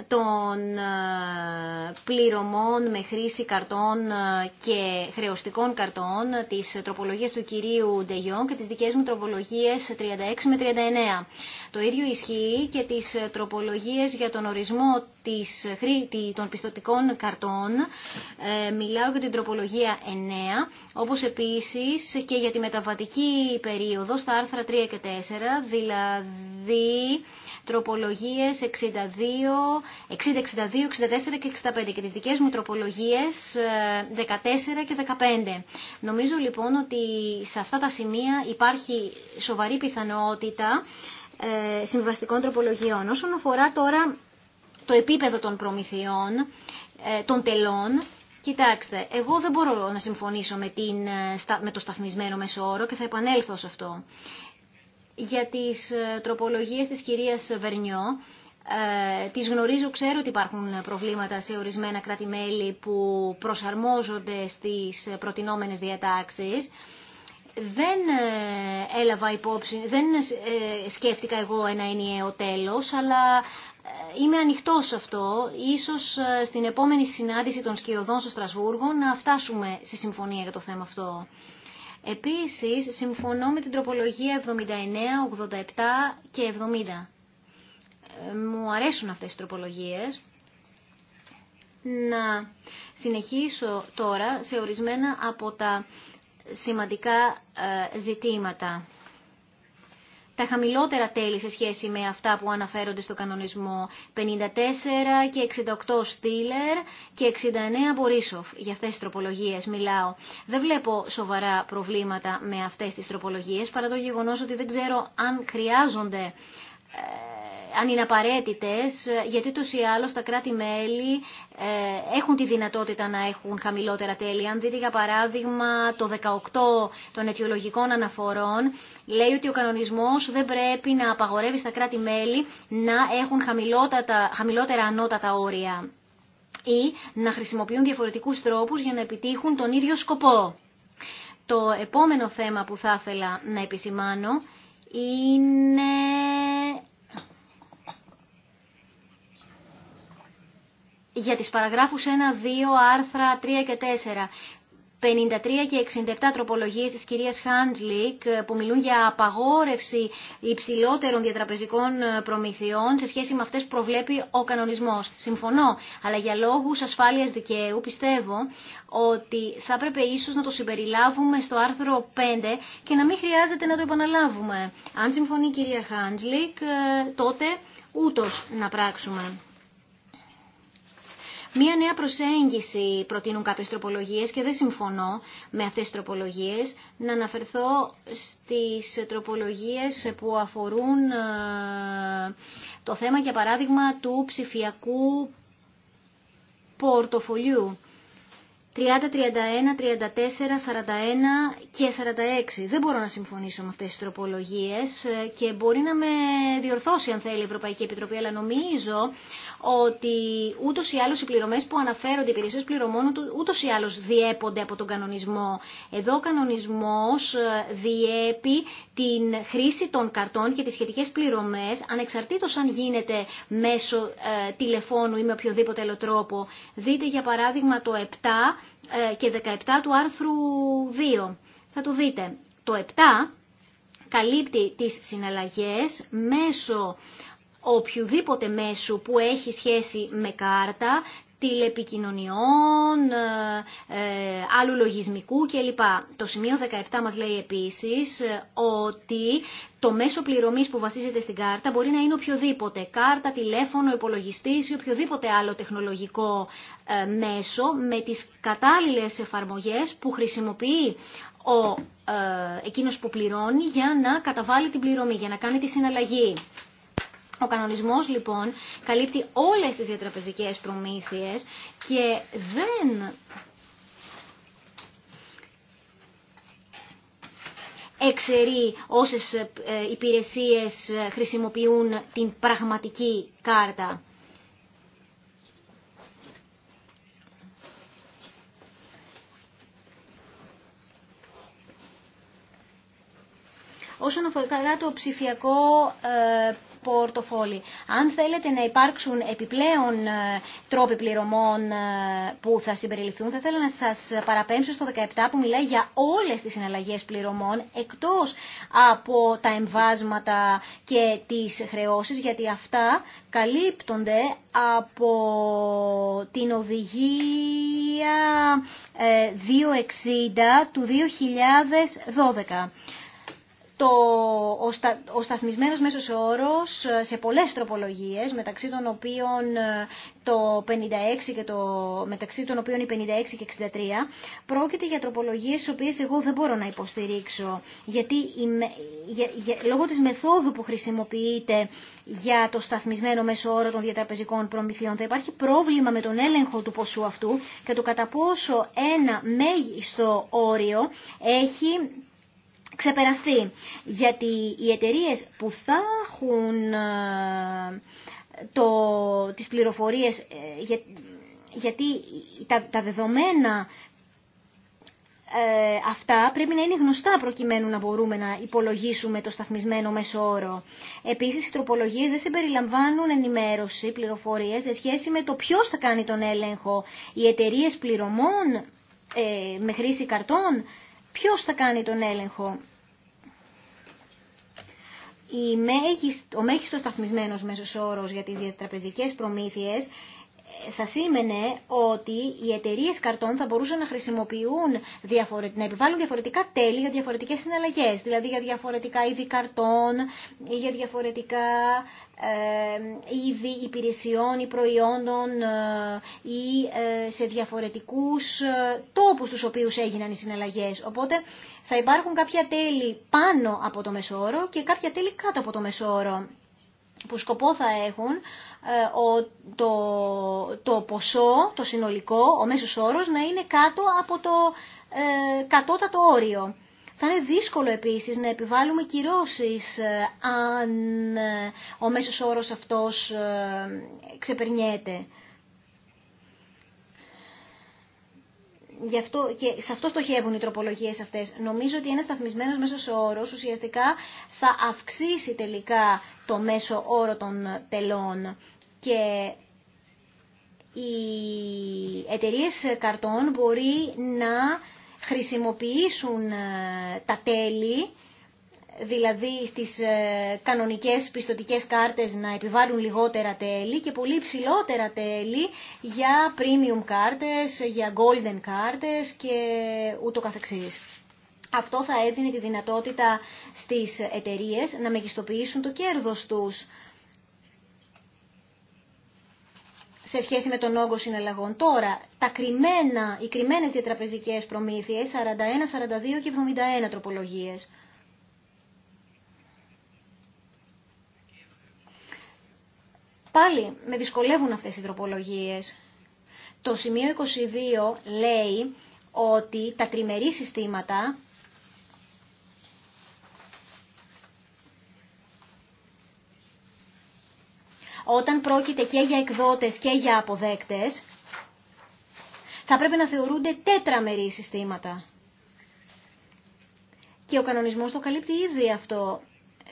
των ε, πληρωμών με χρήση καρτών ε, και χρεωστικών καρτών, ε, της τροπολογίας του κυρίου Ντεγιόν και τις δικές μου τροπολογίες 36 με 39. Το ίδιο ισχύει και τις τροπολογίες για τον ορισμό της, των πιστοτικών καρτών. μιλάω για την τροπολογία 9, όπως επίσης και για τη μεταβατική περίοδο στα άρθρα 3 και 4, δηλαδή τροπολογίες 62, 60, 62, 64 και 65 και τις δικές μου τροπολογίες 14 ε, και 15. Νομίζω λοιπόν ότι σε αυτά τα σημεία υπάρχει σοβαρή πιθανότητα ε, συμβαστικών τροπολογιών. Όσον αφορά τώρα το επίπεδο των προμηθειών, ε, των τελών, Κοιτάξτε, εγώ δεν μπορώ να συμφωνήσω με, την, με το σταθμισμένο όρο και θα επανέλθω σε αυτό για τις ε, τροπολογίες της κυρίας Βερνιό. Ε, τις γνωρίζω, ξέρω ότι υπάρχουν προβλήματα σε ορισμένα κράτη-μέλη που προσαρμόζονται στις προτινόμενες διατάξεις. Δεν ε, έλαβα υπόψη, δεν ε, σκέφτηκα εγώ ένα ενιαίο τέλος, αλλά είμαι ανοιχτός σε αυτό. Ίσως στην επόμενη συνάντηση των σκιωδών στο Στρασβούργο να φτάσουμε σε συμφωνία για το θέμα αυτό. Επίσης, συμφωνώ με την τροπολογία 79, 87 και 70. Ε, μου αρέσουν αυτές οι τροπολογίες. Να συνεχίσω τώρα σε ορισμένα από τα σημαντικά ε, ζητήματα τα χαμηλότερα τέλη σε σχέση με αυτά που αναφέρονται στο κανονισμό. 54 και 68 Στήλερ και 69 Μπορίσοφ. Για αυτές τις τροπολογίες μιλάω. Δεν βλέπω σοβαρά προβλήματα με αυτές τις τροπολογίες, παρά το γεγονός ότι δεν ξέρω αν χρειάζονται ε, αν είναι απαραίτητε, γιατί το ή τα κράτη-μέλη ε, έχουν τη δυνατότητα να έχουν χαμηλότερα τέλη. Αν δείτε για παράδειγμα το 18 των αιτιολογικών αναφορών, λέει ότι ο κανονισμός δεν πρέπει να απαγορεύει στα κράτη-μέλη να έχουν χαμηλότερα ανώτατα όρια ή να χρησιμοποιούν διαφορετικούς τρόπους για να επιτύχουν τον ίδιο σκοπό. Το επόμενο θέμα που θα ήθελα να επισημάνω είναι για τις παραγράφους 1, 2, άρθρα 3 και 4. 53 και 67 τροπολογίες της κυρίας Χάντζλικ ε, που μιλούν για απαγόρευση υψηλότερων διατραπεζικών ε, προμηθειών σε σχέση με αυτές που προβλέπει ο κανονισμός. Συμφωνώ, αλλά για λόγους ασφάλειας δικαίου πιστεύω ότι θα έπρεπε ίσως να το συμπεριλάβουμε στο άρθρο 5 και να μην χρειάζεται να το επαναλάβουμε. Αν συμφωνεί η κυρία Χάντζλικ, ε, τότε ούτως να πράξουμε. Μία νέα προσέγγιση προτείνουν κάποιες τροπολογίες και δεν συμφωνώ με αυτές τις τροπολογίες. Να αναφερθώ στις τροπολογίες που αφορούν ε, το θέμα, για παράδειγμα, του ψηφιακού πορτοφολιού. 30, 31, 34, 41 και 46. Δεν μπορώ να συμφωνήσω με αυτές τις τροπολογίες ε, και μπορεί να με διορθώσει αν θέλει η Ευρωπαϊκή Επιτροπή, αλλά νομίζω ότι ούτω ή άλλω οι πληρωμέ που αναφέρονται, οι υπηρεσίε πληρωμών, ούτω ή άλλω διέπονται από τον κανονισμό. Εδώ ο κανονισμό ε, διέπει την χρήση των καρτών και τι σχετικέ πληρωμέ, ανεξαρτήτω αν γίνεται μέσω ε, τηλεφώνου ή με οποιοδήποτε άλλο τρόπο. Δείτε για παράδειγμα το 7 ε, και 17 του άρθρου 2. Θα το δείτε. Το 7 καλύπτει τις συναλλαγές μέσω οποιοδήποτε μέσου που έχει σχέση με κάρτα, τηλεπικοινωνιών, ε, ε, άλλου λογισμικού κλπ. Το σημείο 17 μας λέει επίσης ε, ότι το μέσο πληρωμής που βασίζεται στην κάρτα μπορεί να είναι οποιοδήποτε. Κάρτα, τηλέφωνο, υπολογιστής ή οποιοδήποτε άλλο τεχνολογικό μέσο με τις κατάλληλες εφαρμογές που χρησιμοποιεί ο, εκείνος που πληρώνει για να καταβάλει την πληρωμή, για να κάνει τη συναλλαγή. Ο κανονισμός λοιπόν καλύπτει όλες τις διατραπεζικές προμήθειες και δεν εξαιρεί όσες ε, υπηρεσίες ε, χρησιμοποιούν την πραγματική κάρτα. Όσον αφορά το ψηφιακό ε, πορτοφόλι. Αν θέλετε να υπάρξουν επιπλέον ε, τρόποι πληρωμών ε, που θα συμπεριληφθούν, θα ήθελα να σας παραπέμψω στο 17 που μιλάει για όλες τις συναλλαγές πληρωμών, εκτός από τα εμβάσματα και τις χρεώσεις, γιατί αυτά καλύπτονται από την οδηγία 260 ε, του 2012 το, ο, στα, ο σταθμισμένος μέσος όρος ε, σε πολλές τροπολογίες, μεταξύ των οποίων ε, το 56 και το, μεταξύ των οποίων η 56 και 63, πρόκειται για τροπολογίες τις οποίες εγώ δεν μπορώ να υποστηρίξω, γιατί η, λόγω της μεθόδου που χρησιμοποιείται για το σταθμισμένο μέσο όρο των διατραπεζικών προμηθειών θα υπάρχει πρόβλημα με τον έλεγχο του ποσού αυτού και το κατά πόσο ένα μέγιστο όριο έχει ξεπεραστεί. Γιατί οι εταιρείε που θα έχουν ε, το, τις πληροφορίες, ε, γιατί τα, τα δεδομένα ε, αυτά πρέπει να είναι γνωστά προκειμένου να μπορούμε να υπολογίσουμε το σταθμισμένο μέσο όρο. Επίσης, οι τροπολογίες δεν συμπεριλαμβάνουν ενημέρωση, πληροφορίες σε σχέση με το ποιος θα κάνει τον έλεγχο. Οι εταιρείε πληρωμών με χρήση καρτών Ποιος θα κάνει τον έλεγχο. Η μέγιστο, ο μέγιστος σταθμισμένος μέσος όρος για τις διατραπεζικές προμήθειες θα σήμαινε ότι οι εταιρείε καρτών θα μπορούσαν να χρησιμοποιούν, να επιβάλλουν διαφορετικά τέλη για διαφορετικές συναλλαγές, δηλαδή για διαφορετικά είδη καρτών ή για διαφορετικά είδη υπηρεσιών ή προϊόντων ε, ή ε, σε διαφορετικούς ε, τόπους τους οποίους έγιναν οι συναλλαγές. Οπότε θα υπάρχουν κάποια τέλη πάνω από το μεσόρο και κάποια τέλη κάτω από το μεσόρο που σκοπό θα έχουν ε, το, το ποσό, το συνολικό, ο μέσος όρος να είναι κάτω από το ε, κατώτατο όριο. Θα είναι δύσκολο επίσης να επιβάλλουμε κυρώσεις ε, αν ε, ο μέσος όρος αυτός ξεπερνιέται. γι αυτό, και σε αυτό στοχεύουν οι τροπολογίες αυτές. Νομίζω ότι ένας σταθμισμένο μέσο όρο ουσιαστικά θα αυξήσει τελικά το μέσο όρο των τελών. Και οι εταιρείε καρτών μπορεί να χρησιμοποιήσουν ε, τα τέλη δηλαδή στις ε, κανονικές πιστοτικές κάρτες να επιβάλλουν λιγότερα τέλη και πολύ ψηλότερα τέλη για premium κάρτες, για golden κάρτες και ούτω καθεξής. Αυτό θα έδινε τη δυνατότητα στις εταιρείες να μεγιστοποιήσουν το κέρδος τους σε σχέση με τον όγκο συναλλαγών. Τώρα, τα κρυμμένα, οι κρυμμένες διατραπεζικές προμήθειες, 41, 42 και 71 τροπολογίες. Πάλι με δυσκολεύουν αυτές οι τροπολογίες. Το σημείο 22 λέει ότι τα τριμερή συστήματα όταν πρόκειται και για εκδότες και για αποδέκτες, θα πρέπει να θεωρούνται τέτραμερή συστήματα. Και ο κανονισμός το καλύπτει ήδη αυτό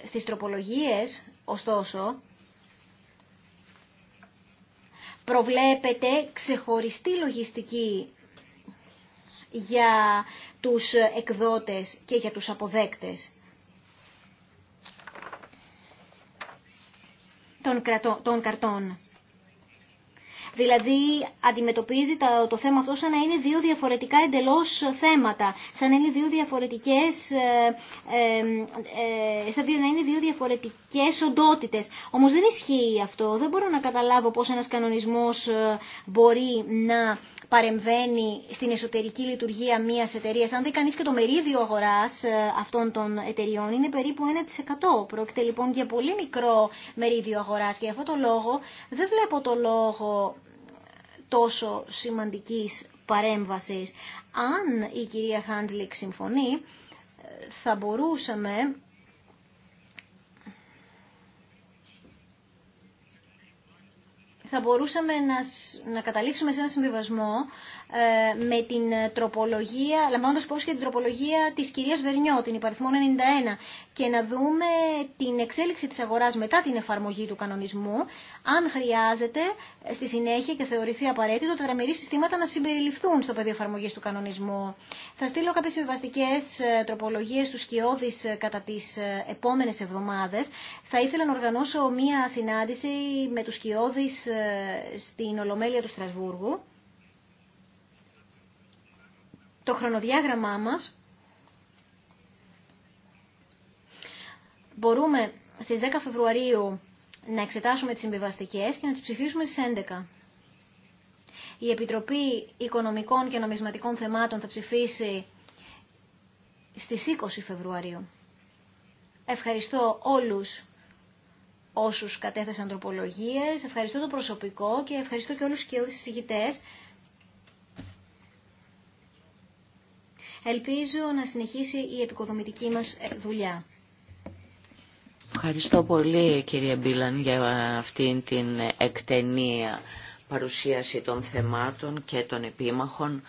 στις τροπολογίες, ωστόσο, προβλέπεται ξεχωριστή λογιστική για τους εκδότες και για τους αποδέκτες των, κρατών, των καρτών. Δηλαδή αντιμετωπίζει το θέμα αυτό σαν να είναι δύο διαφορετικά εντελώς θέματα, σαν να είναι δύο διαφορετικές, ε, ε, ε, σαν να είναι δύο διαφορετικές οντότητες. Όμως δεν ισχύει αυτό, δεν μπορώ να καταλάβω πώς ένας κανονισμός μπορεί να παρεμβαίνει στην εσωτερική λειτουργία μιας εταιρείας. Αν δει κανείς και το μερίδιο αγοράς αυτών των εταιριών είναι περίπου 1%. Πρόκειται λοιπόν για πολύ μικρό μερίδιο αγοράς και για αυτό το λόγο δεν βλέπω το λόγο τόσο σημαντικής παρέμβασης. Αν η κυρία Χάντλικ συμφωνεί, ε, θα μπορούσαμε θα μπορούσαμε να, να καταλήξουμε σε ένα συμβιβασμό ε, με την ε, τροπολογία, λαμβάνοντα υπόψη και την τροπολογία της κυρίας Βερνιό, την υπαριθμό 91, και να δούμε την εξέλιξη τη αγορά μετά την εφαρμογή του κανονισμού, αν χρειάζεται ε, στη συνέχεια και θεωρηθεί απαραίτητο τα τετραμερή συστήματα να συμπεριληφθούν στο πεδίο εφαρμογή του κανονισμού. Θα στείλω κάποιε συμβαστικέ τροπολογίε του σκιώδη κατά τι επόμενε εβδομάδε. Θα ήθελα να οργανώσω μία συνάντηση με του σκιώδη στην Ολομέλεια του Στρασβούργου το χρονοδιάγραμμά μας μπορούμε στις 10 Φεβρουαρίου να εξετάσουμε τις συμβιβαστικέ και να τις ψηφίσουμε στις 11. Η Επιτροπή Οικονομικών και Νομισματικών Θεμάτων θα ψηφίσει στις 20 Φεβρουαρίου. Ευχαριστώ όλους όσους κατέθεσαν τροπολογίες, ευχαριστώ το προσωπικό και ευχαριστώ και όλους και όλους Ελπίζω να συνεχίσει η επικοδομητική μας ε, δουλειά. Ευχαριστώ πολύ κυρία Μπίλαν για αυτήν την ε, εκτενή παρουσίαση των θεμάτων και των επίμαχων.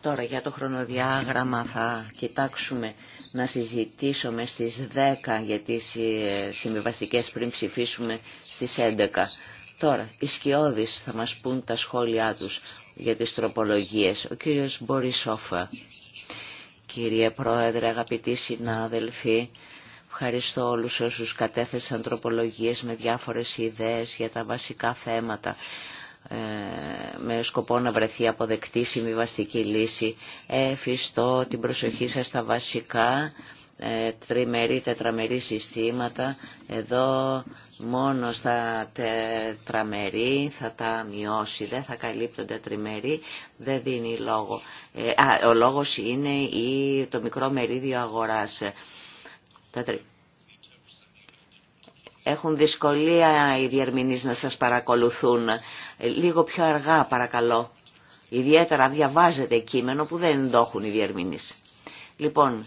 Τώρα για το χρονοδιάγραμμα θα κοιτάξουμε να συζητήσουμε στις 10 για τις συμβιβαστικές πριν ψηφίσουμε στις 11. Τώρα, οι σκιώδεις θα μας πούν τα σχόλιά τους για τις τροπολογίες. Ο κύριος Μπορισόφα. Κύριε Πρόεδρε, αγαπητοί συνάδελφοι, ευχαριστώ όλους όσους κατέθεσαν τροπολογίες με διάφορες ιδέες για τα βασικά θέματα ε, με σκοπό να βρεθεί αποδεκτή συμβιβαστική λύση. Εφιστώ την προσοχή σας στα βασικά ε, τριμερή, τετραμερή συστήματα. Εδώ μόνο στα τετραμερή θα τα μειώσει, δεν θα καλύπτονται τριμερή, δεν δίνει λόγο. Ε, ο λόγος είναι η, το μικρό μερίδιο αγοράς. Έχουν δυσκολία οι διερμηνείς να σας παρακολουθούν. Ε, λίγο πιο αργά παρακαλώ. Ιδιαίτερα διαβάζετε κείμενο που δεν το έχουν οι διερμηνείς. Λοιπόν,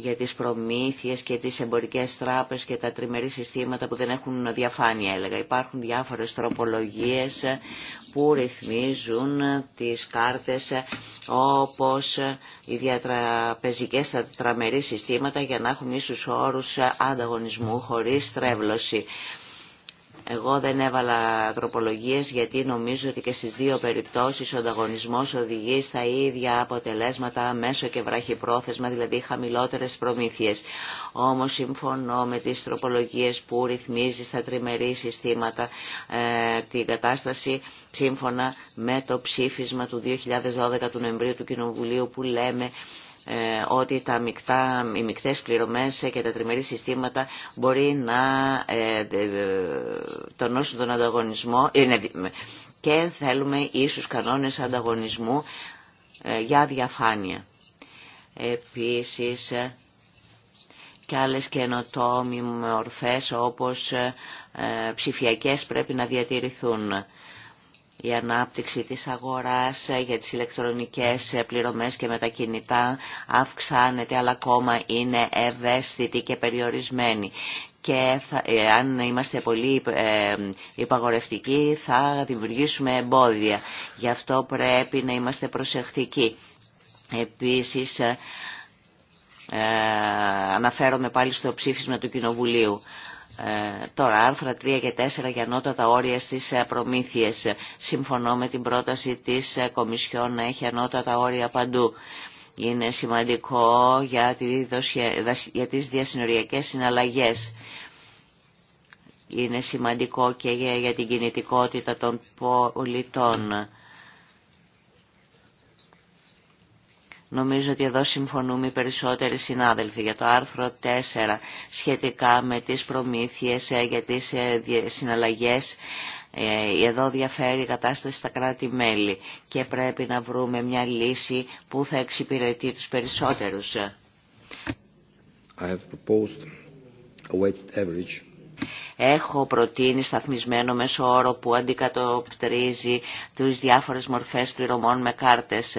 για τις προμήθειες και τις εμπορικές τράπεζες και τα τριμερή συστήματα που δεν έχουν διαφάνεια έλεγα. Υπάρχουν διάφορες τροπολογίες που ρυθμίζουν τις κάρτες όπως οι διατραπεζικές τα τραμερή συστήματα για να έχουν ίσους όρους ανταγωνισμού χωρίς τρέβλωση. Εγώ δεν έβαλα τροπολογίες γιατί νομίζω ότι και στις δύο περιπτώσεις ο ανταγωνισμός οδηγεί στα ίδια αποτελέσματα μέσω και πρόθεσμα, δηλαδή χαμηλότερες προμήθειες. Όμως συμφωνώ με τις τροπολογίες που ρυθμίζει στα τριμερή συστήματα ε, την κατάσταση σύμφωνα με το ψήφισμα του 2012 του Νοεμβρίου του Κοινοβουλίου που λέμε ε, ότι τα μικτά, οι μικτές πληρωμές και τα τριμερή συστήματα μπορεί να ε, ε, τονώσουν τον ανταγωνισμό ναι, και θέλουμε ίσους κανόνες ανταγωνισμού για διαφάνεια. Επίσης και άλλες καινοτόμοι μορφές όπως ψηφιακές πρέπει να διατηρηθούν η ανάπτυξη της αγοράς ε, για τις ηλεκτρονικές ε, πληρωμές και μετακινητά αυξάνεται αλλά ακόμα είναι ευαίσθητη και περιορισμένη. Και ε, αν είμαστε πολύ υπαγορευτικοί θα δημιουργήσουμε εμπόδια. Γι' αυτό πρέπει να είμαστε προσεκτικοί. Επίσης αναφέρομαι πάλι στο ψήφισμα του Κοινοβουλίου. Ε, τώρα άρθρα 3 και 4 για ανώτατα όρια στις ε, προμήθειες. Συμφωνώ με την πρόταση της ε, Κομισιόν να έχει ανώτατα όρια παντού. Είναι σημαντικό για, τη για τις διασυνοριακές συναλλαγές. Είναι σημαντικό και για την κινητικότητα των πολιτών. Νομίζω ότι εδώ συμφωνούμε οι περισσότεροι συνάδελφοι για το άρθρο 4 σχετικά με τις προμήθειες ε, για τις ε, συναλλαγές. Ε, εδώ διαφέρει η κατάσταση στα κράτη-μέλη και πρέπει να βρούμε μια λύση που θα εξυπηρετεί τους περισσότερους. Έχω προτείνει σταθμισμένο μέσο όρο που αντικατοπτρίζει τις διάφορες μορφές πληρωμών με κάρτες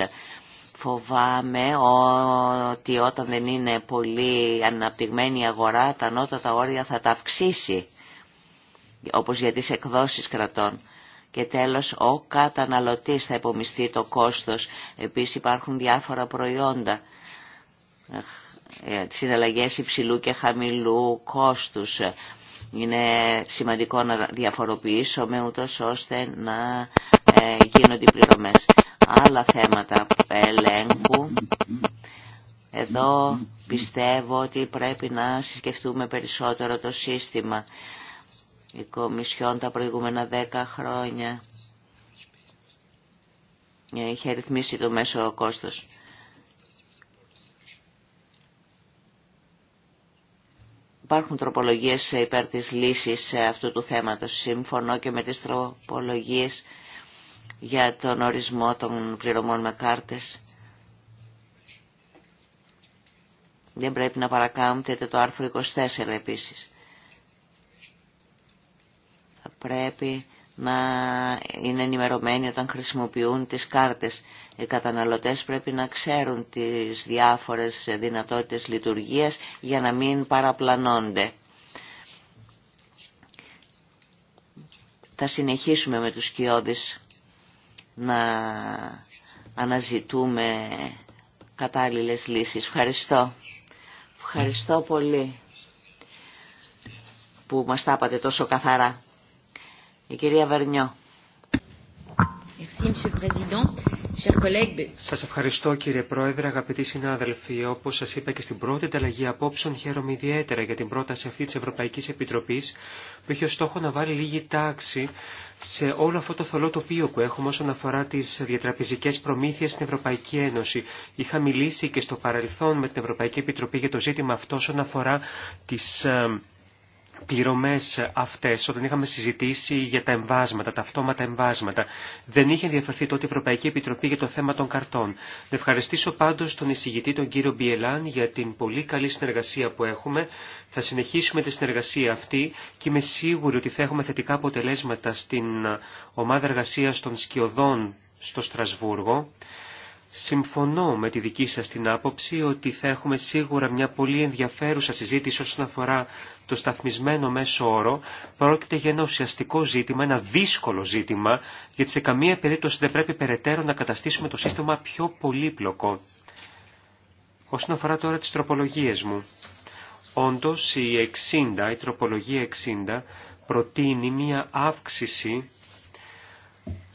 Φοβάμαι ότι όταν δεν είναι πολύ αναπτυγμένη η αγορά, τα ανώτατα όρια θα τα αυξήσει, όπως για τις εκδόσεις κρατών. Και τέλος, ο καταναλωτής θα υπομειστεί το κόστος. Επίσης υπάρχουν διάφορα προϊόντα, ε, συναλλαγές υψηλού και χαμηλού κόστους, είναι σημαντικό να διαφοροποιήσουμε ούτως ώστε να ε, γίνονται οι πληρωμές. Άλλα θέματα ελέγχου. Εδώ πιστεύω ότι πρέπει να συσκεφτούμε περισσότερο το σύστημα. Η Κομισιόν τα προηγούμενα δέκα χρόνια είχε ρυθμίσει το μέσο κόστος. Υπάρχουν τροπολογίες υπέρ της λύσης αυτού του θέματος. Σύμφωνο και με τις τροπολογίες για τον ορισμό των πληρωμών με κάρτες. Δεν πρέπει να παρακάμπτεται το άρθρο 24 επίσης. Θα πρέπει να είναι ενημερωμένοι όταν χρησιμοποιούν τις κάρτες οι καταναλωτές πρέπει να ξέρουν τις διάφορες δυνατότητες λειτουργίας για να μην παραπλανώνται. Θα συνεχίσουμε με τους σκιώδεις να αναζητούμε κατάλληλες λύσεις. Ευχαριστώ. Ευχαριστώ πολύ που μας τα είπατε τόσο καθαρά. Η κυρία Βερνιό. Πρόεδρε. Σας ευχαριστώ κύριε Πρόεδρε, αγαπητοί συνάδελφοι. Όπως σας είπα και στην πρώτη ανταλλαγή απόψεων, χαίρομαι ιδιαίτερα για την πρόταση αυτή της Ευρωπαϊκής Επιτροπής, που έχει ως στόχο να βάλει λίγη τάξη σε όλο αυτό το θολό τοπίο που έχουμε όσον αφορά τις διατραπεζικές προμήθειες στην Ευρωπαϊκή Ένωση. Είχα μιλήσει και στο παρελθόν με την Ευρωπαϊκή Επιτροπή για το ζήτημα αυτό όσον αφορά τις ε, πληρωμές αυτές όταν είχαμε συζητήσει για τα εμβάσματα, τα αυτόματα εμβάσματα. Δεν είχε ενδιαφερθεί τότε η Ευρωπαϊκή Επιτροπή για το θέμα των καρτών. Να ευχαριστήσω πάντως τον εισηγητή τον κύριο Μπιελάν για την πολύ καλή συνεργασία που έχουμε. Θα συνεχίσουμε τη συνεργασία αυτή και είμαι σίγουρο ότι θα έχουμε θετικά αποτελέσματα στην ομάδα εργασίας των σκιωδών στο Στρασβούργο. Συμφωνώ με τη δική σας την άποψη ότι θα έχουμε σίγουρα μια πολύ ενδιαφέρουσα συζήτηση όσον αφορά το σταθμισμένο μέσο όρο. Πρόκειται για ένα ουσιαστικό ζήτημα, ένα δύσκολο ζήτημα, γιατί σε καμία περίπτωση δεν πρέπει περαιτέρω να καταστήσουμε το σύστημα πιο πολύπλοκο. Όσον αφορά τώρα τις τροπολογίες μου. Όντως η 60, η τροπολογία 60 προτείνει μια αύξηση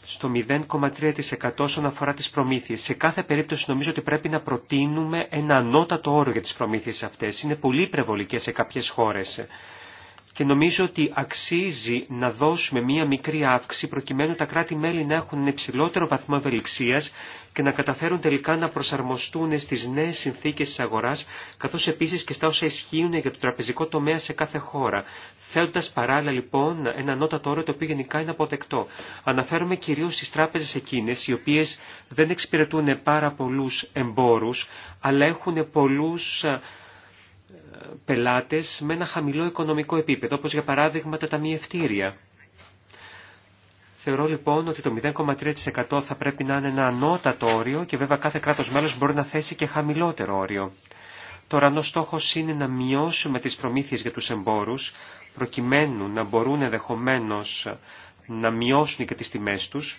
στο 0,3% όσον αφορά τις προμήθειες. Σε κάθε περίπτωση νομίζω ότι πρέπει να προτείνουμε ένα ανώτατο όρο για τις προμήθειες αυτές. Είναι πολύ υπερβολικές σε κάποιες χώρες και νομίζω ότι αξίζει να δώσουμε μία μικρή αύξηση προκειμένου τα κράτη-μέλη να έχουν υψηλότερο βαθμό ευελιξίας και να καταφέρουν τελικά να προσαρμοστούν στις νέες συνθήκες της αγοράς, καθώς επίσης και στα όσα ισχύουν για το τραπεζικό τομέα σε κάθε χώρα, Θέλοντα παράλληλα λοιπόν ένα ανώτατο όρο το οποίο γενικά είναι αποδεκτό. Αναφέρομαι κυρίω στι τράπεζε εκείνε, οι οποίε δεν εξυπηρετούν πάρα πολλού εμπόρου, αλλά έχουν πολλού πελάτες με ένα χαμηλό οικονομικό επίπεδο, όπως για παράδειγμα τα ταμιευτήρια. Θεωρώ λοιπόν ότι το 0,3% θα πρέπει να είναι ένα ανώτατο όριο και βέβαια κάθε κράτος μέλος μπορεί να θέσει και χαμηλότερο όριο. Το ο στόχος είναι να μειώσουμε τις προμήθειες για τους εμπόρους, προκειμένου να μπορούν ενδεχομένω να μειώσουν και τις τιμές τους,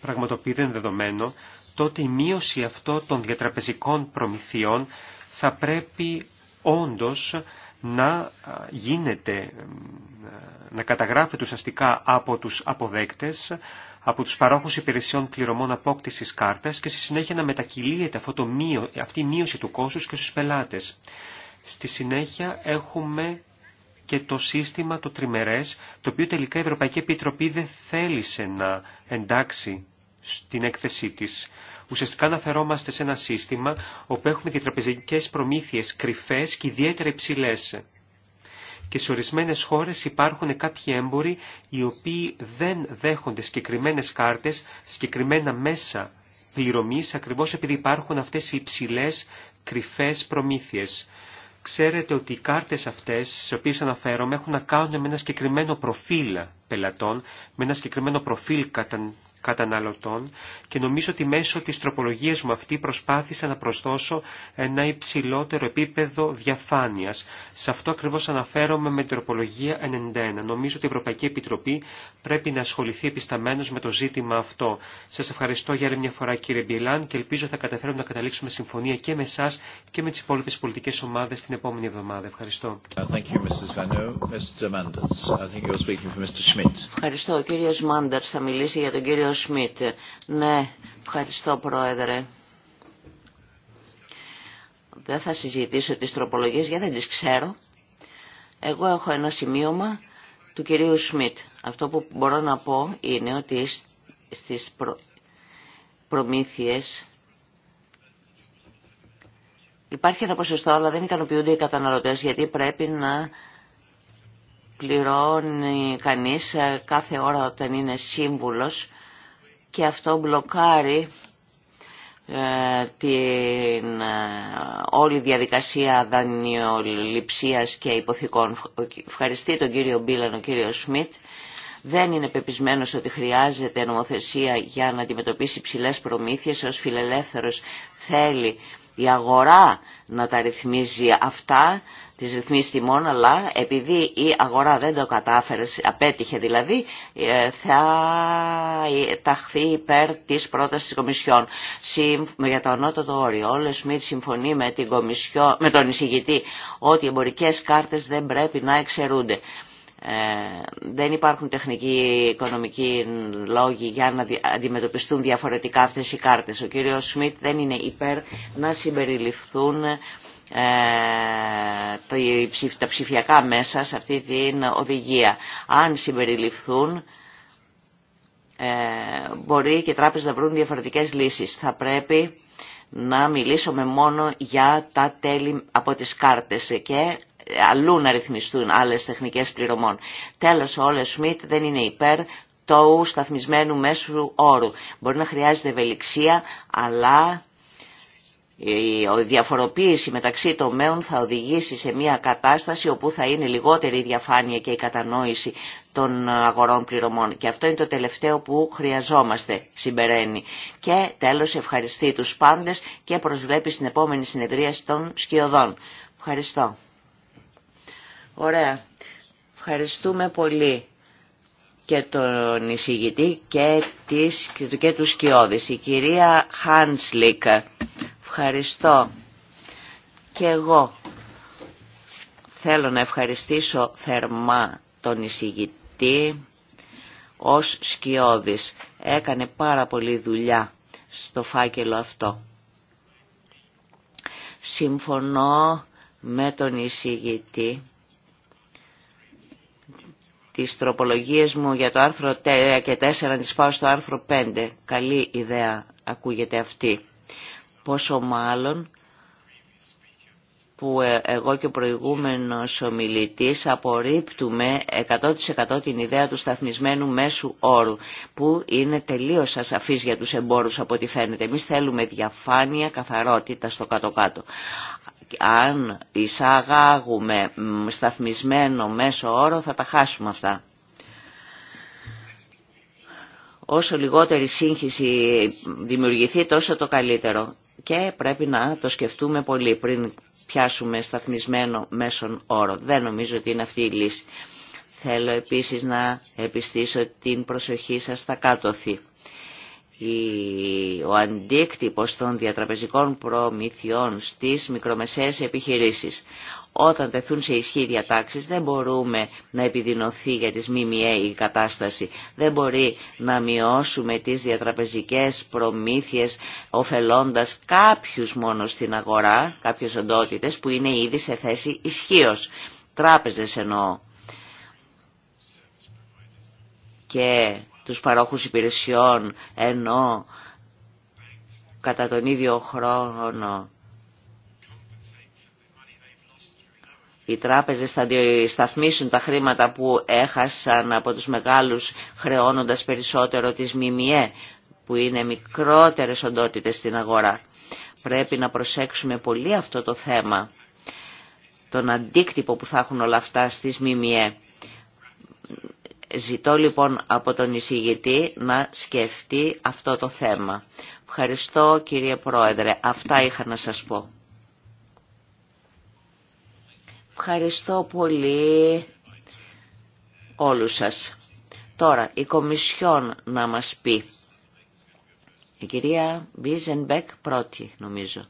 πραγματοποιείται δεδομένο, τότε η μείωση αυτών των διατραπεζικών προμηθειών θα πρέπει όντως να γίνεται, να καταγράφεται ουσιαστικά από τους αποδέκτες, από τους παρόχους υπηρεσιών πληρωμών απόκτησης κάρτας και στη συνέχεια να μετακυλείεται το αυτή η μείωση του κόστους και στους πελάτες. Στη συνέχεια έχουμε και το σύστημα το τριμερές, το οποίο τελικά η Ευρωπαϊκή Επιτροπή δεν θέλησε να εντάξει στην έκθεσή της. Ουσιαστικά αναφερόμαστε σε ένα σύστημα όπου έχουμε διατραπεζικές προμήθειες κρυφές και ιδιαίτερα υψηλέ. Και σε ορισμένε χώρε υπάρχουν κάποιοι έμποροι οι οποίοι δεν δέχονται συγκεκριμένε κάρτε, συγκεκριμένα μέσα πληρωμή, ακριβώ επειδή υπάρχουν αυτέ οι υψηλέ κρυφέ προμήθειε. Ξέρετε ότι οι κάρτες αυτές στις οποίες αναφέρομαι έχουν να κάνουν με ένα συγκεκριμένο προφίλ πελατών, με ένα συγκεκριμένο προφίλ καταναλωτών και νομίζω ότι μέσω της τροπολογίας μου αυτή προσπάθησα να προσδώσω ένα υψηλότερο επίπεδο διαφάνειας. Σε αυτό ακριβώς αναφέρομαι με την τροπολογία 91. Νομίζω ότι η Ευρωπαϊκή Επιτροπή πρέπει να ασχοληθεί επισταμένως με το ζήτημα αυτό. Σας ευχαριστώ για άλλη μια φορά κύριε Μπιλάν και ελπίζω θα καταφέρουμε να καταλήξουμε συμφωνία και με εσά και με τις υπόλοιπε πολιτικές ομάδες την επόμενη εβδομάδα. Ευχαριστώ. Ευχαριστώ. Ο κύριος Μάντερς θα μιλήσει για τον κύριο Σμιτ. Ναι, ευχαριστώ πρόεδρε. Δεν θα συζητήσω τις τροπολογίες γιατί δεν τις ξέρω. Εγώ έχω ένα σημείωμα του κυρίου Σμιτ. Αυτό που μπορώ να πω είναι ότι στις προ... προμήθειες υπάρχει ένα ποσοστό αλλά δεν ικανοποιούνται οι καταναλωτές γιατί πρέπει να πληρώνει κανείς ε, κάθε ώρα όταν είναι σύμβουλος και αυτό μπλοκάρει ε, την ε, όλη διαδικασία δανειοληψίας και υποθηκών. Ευχαριστεί τον κύριο Μπίλαν, ο κύριο Σμιτ. Δεν είναι πεπισμένος ότι χρειάζεται νομοθεσία για να αντιμετωπίσει ψηλές προμήθειες. Ως φιλελεύθερος θέλει η αγορά να τα ρυθμίζει αυτά τις ρυθμίσεις τιμών, αλλά επειδή η αγορά δεν το κατάφερε, απέτυχε δηλαδή, ε, θα ταχθεί υπέρ της πρότασης της Κομισιόν. Για το ανώτατο όριο, όλε Σμιτ συμφωνεί με, την με τον εισηγητή ότι οι εμπορικές κάρτες δεν πρέπει να εξαιρούνται. Ε, δεν υπάρχουν τεχνικοί οικονομικοί λόγοι για να αντιμετωπιστούν διαφορετικά αυτές οι κάρτες. Ο κύριος Σμιτ δεν είναι υπέρ να συμπεριληφθούν ε, τα ψηφιακά μέσα σε αυτή την οδηγία. Αν συμπεριληφθούν ε, μπορεί και τράπεζες να βρουν διαφορετικές λύσεις. Θα πρέπει να μιλήσουμε μόνο για τα τέλη από τις κάρτες και αλλού να ρυθμιστούν άλλες τεχνικές πληρωμών. Τέλος, ο Όλε Σμιτ δεν είναι υπέρ του σταθμισμένου μέσου όρου. Μπορεί να χρειάζεται ευελιξία, αλλά η διαφοροποίηση μεταξύ τομέων θα οδηγήσει σε μια κατάσταση όπου θα είναι λιγότερη η διαφάνεια και η κατανόηση των αγορών πληρωμών. Και αυτό είναι το τελευταίο που χρειαζόμαστε, συμπεραίνει. Και τέλος ευχαριστεί τους πάντες και προσβλέπει στην επόμενη συνεδρία των σκιωδών. Ευχαριστώ. Ωραία. Ευχαριστούμε πολύ και τον εισηγητή και, τις, και τους Η κυρία Χάνσλικ. Ευχαριστώ. Και εγώ θέλω να ευχαριστήσω θερμά τον εισηγητή ως σκιώδης. Έκανε πάρα πολύ δουλειά στο φάκελο αυτό. Συμφωνώ με τον εισηγητή τις τροπολογίες μου για το άρθρο και 4 να τις πάω στο άρθρο 5. Καλή ιδέα ακούγεται αυτή πόσο μάλλον που ε, εγώ και ο προηγούμενος ομιλητής απορρίπτουμε 100% την ιδέα του σταθμισμένου μέσου όρου, που είναι τελείως ασαφής για τους εμπόρους από ό,τι φαίνεται. Εμείς θέλουμε διαφάνεια, καθαρότητα στο κάτω-κάτω. Αν εισαγάγουμε σταθμισμένο μέσο όρο θα τα χάσουμε αυτά. Όσο λιγότερη σύγχυση δημιουργηθεί τόσο το καλύτερο και πρέπει να το σκεφτούμε πολύ πριν πιάσουμε σταθμισμένο μέσον όρο. Δεν νομίζω ότι είναι αυτή η λύση. Θέλω επίσης να επιστήσω την προσοχή σας στα κάτωθη. Ο αντίκτυπος των διατραπεζικών προμηθειών στις μικρομεσαίες επιχειρήσεις. Όταν τεθούν σε ισχύ οι διατάξεις δεν μπορούμε να επιδεινωθεί για τις ΜΜΕ η κατάσταση. Δεν μπορεί να μειώσουμε τις διατραπεζικές προμήθειε ωφελώντα κάποιους μόνο στην αγορά, κάποιε οντότητε που είναι ήδη σε θέση ισχύω. Τράπεζες εννοώ. Και τους παρόχους υπηρεσιών ενώ κατά τον ίδιο χρόνο οι τράπεζες θα σταθμίσουν τα χρήματα που έχασαν από τους μεγάλους χρεώνοντας περισσότερο τις ΜΜΕ που είναι μικρότερες οντότητες στην αγορά. Πρέπει να προσέξουμε πολύ αυτό το θέμα, τον αντίκτυπο που θα έχουν όλα αυτά στις ΜΜΕ. Ζητώ λοιπόν από τον εισηγητή να σκεφτεί αυτό το θέμα. Ευχαριστώ κύριε Πρόεδρε. Αυτά είχα να σας πω. Ευχαριστώ πολύ όλους σας. Τώρα, η Κομισιόν να μας πει. Η κυρία Βίζενμπεκ πρώτη, νομίζω.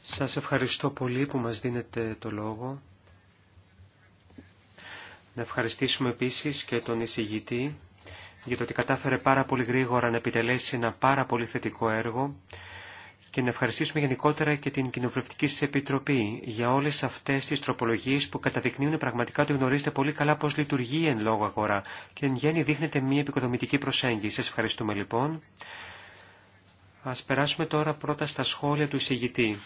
Σας ευχαριστώ πολύ που μας δίνετε το λόγο. Να ευχαριστήσουμε επίσης και τον εισηγητή για το ότι κατάφερε πάρα πολύ γρήγορα να επιτελέσει ένα πάρα πολύ θετικό έργο και να ευχαριστήσουμε γενικότερα και την Κοινοβουλευτική Επιτροπή για όλες αυτέ τις τροπολογίες που καταδεικνύουν πραγματικά ότι γνωρίζετε πολύ καλά πώ λειτουργεί εν λόγω αγορά και εν γέννη δείχνετε μια επικοδομητική προσέγγιση. Σα ευχαριστούμε λοιπόν. α περάσουμε τώρα πρώτα στα σχόλια του εισηγητή.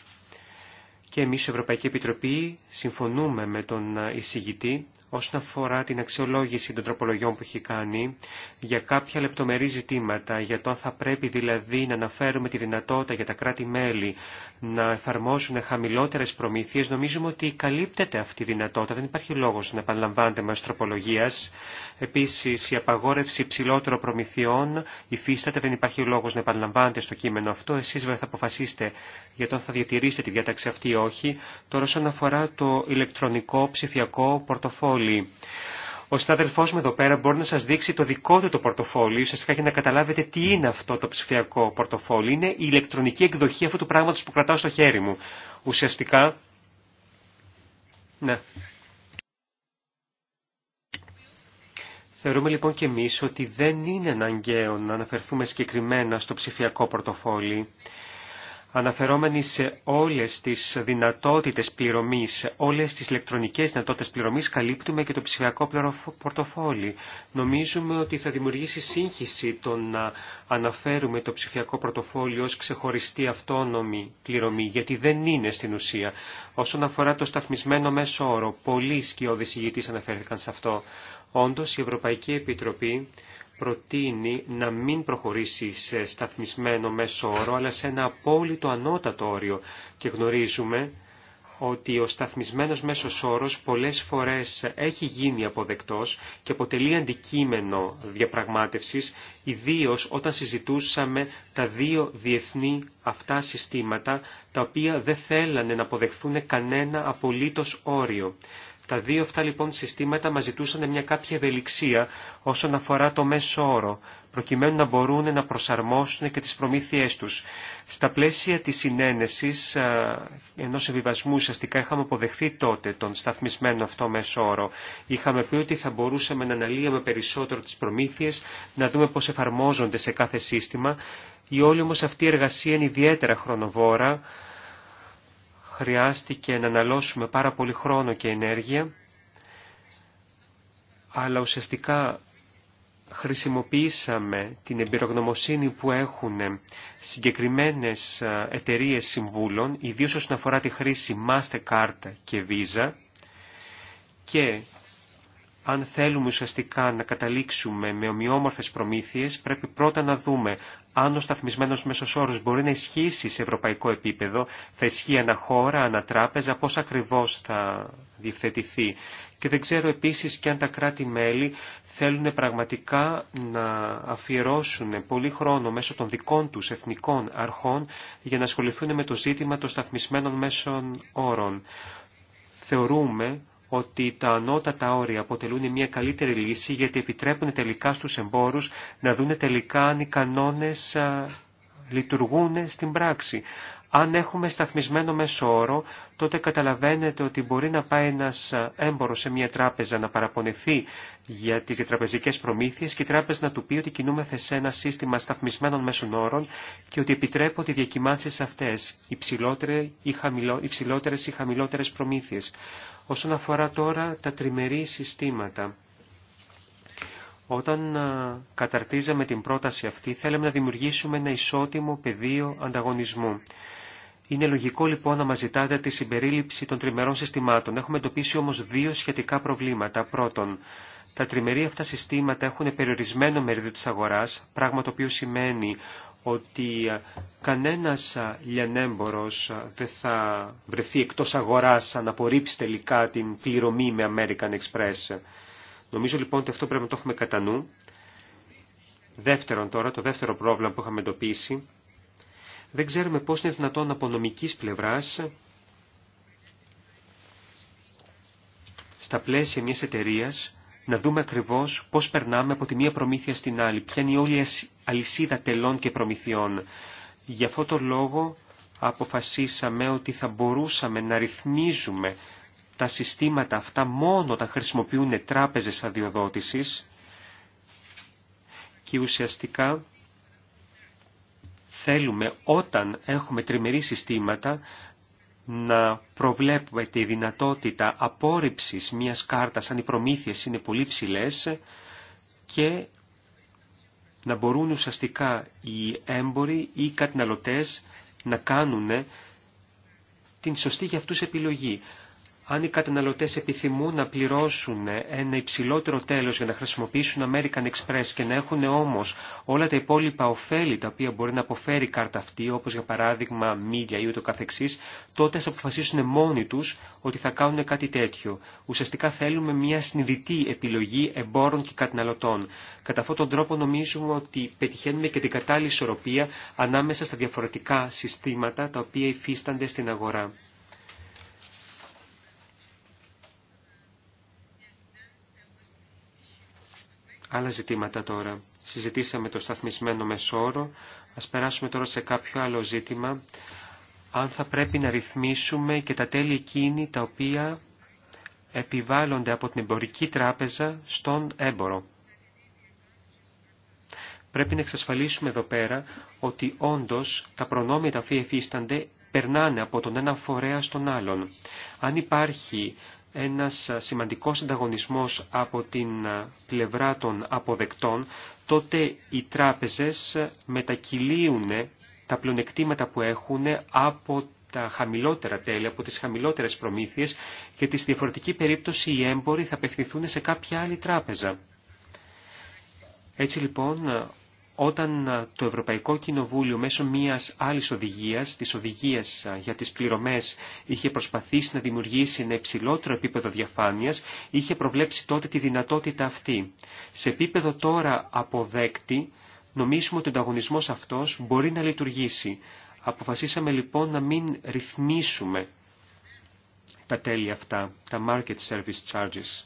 Και εμεί, η Ευρωπαϊκή Επιτροπή, συμφωνούμε με τον εισηγητή όσον αφορά την αξιολόγηση των τροπολογιών που έχει κάνει για κάποια λεπτομερή ζητήματα, για το αν θα πρέπει δηλαδή να αναφέρουμε τη δυνατότητα για τα κράτη-μέλη να εφαρμόσουν χαμηλότερες προμήθειες, νομίζουμε ότι καλύπτεται αυτή η δυνατότητα, δεν υπάρχει λόγος να επαναλαμβάνεται μας τροπολογίας. Επίσης, η απαγόρευση υψηλότερων προμηθειών υφίσταται, δεν υπάρχει λόγος να επαναλαμβάνεται στο κείμενο αυτό. Εσείς βέβαια θα αποφασίσετε για το αν θα διατηρήσετε τη διάταξη αυτή ή όχι. Τώρα, όσον αφορά το ηλεκτρονικό ψηφιακό πορτοφόλι, πολύ. Ο συνάδελφό μου εδώ πέρα μπορεί να σα δείξει το δικό του το πορτοφόλι, ουσιαστικά για να καταλάβετε τι είναι αυτό το ψηφιακό πορτοφόλι. Είναι η ηλεκτρονική εκδοχή αυτού του πράγματο που κρατάω στο χέρι μου. Ουσιαστικά. Ναι. Θεωρούμε λοιπόν και εμεί ότι δεν είναι αναγκαίο να αναφερθούμε συγκεκριμένα στο ψηφιακό πορτοφόλι αναφερόμενοι σε όλες τις δυνατότητες πληρωμής, σε όλες τις ηλεκτρονικές δυνατότητες πληρωμής, καλύπτουμε και το ψηφιακό πορτοφόλι. Νομίζουμε ότι θα δημιουργήσει σύγχυση το να αναφέρουμε το ψηφιακό πορτοφόλι ως ξεχωριστή αυτόνομη πληρωμή, γιατί δεν είναι στην ουσία. Όσον αφορά το σταθμισμένο μέσο όρο, πολλοί σκιώδεις ηγητής αναφέρθηκαν σε αυτό. Όντως, η Ευρωπαϊκή Επιτροπή προτείνει να μην προχωρήσει σε σταθμισμένο μέσο όρο, αλλά σε ένα απόλυτο ανώτατο όριο. Και γνωρίζουμε ότι ο σταθμισμένος μέσος όρος πολλές φορές έχει γίνει αποδεκτός και αποτελεί αντικείμενο διαπραγμάτευσης, ιδίως όταν συζητούσαμε τα δύο διεθνή αυτά συστήματα, τα οποία δεν θέλανε να αποδεχθούν κανένα απολύτως όριο. Τα δύο αυτά λοιπόν συστήματα μας ζητούσαν μια κάποια ευελιξία όσον αφορά το μέσο όρο, προκειμένου να μπορούν να προσαρμόσουν και τις προμήθειές τους. Στα πλαίσια της συνένεσης ενός εμβιβασμού ουσιαστικά είχαμε αποδεχθεί τότε τον σταθμισμένο αυτό μέσο όρο. Είχαμε πει ότι θα μπορούσαμε να αναλύαμε περισσότερο τις προμήθειες, να δούμε πώς εφαρμόζονται σε κάθε σύστημα. Η όλη όμως αυτή η εργασία είναι ιδιαίτερα χρονοβόρα, χρειάστηκε να αναλώσουμε πάρα πολύ χρόνο και ενέργεια, αλλά ουσιαστικά χρησιμοποίησαμε την εμπειρογνωμοσύνη που έχουν συγκεκριμένες εταιρείες συμβούλων, ιδίως όσον αφορά τη χρήση Mastercard και Visa, και αν θέλουμε ουσιαστικά να καταλήξουμε με ομοιόμορφες προμήθειες, πρέπει πρώτα να δούμε αν ο σταθμισμένος μέσος όρος μπορεί να ισχύσει σε ευρωπαϊκό επίπεδο, θα ισχύει ένα χώρα, ανα τράπεζα, πώς ακριβώς θα διευθετηθεί. Και δεν ξέρω επίσης και αν τα κράτη-μέλη θέλουν πραγματικά να αφιερώσουν πολύ χρόνο μέσω των δικών τους εθνικών αρχών για να ασχοληθούν με το ζήτημα των σταθμισμένων μέσων όρων. Θεωρούμε ότι τα ανώτατα όρια αποτελούν μια καλύτερη λύση γιατί επιτρέπουν τελικά στους εμπόρους να δουν τελικά αν οι κανόνες λειτουργούν στην πράξη. Αν έχουμε σταθμισμένο μέσο όρο, τότε καταλαβαίνετε ότι μπορεί να πάει ένας έμπορος σε μια τράπεζα να παραπονεθεί για τις διατραπεζικές προμήθειες και η τράπεζα να του πει ότι κινούμεθε σε ένα σύστημα σταθμισμένων μέσων όρων και ότι επιτρέπω ότι σε αυτές, υψηλότερε ή, ή χαμηλότερες προμήθειες. Όσον αφορά τώρα τα τριμερή συστήματα. Όταν καταρτίζαμε την πρόταση αυτή, θέλαμε να δημιουργήσουμε ένα ισότιμο πεδίο ανταγωνισμού. Είναι λογικό λοιπόν να μα ζητάτε τη συμπερίληψη των τριμερών συστημάτων. Έχουμε εντοπίσει όμω δύο σχετικά προβλήματα. Πρώτον, τα τριμερή αυτά συστήματα έχουν περιορισμένο μερίδιο τη αγορά, πράγμα το οποίο σημαίνει ότι ε, κανένας ε, λιανέμπορος ε, δεν θα βρεθεί εκτό αγορά αν απορρίψει τελικά την πληρωμή με American Express. Νομίζω λοιπόν ότι αυτό πρέπει να το έχουμε κατά νου. Δεύτερον τώρα, το δεύτερο πρόβλημα που είχαμε εντοπίσει δεν ξέρουμε πώς είναι δυνατόν από νομικής πλευράς στα πλαίσια μιας εταιρείας να δούμε ακριβώς πώς περνάμε από τη μία προμήθεια στην άλλη, ποια είναι η όλη αλυσίδα τελών και προμηθειών. Για αυτό το λόγο αποφασίσαμε ότι θα μπορούσαμε να ρυθμίζουμε τα συστήματα αυτά μόνο όταν χρησιμοποιούν τράπεζες αδειοδότησης και ουσιαστικά Θέλουμε όταν έχουμε τριμερή συστήματα να προβλέπουμε τη δυνατότητα απόρριψης μιας κάρτας αν οι προμήθειες είναι πολύ ψηλές και να μπορούν ουσιαστικά οι έμποροι ή οι καταναλωτές να κάνουν την σωστή για αυτούς επιλογή αν οι καταναλωτές επιθυμούν να πληρώσουν ένα υψηλότερο τέλος για να χρησιμοποιήσουν American Express και να έχουν όμως όλα τα υπόλοιπα ωφέλη τα οποία μπορεί να αποφέρει η κάρτα αυτή, όπως για παράδειγμα μίλια ή ούτω καθεξής, τότε θα αποφασίσουν μόνοι τους ότι θα κάνουν κάτι τέτοιο. Ουσιαστικά θέλουμε μια συνειδητή επιλογή εμπόρων και καταναλωτών. Κατά αυτόν τον τρόπο νομίζουμε ότι πετυχαίνουμε και την κατάλληλη ισορροπία ανάμεσα στα διαφορετικά συστήματα τα οποία υφίστανται στην αγορά. Άλλα ζητήματα τώρα. Συζητήσαμε το σταθμισμένο μεσόρο. Ας περάσουμε τώρα σε κάποιο άλλο ζήτημα. Αν θα πρέπει να ρυθμίσουμε και τα τέλη εκείνη τα οποία επιβάλλονται από την εμπορική τράπεζα στον έμπορο. Πρέπει να εξασφαλίσουμε εδώ πέρα ότι όντως τα προνόμια τα οποία περνάνε από τον ένα φορέα στον άλλον. Αν υπάρχει ένας σημαντικός ανταγωνισμός από την πλευρά των αποδεκτών, τότε οι τράπεζες μετακυλίουν τα πλονεκτήματα που έχουν από τα χαμηλότερα τέλη, από τις χαμηλότερες προμήθειες και τη διαφορετική περίπτωση οι έμποροι θα απευθυνθούν σε κάποια άλλη τράπεζα. Έτσι λοιπόν όταν το Ευρωπαϊκό Κοινοβούλιο μέσω μιας άλλης οδηγίας, της οδηγίας για τις πληρωμές, είχε προσπαθήσει να δημιουργήσει ένα υψηλότερο επίπεδο διαφάνειας, είχε προβλέψει τότε τη δυνατότητα αυτή. Σε επίπεδο τώρα αποδέκτη, νομίζουμε ότι ο ανταγωνισμός αυτός μπορεί να λειτουργήσει. Αποφασίσαμε λοιπόν να μην ρυθμίσουμε τα τέλη αυτά, τα market service charges.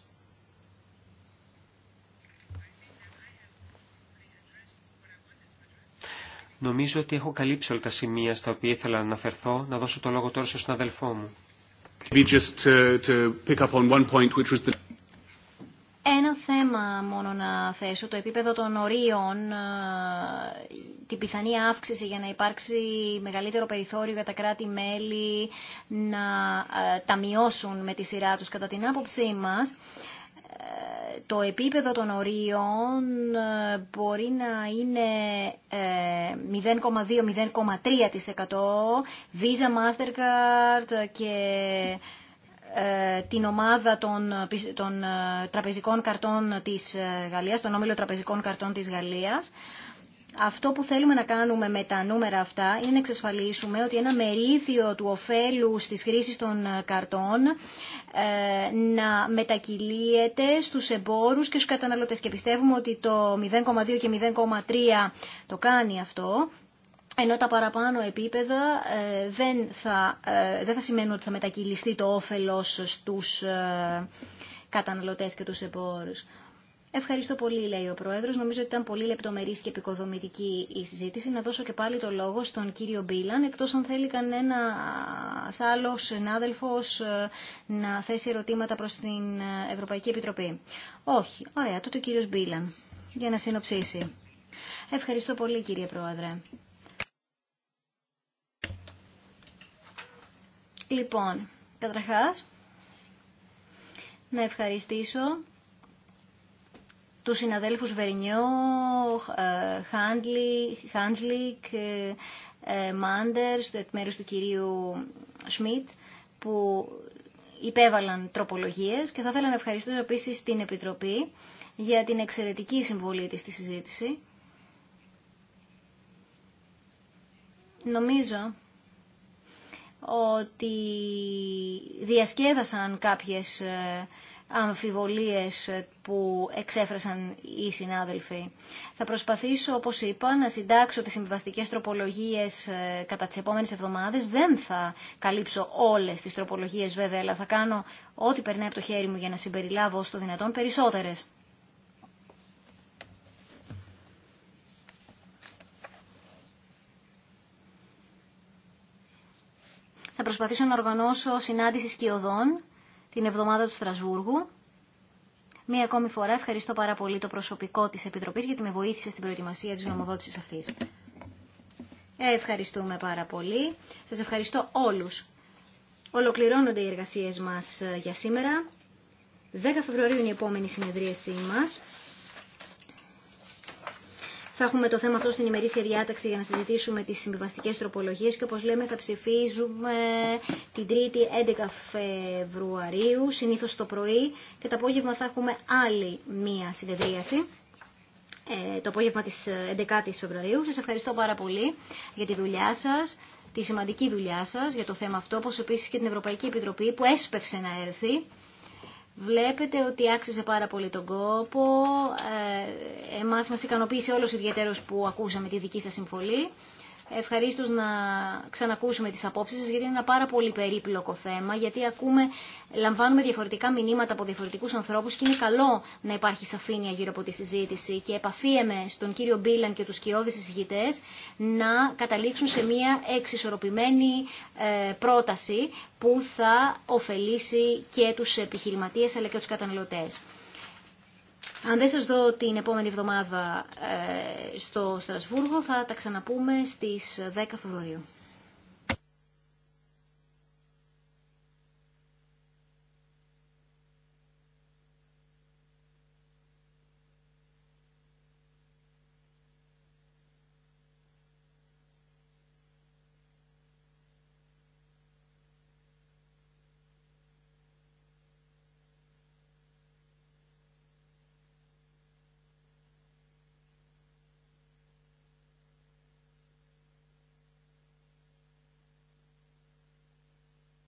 Νομίζω ότι έχω καλύψει όλα τα σημεία στα οποία ήθελα να αναφερθώ. Να δώσω το λόγο τώρα στον αδελφό μου. Ένα θέμα μόνο να θέσω, το επίπεδο των ορίων, ε, την πιθανή αύξηση για να υπάρξει μεγαλύτερο περιθώριο για τα κράτη-μέλη να ε, τα μειώσουν με τη σειρά τους. Κατά την άποψή μας, το επίπεδο των ορίων ε, μπορεί να είναι 0,2-0,3%. Ε, Visa, Mastercard και ε, την ομάδα των, των τραπεζικών καρτών της Γαλλίας, τον όμιλο τραπεζικών καρτών της Γαλλίας αυτό που θέλουμε να κάνουμε με τα νούμερα αυτά είναι να εξασφαλίσουμε ότι ένα μερίδιο του ωφέλου της χρήση των καρτών ε, να μετακυλίεται στους εμπόρους και στους καταναλωτές. Και πιστεύουμε ότι το 0,2 και 0,3 το κάνει αυτό ενώ τα παραπάνω επίπεδα ε, δεν, θα, ε, δεν θα σημαίνουν ότι θα μετακυλιστεί το όφελος στους καταναλωτές και τους εμπόρους. Ευχαριστώ πολύ, λέει ο πρόεδρο. Νομίζω ότι ήταν πολύ λεπτομερής και επικοδομητική η συζήτηση. Να δώσω και πάλι το λόγο στον κύριο Μπίλαν, εκτός αν θέλει κανένα άλλο συνάδελφος ε, να θέσει ερωτήματα προς την ε, Ευρωπαϊκή Επιτροπή. Όχι. Ωραία, τότε ο κύριος Μπίλαν, για να συνοψίσει. Ευχαριστώ πολύ, κύριε Πρόεδρε. Λοιπόν, καταρχάς, να ευχαριστήσω τους συναδέλφους Βερνιό, ε, Χάντλικ, ε, ε, Μάντερ, το εκ του κυρίου Σμιτ, που υπέβαλαν τροπολογίες και θα ήθελα να ευχαριστήσω επίσης την Επιτροπή για την εξαιρετική συμβολή της στη συζήτηση. Νομίζω ότι διασκέδασαν κάποιες αμφιβολίες που εξέφρασαν οι συνάδελφοι. Θα προσπαθήσω, όπως είπα, να συντάξω τις συμβιβαστικές τροπολογίες ε, κατά τις επόμενες εβδομάδες. Δεν θα καλύψω όλες τις τροπολογίες βέβαια, αλλά θα κάνω ό,τι περνάει από το χέρι μου για να συμπεριλάβω στο δυνατόν περισσότερες. Θα προσπαθήσω να οργανώσω συνάντηση σκιωδών την εβδομάδα του Στρασβούργου. Μία ακόμη φορά ευχαριστώ πάρα πολύ το προσωπικό της Επιτροπής γιατί με βοήθησε στην προετοιμασία της νομοδότησης αυτής. Ε, ευχαριστούμε πάρα πολύ. Σας ευχαριστώ όλους. Ολοκληρώνονται οι εργασίες μας ε, για σήμερα. 10 Φεβρουαρίου είναι η επόμενη συνεδρίασή μας. Θα έχουμε το θέμα αυτό στην ημερήσια διάταξη για να συζητήσουμε τις συμβιβαστικές τροπολογίες και όπως λέμε θα ψηφίζουμε την 3η 11 Φεβρουαρίου, συνήθως το πρωί και το απόγευμα θα έχουμε άλλη μία συνεδρίαση ε, το απόγευμα της 11ης ε, Φεβρουαρίου. Σας ευχαριστώ πάρα πολύ για τη δουλειά σας, τη σημαντική δουλειά σας για το θέμα αυτό, όπως επίσης και την Ευρωπαϊκή Επιτροπή που έσπευσε να έρθει Βλέπετε ότι άξιζε πάρα πολύ τον κόπο. Ε, εμάς μας ικανοποίησε όλος ιδιαίτερος που ακούσαμε τη δική σας συμφωλή. Ευχαριστώ να ξανακούσουμε τις απόψει, σα, γιατί είναι ένα πάρα πολύ περίπλοκο θέμα, γιατί ακούμε, λαμβάνουμε διαφορετικά μηνύματα από διαφορετικούς ανθρώπους και είναι καλό να υπάρχει σαφήνεια γύρω από τη συζήτηση και επαφίεμαι στον κύριο Μπίλαν και τους κοιόδης συζητητέ να καταλήξουν σε μια εξισορροπημένη ε, πρόταση που θα ωφελήσει και του επιχειρηματίε αλλά και του καταναλωτέ. Αν δεν σας δω την επόμενη εβδομάδα ε, στο Στρασβούργο, θα τα ξαναπούμε στις 10 Φεβρουαρίου.